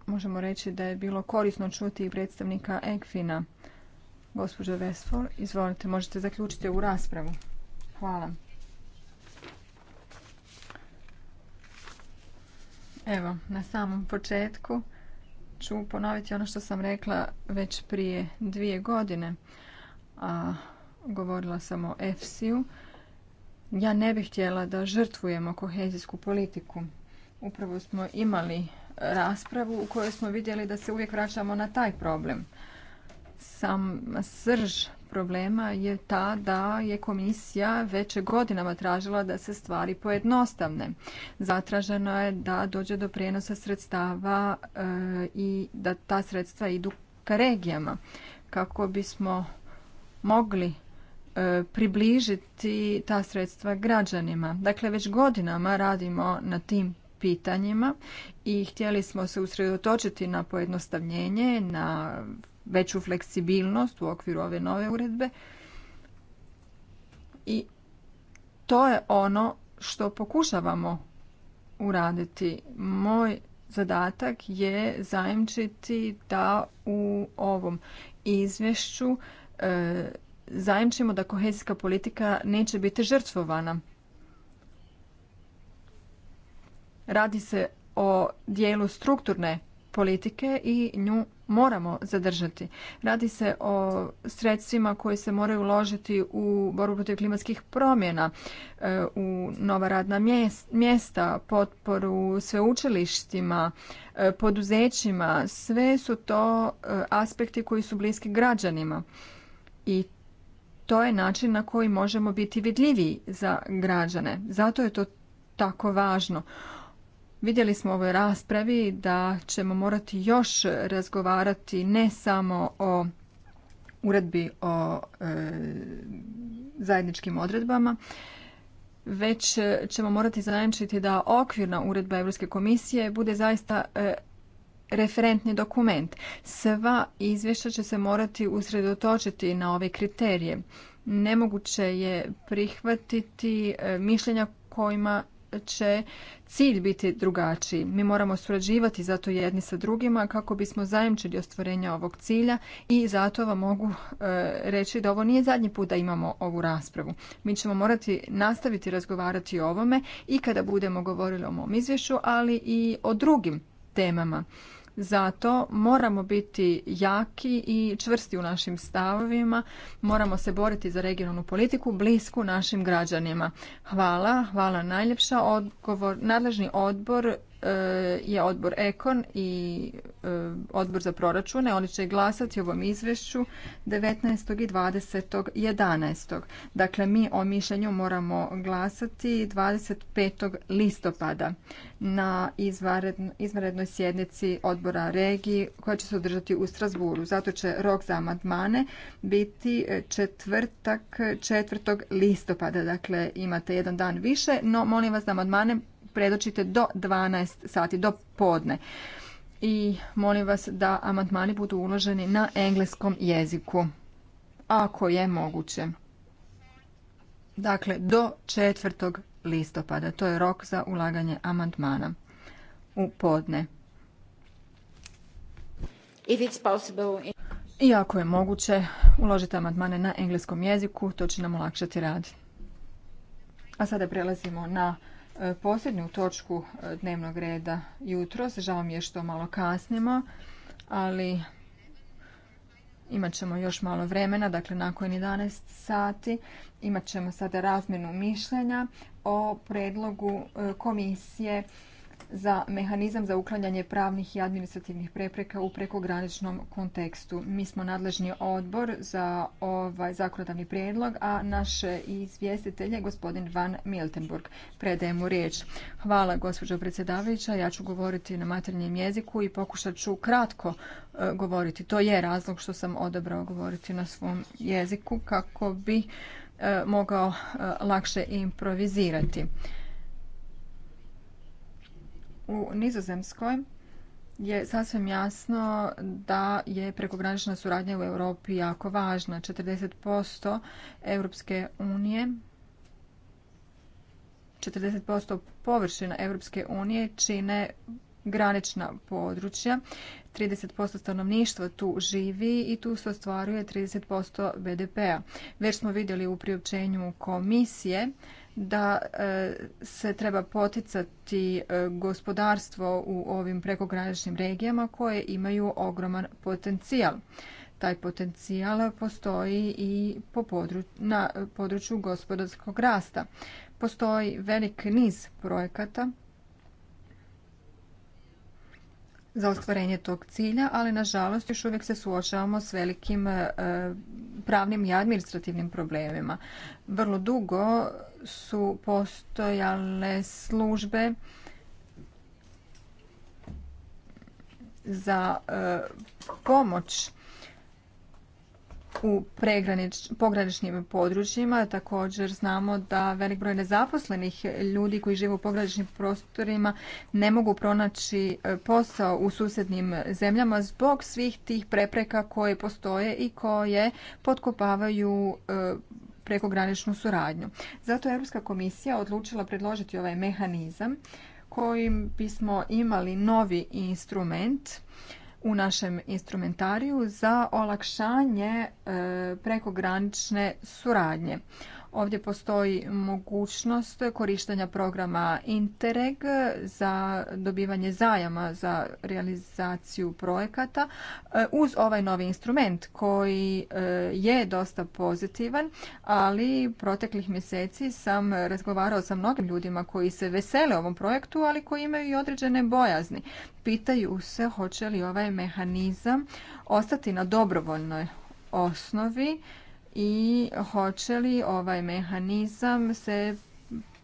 možemo reći da je bilo korisno čuti i predstavnika Ekfina Gospođo Vesfor, izvolite, možete zaključiti ovu raspravu. Hvala. Evo, na samom početku ću ponoviti ono što sam rekla već prije dvije godine. A, govorila sam o EFSI-u. Ja ne bih htjela da žrtvujemo kohezijsku politiku. Upravo smo imali raspravu u kojoj smo vidjeli da se uvijek vraćamo na taj problem sam srž problema je ta da je komisija već godinama tražila da se stvari pojednostavne. Zatraženo je da dođe do prijenosa sredstava eh, i da ta sredstva idu ka regijama kako bismo mogli eh, približiti ta sredstva građanima. Dakle, već godinama radimo na tim pitanjima i htjeli smo se usredotočiti na pojednostavljenje, na veću fleksibilnost u okviru ove nove uredbe i to je ono što pokušavamo uraditi. Moj zadatak je zajemčiti da u ovom izvješću e, zajemčimo da kohezijska politika neće biti žrtvovana. Radi se o dijelu strukturne politike i nju moramo zadržati. Radi se o sredstvima koji se moraju uložiti u borbu protiv klimatskih promjena, e, u nova radna mjesta, potporu sveučilištima, e, poduzećima. Sve su to e, aspekti koji su bliski građanima i to je način na koji možemo biti vidljiviji za građane. Zato je to tako važno. Vidjeli smo u ovoj raspravi da ćemo morati još razgovarati ne samo o uredbi o e, zajedničkim odredbama, već ćemo morati zajamčiti da okvirna uredba Europske komisije bude zaista e, referentni dokument. Sva izvješća će se morati usredotočiti na ove kriterije. Nemoguće je prihvatiti e, mišljenja kojima će cilj biti drugačiji. Mi moramo surađivati zato jedni sa drugima kako bismo zajemčili ostvarenje ovog cilja i zato vam mogu e, reći da ovo nije zadnji put da imamo ovu raspravu. Mi ćemo morati nastaviti razgovarati o ovome i kada budemo govorili o mom izvješću, ali i o drugim temama zato moramo biti jaki i čvrsti u našim stavovima, moramo se boriti za regionalnu politiku blisku našim građanima. Hvala, hvala najljepša. Odgovor, nadležni odbor E, je odbor Ekon i e, odbor za proračune. Oni će glasati o ovom izvješću 19. i 20. 11. Dakle, mi o mišljenju moramo glasati 25. listopada na izvanrednoj sjednici odbora regiji koja će se održati u Strasburu. Zato će rok za amandmane biti četvrtak 4. listopada. Dakle, imate jedan dan više, no molim vas da amandmane predočite do 12 sati, do podne. I molim vas da amandmani budu uloženi na engleskom jeziku, ako je moguće. Dakle, do 4. listopada. To je rok za ulaganje amandmana u podne. I ako je moguće, uložite amandmane na engleskom jeziku, to će nam olakšati rad. A sada prelazimo na posljednju točku e, dnevnog reda jutros. Žao mi je što malo kasnimo, ali imat ćemo još malo vremena, dakle nakon 11 sati imat ćemo sada razmjenu mišljenja o predlogu e, komisije za mehanizam za uklanjanje pravnih i administrativnih prepreka u prekograničnom kontekstu. Mi smo nadležni odbor za ovaj zakonodavni prijedlog, a naš izvjestitelje, je gospodin Van Miltenburg. Predajem mu riječ. Hvala gospođo predsjedavajuća. Ja ću govoriti na maternjem jeziku i pokušat ću kratko e, govoriti. To je razlog što sam odabrao govoriti na svom jeziku kako bi e, mogao e, lakše improvizirati u Nizozemskoj je sasvim jasno da je prekogranična suradnja u Europi jako važna. 40% Europske unije 40% površina Europske unije čine granična područja. 30% stanovništva tu živi i tu se ostvaruje 30% BDP-a. Već smo vidjeli u priopćenju komisije da e, se treba poticati e, gospodarstvo u ovim prekograničnim regijama koje imaju ogroman potencijal. Taj potencijal postoji i po na području gospodarskog rasta. Postoji velik niz projekata za ostvarenje tog cilja, ali nažalost još uvijek se suočavamo s velikim e, pravnim i administrativnim problemima. Vrlo dugo su postojale službe za e, pomoć u pograničnim područjima. Također znamo da velik broj nezaposlenih ljudi koji žive u pograničnim prostorima ne mogu pronaći e, posao u susjednim zemljama zbog svih tih prepreka koje postoje i koje potkopavaju e, prekograničnu suradnju. Zato je Europska komisija odlučila predložiti ovaj mehanizam kojim bismo imali novi instrument u našem instrumentariju za olakšanje e, prekogranične suradnje. Ovdje postoji mogućnost korištenja programa Interreg za dobivanje zajama za realizaciju projekata e, uz ovaj novi instrument koji e, je dosta pozitivan, ali proteklih mjeseci sam razgovarao sa mnogim ljudima koji se vesele ovom projektu, ali koji imaju i određene bojazni. Pitaju se hoće li ovaj mehanizam ostati na dobrovoljnoj osnovi i hoće li ovaj mehanizam se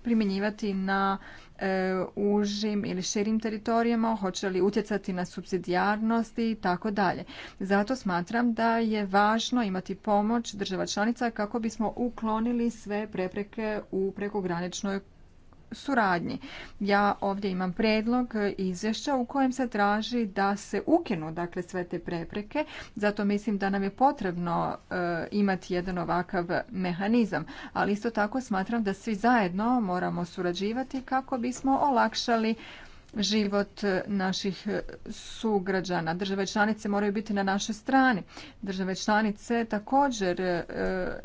primjenjivati na e, užim ili širim teritorijama, hoće li utjecati na subsidijarnost i tako dalje. Zato smatram da je važno imati pomoć država članica kako bismo uklonili sve prepreke u prekograničnoj suradnji. Ja ovdje imam predlog izvješća u kojem se traži da se ukinu dakle sve te prepreke, zato mislim da nam je potrebno e, imati jedan ovakav mehanizam, ali isto tako smatram da svi zajedno moramo surađivati kako bismo olakšali život e, naših e, sugrađana. Države članice moraju biti na našoj strani. Države članice također e,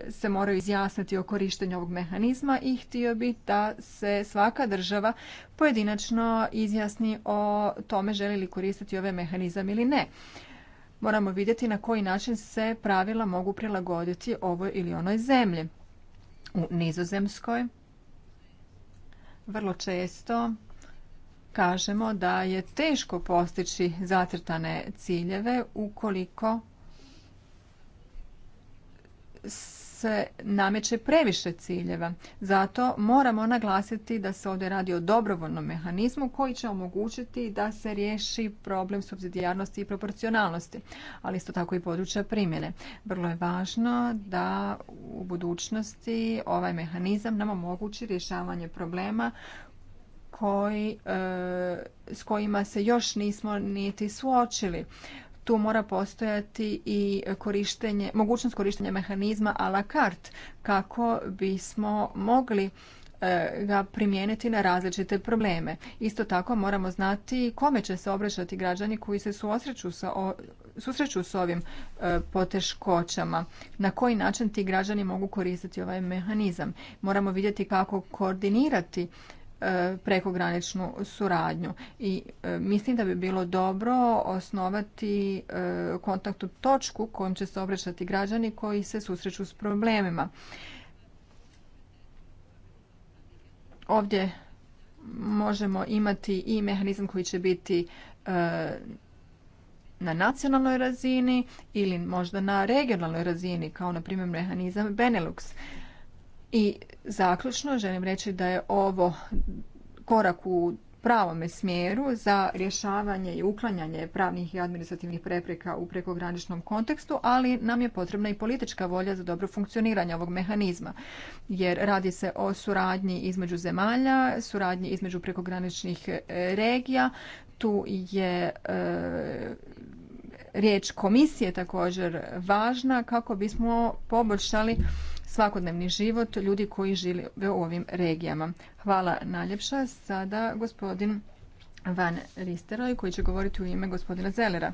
se moraju izjasniti o korištenju ovog mehanizma i htio bi da se svaka država pojedinačno izjasni o tome želi li koristiti ovaj mehanizam ili ne. Moramo vidjeti na koji način se pravila mogu prilagoditi ovoj ili onoj zemlji. U Nizozemskoj vrlo često kažemo da je teško postići zacrtane ciljeve ukoliko se nameće previše ciljeva. Zato moramo naglasiti da se ovdje radi o dobrovoljnom mehanizmu koji će omogućiti da se riješi problem subsidijarnosti i proporcionalnosti, ali isto tako i područja primjene. Vrlo je važno da u budućnosti ovaj mehanizam nam omogući rješavanje problema koji, e, s kojima se još nismo niti suočili. Tu mora postojati i korištenje, mogućnost korištenja mehanizma a la carte kako bismo mogli e, ga primijeniti na različite probleme. Isto tako moramo znati kome će se obraćati građani koji se susreću sa, susreću s ovim e, poteškoćama. Na koji način ti građani mogu koristiti ovaj mehanizam. Moramo vidjeti kako koordinirati E, prekograničnu suradnju. I e, mislim da bi bilo dobro osnovati e, kontaktnu točku kojom će se obraćati građani koji se susreću s problemima. Ovdje možemo imati i mehanizam koji će biti na nacionalnoj razini ili možda na regionalnoj razini kao na primjer mehanizam Benelux i zaključno želim reći da je ovo korak u pravome smjeru za rješavanje i uklanjanje pravnih i administrativnih prepreka u prekograničnom kontekstu, ali nam je potrebna i politička volja za dobro funkcioniranje ovog mehanizma, jer radi se o suradnji između zemalja, suradnji između prekograničnih e, regija, tu je e, riječ komisije također važna kako bismo poboljšali svakodnevni život ljudi koji žive u ovim regijama. Hvala najljepša. Sada gospodin Van Risteroj koji će govoriti u ime gospodina Zelera. E,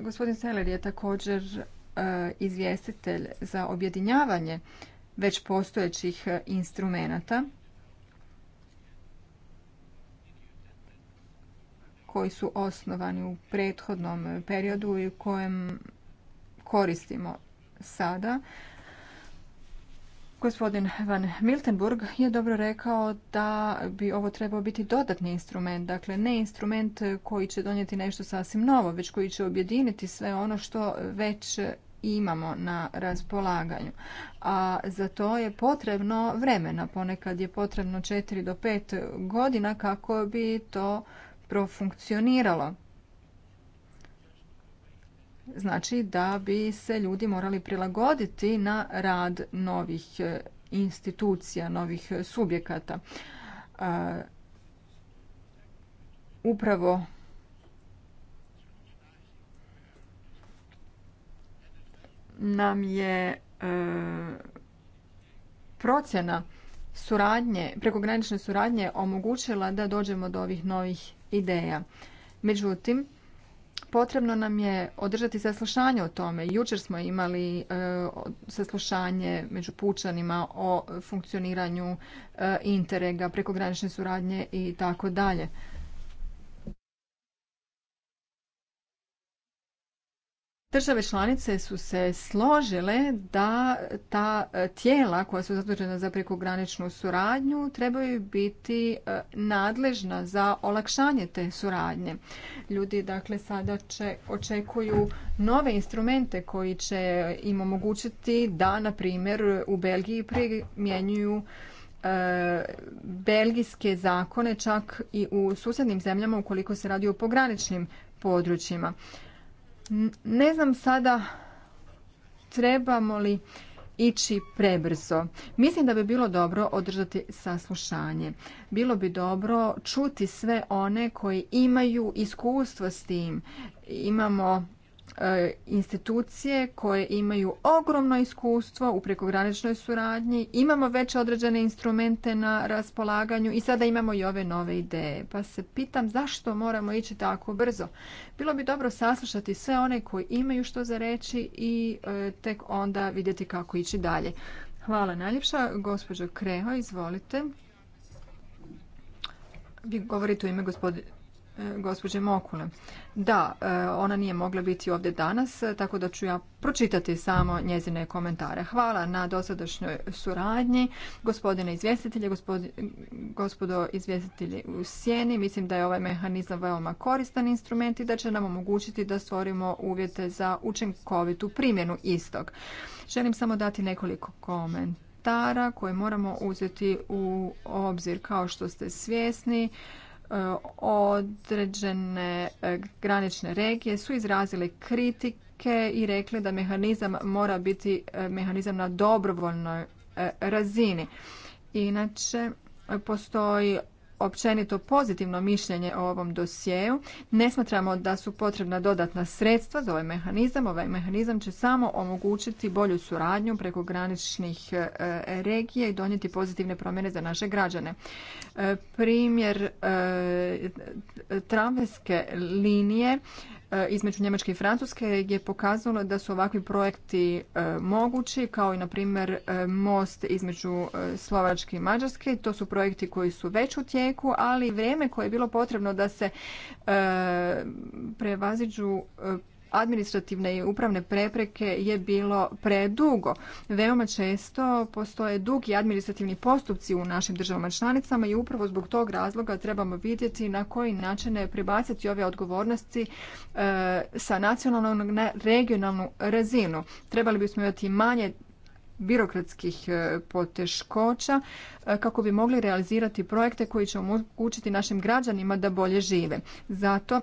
gospodin Zeller je također e, izvjestitelj za objedinjavanje već postojećih e, instrumenata koji su osnovani u prethodnom periodu i u kojem koristimo sada. Gospodin Van Miltenburg je dobro rekao da bi ovo trebao biti dodatni instrument, dakle ne instrument koji će donijeti nešto sasvim novo, već koji će objediniti sve ono što već imamo na raspolaganju. A za to je potrebno vremena, ponekad je potrebno 4 do 5 godina kako bi to profunkcioniralo znači da bi se ljudi morali prilagoditi na rad novih e, institucija, novih e, subjekata. Upravo nam je e, procjena suradnje, prekogranične suradnje omogućila da dođemo do ovih novih ideja. Međutim, potrebno nam je održati saslušanje o tome. Jučer smo imali e, saslušanje među pučanima o e, funkcioniranju e, interega, prekogranične suradnje i tako dalje. Države članice su se složile da ta e, tijela koja su zadužena za prekograničnu suradnju trebaju biti e, nadležna za olakšanje te suradnje. Ljudi dakle sada će, očekuju nove instrumente koji će im omogućiti da na primjer u Belgiji primjenjuju e, belgijske zakone čak i u susjednim zemljama ukoliko se radi o pograničnim područjima. Ne znam sada trebamo li ići prebrzo. Mislim da bi bilo dobro održati saslušanje. Bilo bi dobro čuti sve one koji imaju iskustvo s tim. Imamo E, institucije koje imaju ogromno iskustvo u prekograničnoj suradnji. Imamo već određene instrumente na raspolaganju i sada imamo i ove nove ideje. Pa se pitam zašto moramo ići tako brzo. Bilo bi dobro saslušati sve one koji imaju što za reći i e, tek onda vidjeti kako ići dalje. Hvala najljepša. Gospođo Kreho, izvolite. Vi govorite u ime gospodina E, gospođe Mokule. Da, e, ona nije mogla biti ovdje danas, e, tako da ću ja pročitati samo njezine komentare. Hvala na dosadašnjoj suradnji, gospodine izvjestitelje, gospodo izvjestitelji u sjeni. Mislim da je ovaj mehanizam veoma koristan instrument i da će nam omogućiti da stvorimo uvjete za učinkovitu primjenu istog. Želim samo dati nekoliko komentara koje moramo uzeti u obzir kao što ste svjesni. E, određene e, granične regije su izrazile kritike i rekli da mehanizam mora biti e, mehanizam na dobrovoljnoj razini. Inače, postoji općenito pozitivno mišljenje o ovom dosjeu. Ne smatramo da su potrebna dodatna sredstva za ovaj mehanizam. Ovaj mehanizam će samo omogućiti bolju suradnju preko graničnih e, regija i donijeti pozitivne promjene za naše građane. E, primjer e, tramvajske linije E, između Njemačke i Francuske je pokazalo da su ovakvi projekti e, mogući, kao i na primjer e, most između Slovačke i Mađarske. To su projekti koji su već u tijeku, ali vrijeme koje je bilo potrebno da se prevaziđu administrativne i upravne prepreke je bilo predugo. Veoma često postoje dugi administrativni postupci u našim državama članicama i upravo zbog tog razloga trebamo vidjeti na koji način prebaciti ove odgovornosti e, sa nacionalnog na regionalnu razinu. Trebali bismo imati manje birokratskih e, poteškoća e, kako bi mogli realizirati projekte koji će omogućiti našim građanima da bolje žive. Zato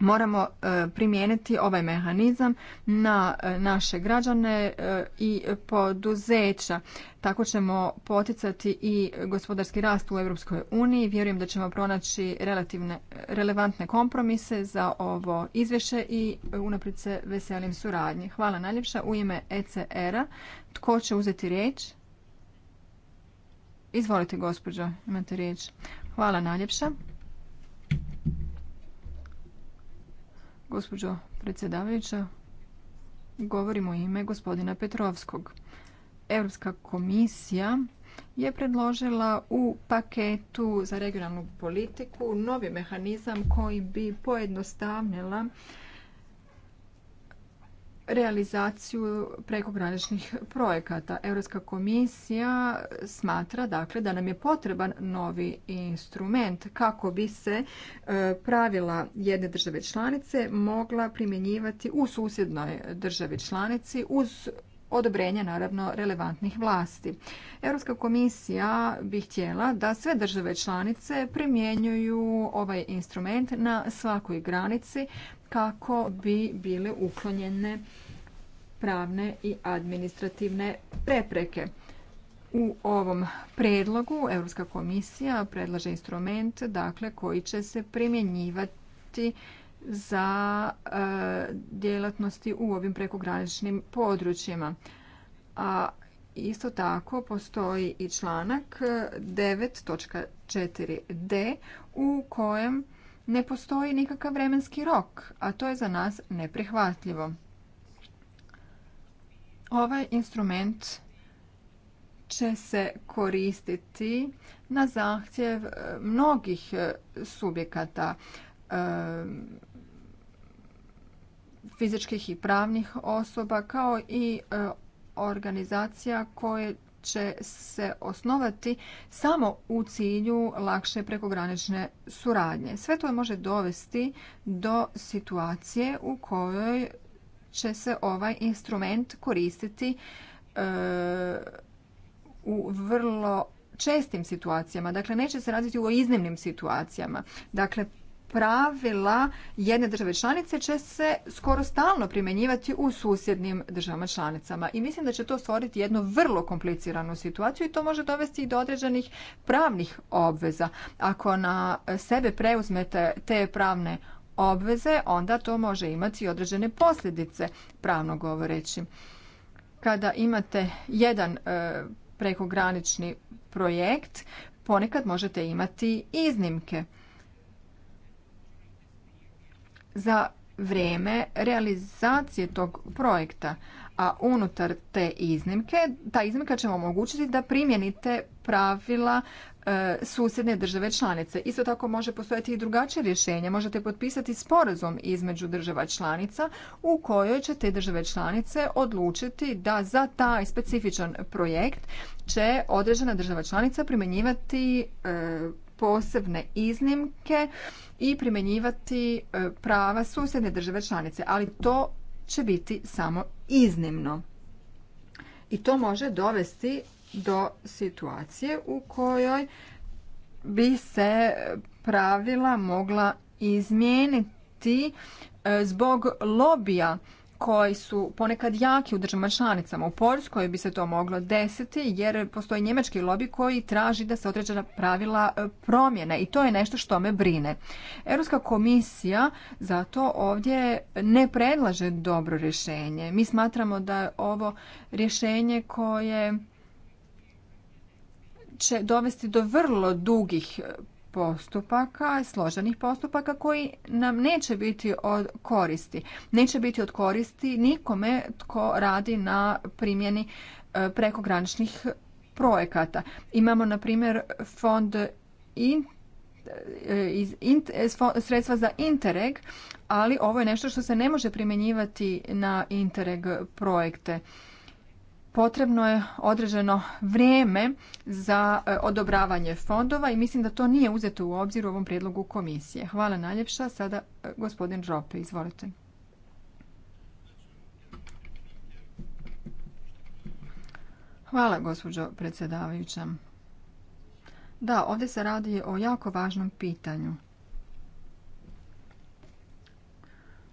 moramo e, primijeniti ovaj mehanizam na e, naše građane e, i poduzeća. Tako ćemo poticati i gospodarski rast u Europskoj uniji. Vjerujem da ćemo pronaći relativne, relevantne kompromise za ovo izvješće i unaprijed se veselim suradnji. Hvala najljepša. U ime ECR-a tko će uzeti riječ? Izvolite gospođo, imate riječ. Hvala najljepša. Gospođo predsjedavajuća, Govorimo u ime gospodina Petrovskog. Europska komisija je predložila u paketu za regionalnu politiku novi mehanizam koji bi pojednostavnila realizaciju prekograničnih projekata. Europska komisija smatra dakle da nam je potreban novi instrument kako bi se e, pravila jedne države članice mogla primjenjivati u susjednoj državi članici uz odobrenje naravno relevantnih vlasti. Europska komisija bi htjela da sve države članice primjenjuju ovaj instrument na svakoj granici kako bi bile uklonjene pravne i administrativne prepreke. U ovom predlogu Europska komisija predlaže instrument dakle, koji će se primjenjivati za e, djelatnosti u ovim prekograničnim područjima. A isto tako postoji i članak 9.4d u kojem ne postoji nikakav vremenski rok, a to je za nas neprihvatljivo. Ovaj instrument će se koristiti na zahtjev e, mnogih e, subjekata e, fizičkih i pravnih osoba kao i organizacija koje će se osnovati samo u cilju lakše prekogranične suradnje. Sve to može dovesti do situacije u kojoj će se ovaj instrument koristiti e, u vrlo čestim situacijama. Dakle, neće se raditi u iznimnim situacijama. Dakle, pravila jedne države članice će se skoro stalno primjenjivati u susjednim državama članicama i mislim da će to stvoriti jednu vrlo kompliciranu situaciju i to može dovesti i do određenih pravnih obveza. Ako na sebe preuzmete te pravne obveze, onda to može imati i određene posljedice pravno govoreći. Kada imate jedan e, prekogranični projekt, ponekad možete imati iznimke za vrijeme realizacije tog projekta, a unutar te iznimke, ta iznimka će vam omogućiti da primjenite pravila e, susjedne države članice. Isto tako može postojati i drugačije rješenje. Možete potpisati sporazum između država članica u kojoj će te države članice odlučiti da za taj specifičan projekt će određena država članica primjenjivati e, posebne iznimke i primjenjivati e, prava susjedne države članice, ali to će biti samo iznimno. I to može dovesti do situacije u kojoj bi se pravila mogla izmijeniti e, zbog lobija koji su ponekad jaki u državama članicama. U Poljskoj bi se to moglo desiti jer postoji njemački lobby koji traži da se određena pravila e, promjene i to je nešto što me brine. Europska komisija zato ovdje ne predlaže dobro rješenje. Mi smatramo da je ovo rješenje koje će dovesti do vrlo dugih postupaka, složenih postupaka koji nam neće biti od koristi. Neće biti od koristi nikome tko radi na primjeni e, prekograničnih projekata. Imamo, na primjer, fond i e, e, sredstva za Interreg, ali ovo je nešto što se ne može primjenjivati na Interreg projekte potrebno je određeno vrijeme za e, odobravanje fondova i mislim da to nije uzeto u obzir u ovom prijedlogu komisije. Hvala najljepša. Sada e, gospodin Žope, izvolite. Hvala gospođo predsjedavajuća. Da, ovdje se radi o jako važnom pitanju.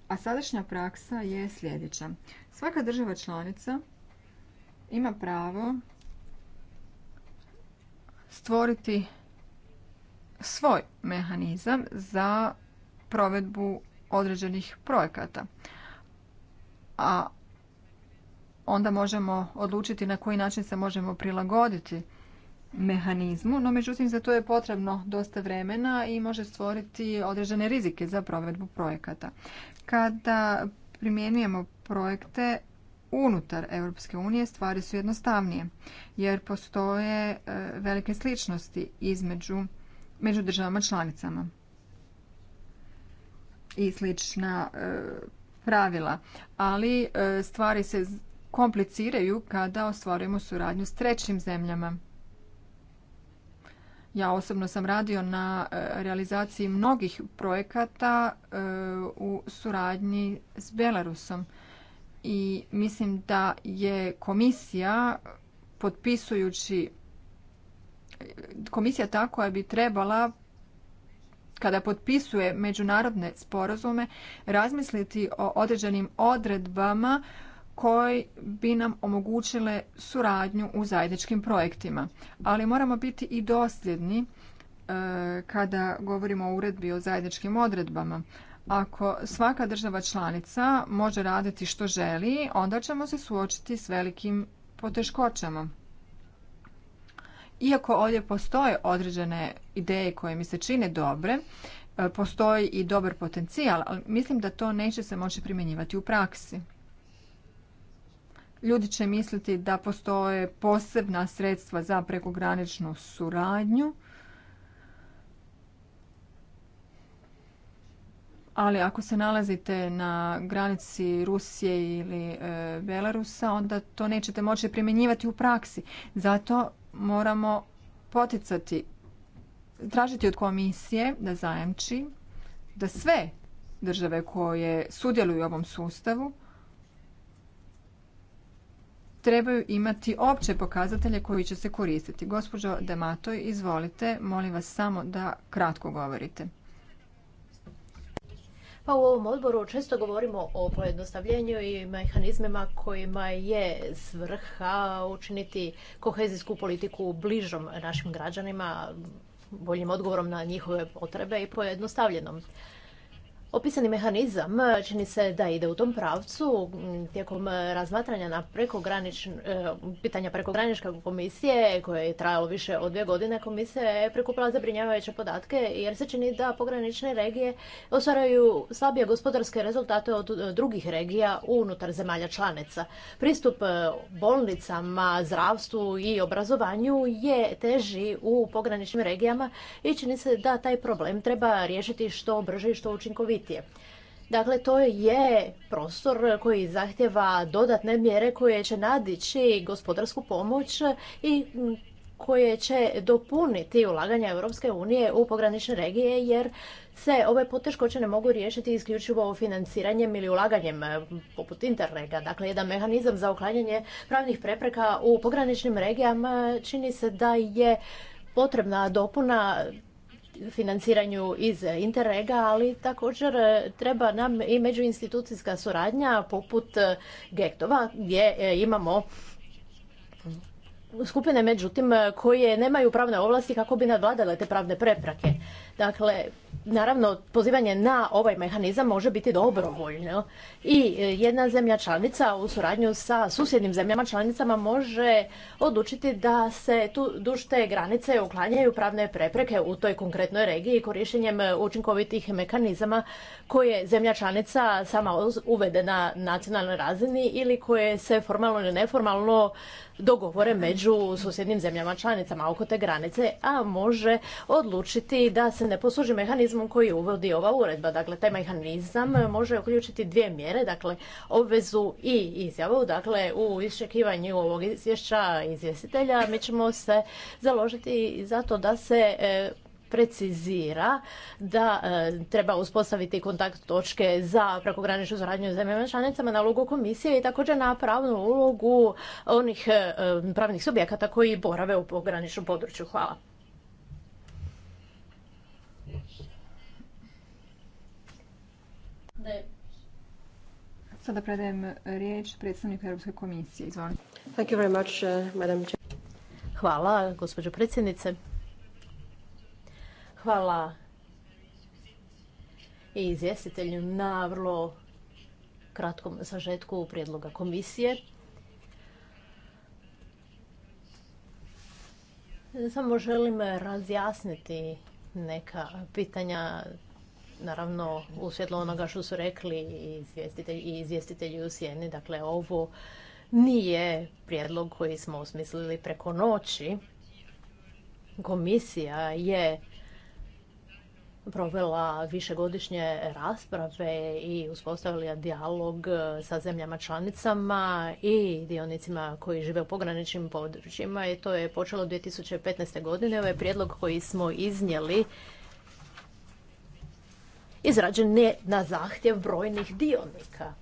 A sadašnja praksa je sljedeća. Svaka država članica ima pravo stvoriti svoj mehanizam za provedbu određenih projekata. A onda možemo odlučiti na koji način se možemo prilagoditi mehanizmu, no međutim za to je potrebno dosta vremena i može stvoriti određene rizike za provedbu projekata. Kada primjenjujemo projekte, unutar Europske unije stvari su jednostavnije jer postoje e, velike sličnosti između među državama članicama i slična e, pravila, ali e, stvari se kompliciraju kada ostvarujemo suradnju s trećim zemljama. Ja osobno sam radio na realizaciji mnogih projekata u suradnji s Belarusom i mislim da je komisija potpisujući komisija ta koja bi trebala kada potpisuje međunarodne sporazume razmisliti o određenim odredbama koji bi nam omogućile suradnju u zajedničkim projektima. Ali moramo biti i dosljedni e, kada govorimo o uredbi o zajedničkim odredbama. Ako svaka država članica može raditi što želi, onda ćemo se suočiti s velikim poteškoćama. Iako ovdje postoje određene ideje koje mi se čine dobre, e, postoji i dobar potencijal, ali mislim da to neće se moći primjenjivati u praksi. Ljudi će misliti da postoje posebna sredstva za prekograničnu suradnju, ali ako se nalazite na granici Rusije ili e, Belarusa, onda to nećete moći primjenjivati u praksi. Zato moramo poticati, tražiti od komisije da zajamči da sve države koje sudjeluju u ovom sustavu trebaju imati opće pokazatelje koji će se koristiti. Gospođo Dematoj, izvolite, molim vas samo da kratko govorite. Pa u ovom odboru često govorimo o pojednostavljenju i mehanizmima kojima je svrha učiniti kohezijsku politiku bližom našim građanima, boljim odgovorom na njihove potrebe i pojednostavljenom. Opisani mehanizam e, čini se da ide u tom pravcu. Tijekom e, razmatranja na e, pitanja prekograničke komisije, koje je trajalo više od dvije godine, komisija je prikupila zabrinjavajuće podatke jer se čini da pogranične regije ostvaraju slabije gospodarske rezultate od drugih regija unutar zemalja članica. Pristup bolnicama, zdravstvu i obrazovanju je teži u pograničnim regijama i čini se da taj problem treba riješiti što brže i što učinkovitije. Dakle, to je prostor koji zahtjeva dodatne mjere koje će nadići gospodarsku pomoć i koje će dopuniti ulaganja Europske unije u pogranične regije jer se ove poteškoće ne mogu riješiti isključivo financiranjem ili ulaganjem poput Interrega. Dakle, jedan mehanizam za uklanjanje pravnih prepreka u pograničnim regijama čini se da je potrebna dopuna financiranju iz Interrega, ali također e, treba nam i međuinstitucijska suradnja poput e, Gektova gdje e, imamo skupine međutim koje nemaju pravne ovlasti kako bi nadvladale te pravne prepreke. Dakle, naravno, pozivanje na ovaj mehanizam može biti dobrovoljno i e, jedna zemlja članica u suradnju sa susjednim zemljama članicama može odlučiti da se tu duž te granice uklanjaju pravne prepreke u toj konkretnoj regiji korištenjem e, učinkovitih mehanizama koje zemlja članica sama uvede na nacionalnoj razini ili koje se formalno ili neformalno dogovore među susjednim zemljama članicama oko te granice, a može odlučiti da se ne posluži mehanizmom koji uvodi ova uredba. Dakle, taj mehanizam može uključiti dvije mjere, dakle, obvezu i izjavu. Dakle, u iščekivanju ovog izvješća izvjestitelja mi ćemo se založiti za to da se e, precizira da e, treba uspostaviti kontakt točke za prekograničnu suradnju zemljama članicama na ulogu komisije i također na pravnu ulogu onih e, pravnih subjekata koji borave u pograničnom području. Hvala. Sada predajem riječ predstavniku Europske komisije. Izvolite. Thank you very much, uh, madam. Hvala, gospođo predsjednice. Hvala i izvjestitelju na vrlo kratkom sažetku prijedloga komisije. Samo želim razjasniti neka pitanja naravno u svjetlo onoga što su rekli i izvjestitelji, i u sjeni. Dakle, ovo nije prijedlog koji smo osmislili preko noći. Komisija je provela višegodišnje rasprave i uspostavila dijalog sa zemljama članicama i dionicima koji žive u pograničnim područjima i to je počelo 2015. godine. Ovaj prijedlog koji smo iznijeli izrađen je na zahtjev brojnih dionika.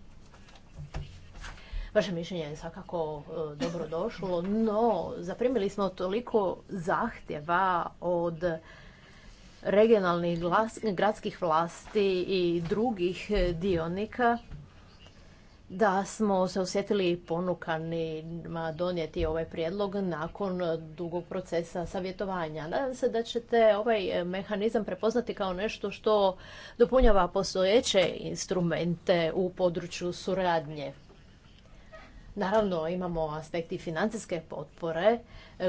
Vaše mišljenje je svakako e, dobro došlo, no zaprimili smo toliko zahtjeva od regionalnih gradskih vlasti i drugih dionika da smo se osjetili ponukanima donijeti ovaj prijedlog nakon dugog procesa savjetovanja. Nadam se da ćete ovaj mehanizam prepoznati kao nešto što dopunjava postojeće instrumente u području suradnje. Naravno, imamo aspekti financijske potpore,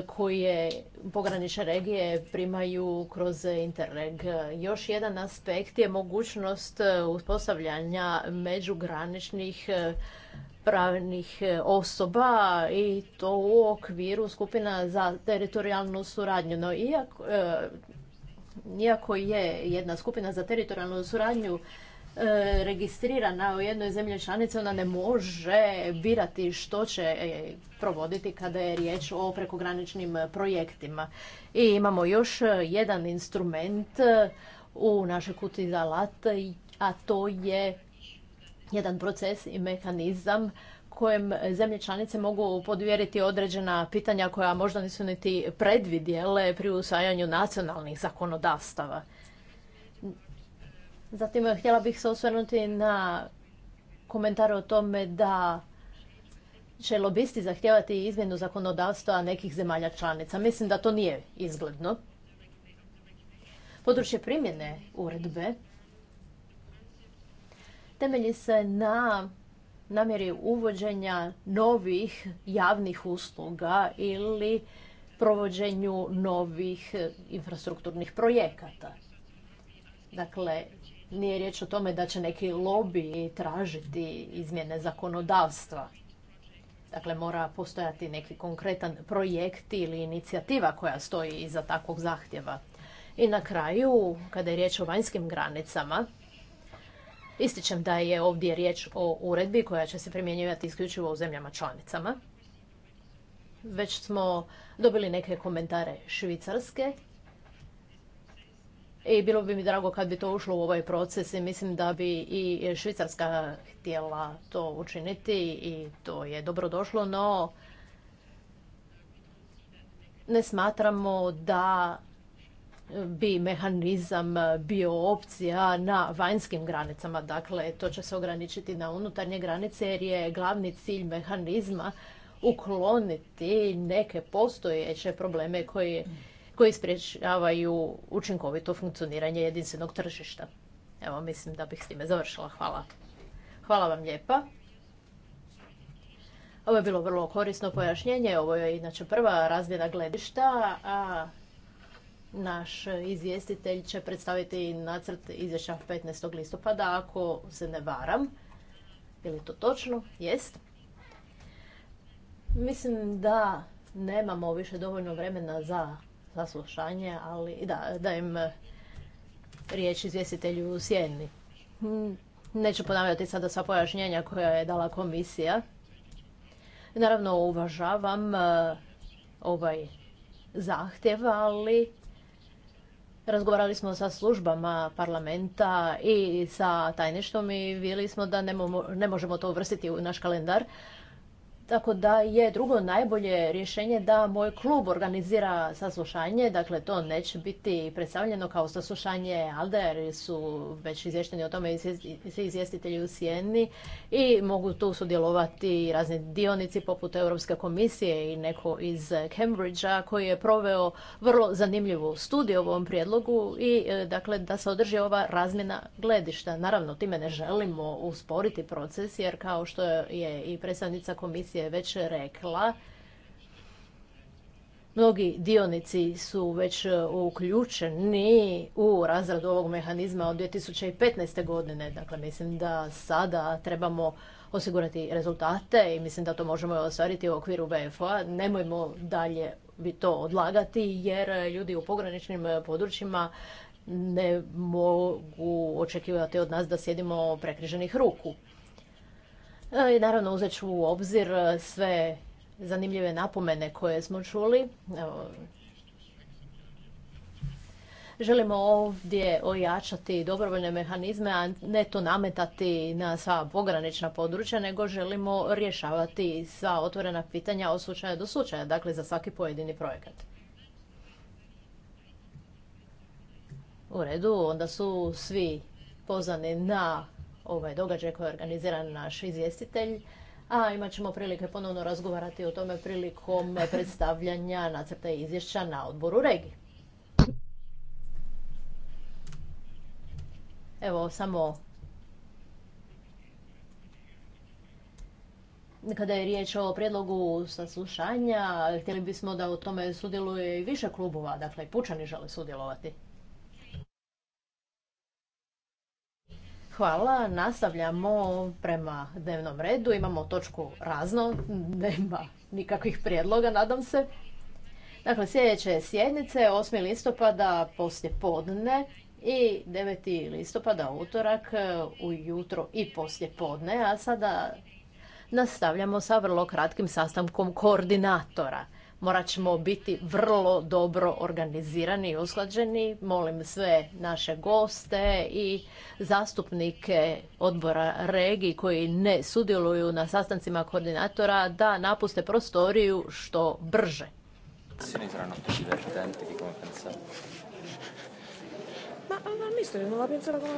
koje pogranične regije primaju kroz Interreg. Još jedan aspekt je mogućnost e, uspostavljanja međugraničnih e, pravnih e, osoba i to u okviru skupina za teritorijalnu suradnju. No, iako, iako je jedna skupina za teritorijalnu suradnju E, registrirana u jednoj zemlji članici, ona ne može birati što će e, provoditi kada je riječ o prekograničnim projektima. I imamo još jedan instrument e, u našoj kuti za alat, a to je jedan proces i mehanizam kojem zemlje članice mogu podvjeriti određena pitanja koja možda nisu niti predvidjele pri usvajanju nacionalnih zakonodavstava. Zatim eh, htjela bih se osvrnuti na komentar o tome da će lobisti zahtijevati izmjenu zakonodavstva nekih zemalja članica. Mislim da to nije izgledno. Područje primjene uredbe temelji se na namjeri uvođenja novih javnih usluga ili provođenju novih eh, infrastrukturnih projekata. Dakle, nije riječ o tome da će neki lobby tražiti izmjene zakonodavstva. Dakle, mora postojati neki konkretan projekt ili inicijativa koja stoji iza takvog zahtjeva. I na kraju, kada je riječ o vanjskim granicama, ističem da je ovdje riječ o uredbi koja će se primjenjivati isključivo u zemljama članicama. Već smo dobili neke komentare Švicarske i bilo bi mi drago kad bi to ušlo u ovaj proces i mislim da bi i Švicarska htjela to učiniti i to je dobro došlo, no ne smatramo da bi mehanizam bio opcija na vanjskim granicama. Dakle, to će se ograničiti na unutarnje granice jer je glavni cilj mehanizma ukloniti neke postojeće probleme koje koji sprječavaju učinkovito funkcioniranje jedinstvenog tržišta. Evo, mislim da bih s time završila. Hvala. Hvala vam lijepa. Ovo je bilo vrlo korisno pojašnjenje. Ovo je inače prva razmjena gledišta, a naš izvjestitelj će predstaviti nacrt izvješća 15. listopada, ako se ne varam. Je li to točno? Jest. Mislim da nemamo više dovoljno vremena za saslušanje, ali da, im eh, riječ izvjestitelju u Sjeni. Hmm, neću ponavljati sada sva pojašnjenja koja je dala komisija. Naravno, uvažavam eh, ovaj zahtjev, ali razgovarali smo sa službama parlamenta i sa tajništvom i vidjeli smo da ne možemo to uvrstiti u naš kalendar. Tako da je drugo najbolje rješenje da moj klub organizira saslušanje, dakle to neće biti predstavljeno kao saslušanje ALDE jer su već izvješteni o tome i svi izvjestitelji u Sijeni i mogu tu sudjelovati razni dionici poput Europske komisije i neko iz Cambridgea koji je proveo vrlo zanimljivu studiju u ovom prijedlogu i e, dakle da se održi ova razmjena gledišta. Naravno time ne želimo usporiti proces jer kao što je i predstavnica komisije je već rekla, mnogi dionici su već e, uključeni u razradu ovog mehanizma od 2015. godine. Dakle, mislim da sada trebamo osigurati rezultate i mislim da to možemo ostvariti u okviru VFO-a. Nemojmo dalje bi to odlagati jer ljudi u pograničnim područjima ne mogu očekivati od nas da sjedimo prekriženih ruku. E, naravno uzet ću u obzir e, sve zanimljive napomene koje smo čuli. želimo ovdje ojačati dobrovoljne mehanizme, a ne to nametati na sva pogranična područja, nego želimo rješavati sva otvorena pitanja od slučaja do slučaja, dakle za svaki pojedini projekat. U redu, onda su svi pozvani na ovaj događaj koji je organiziran naš izvjestitelj. A imat ćemo prilike ponovno razgovarati o tome prilikom predstavljanja nacrta izvješća na odboru regije. Evo, samo kada je riječ o prijedlogu saslušanja, htjeli bismo da u tome sudjeluje i više klubova, dakle i pučani žele sudjelovati. Hvala, nastavljamo prema dnevnom redu. Imamo točku razno, nema nikakvih prijedloga, nadam se. Dakle, sljedeće sjednice 8. listopada poslje podne i 9. listopada utorak ujutro i poslje podne, a sada nastavljamo sa vrlo kratkim sastankom koordinatora morat ćemo biti vrlo dobro organizirani i usklađeni. Molim sve naše goste i zastupnike odbora regiji koji ne sudjeluju na sastancima koordinatora da napuste prostoriju što brže. Ma,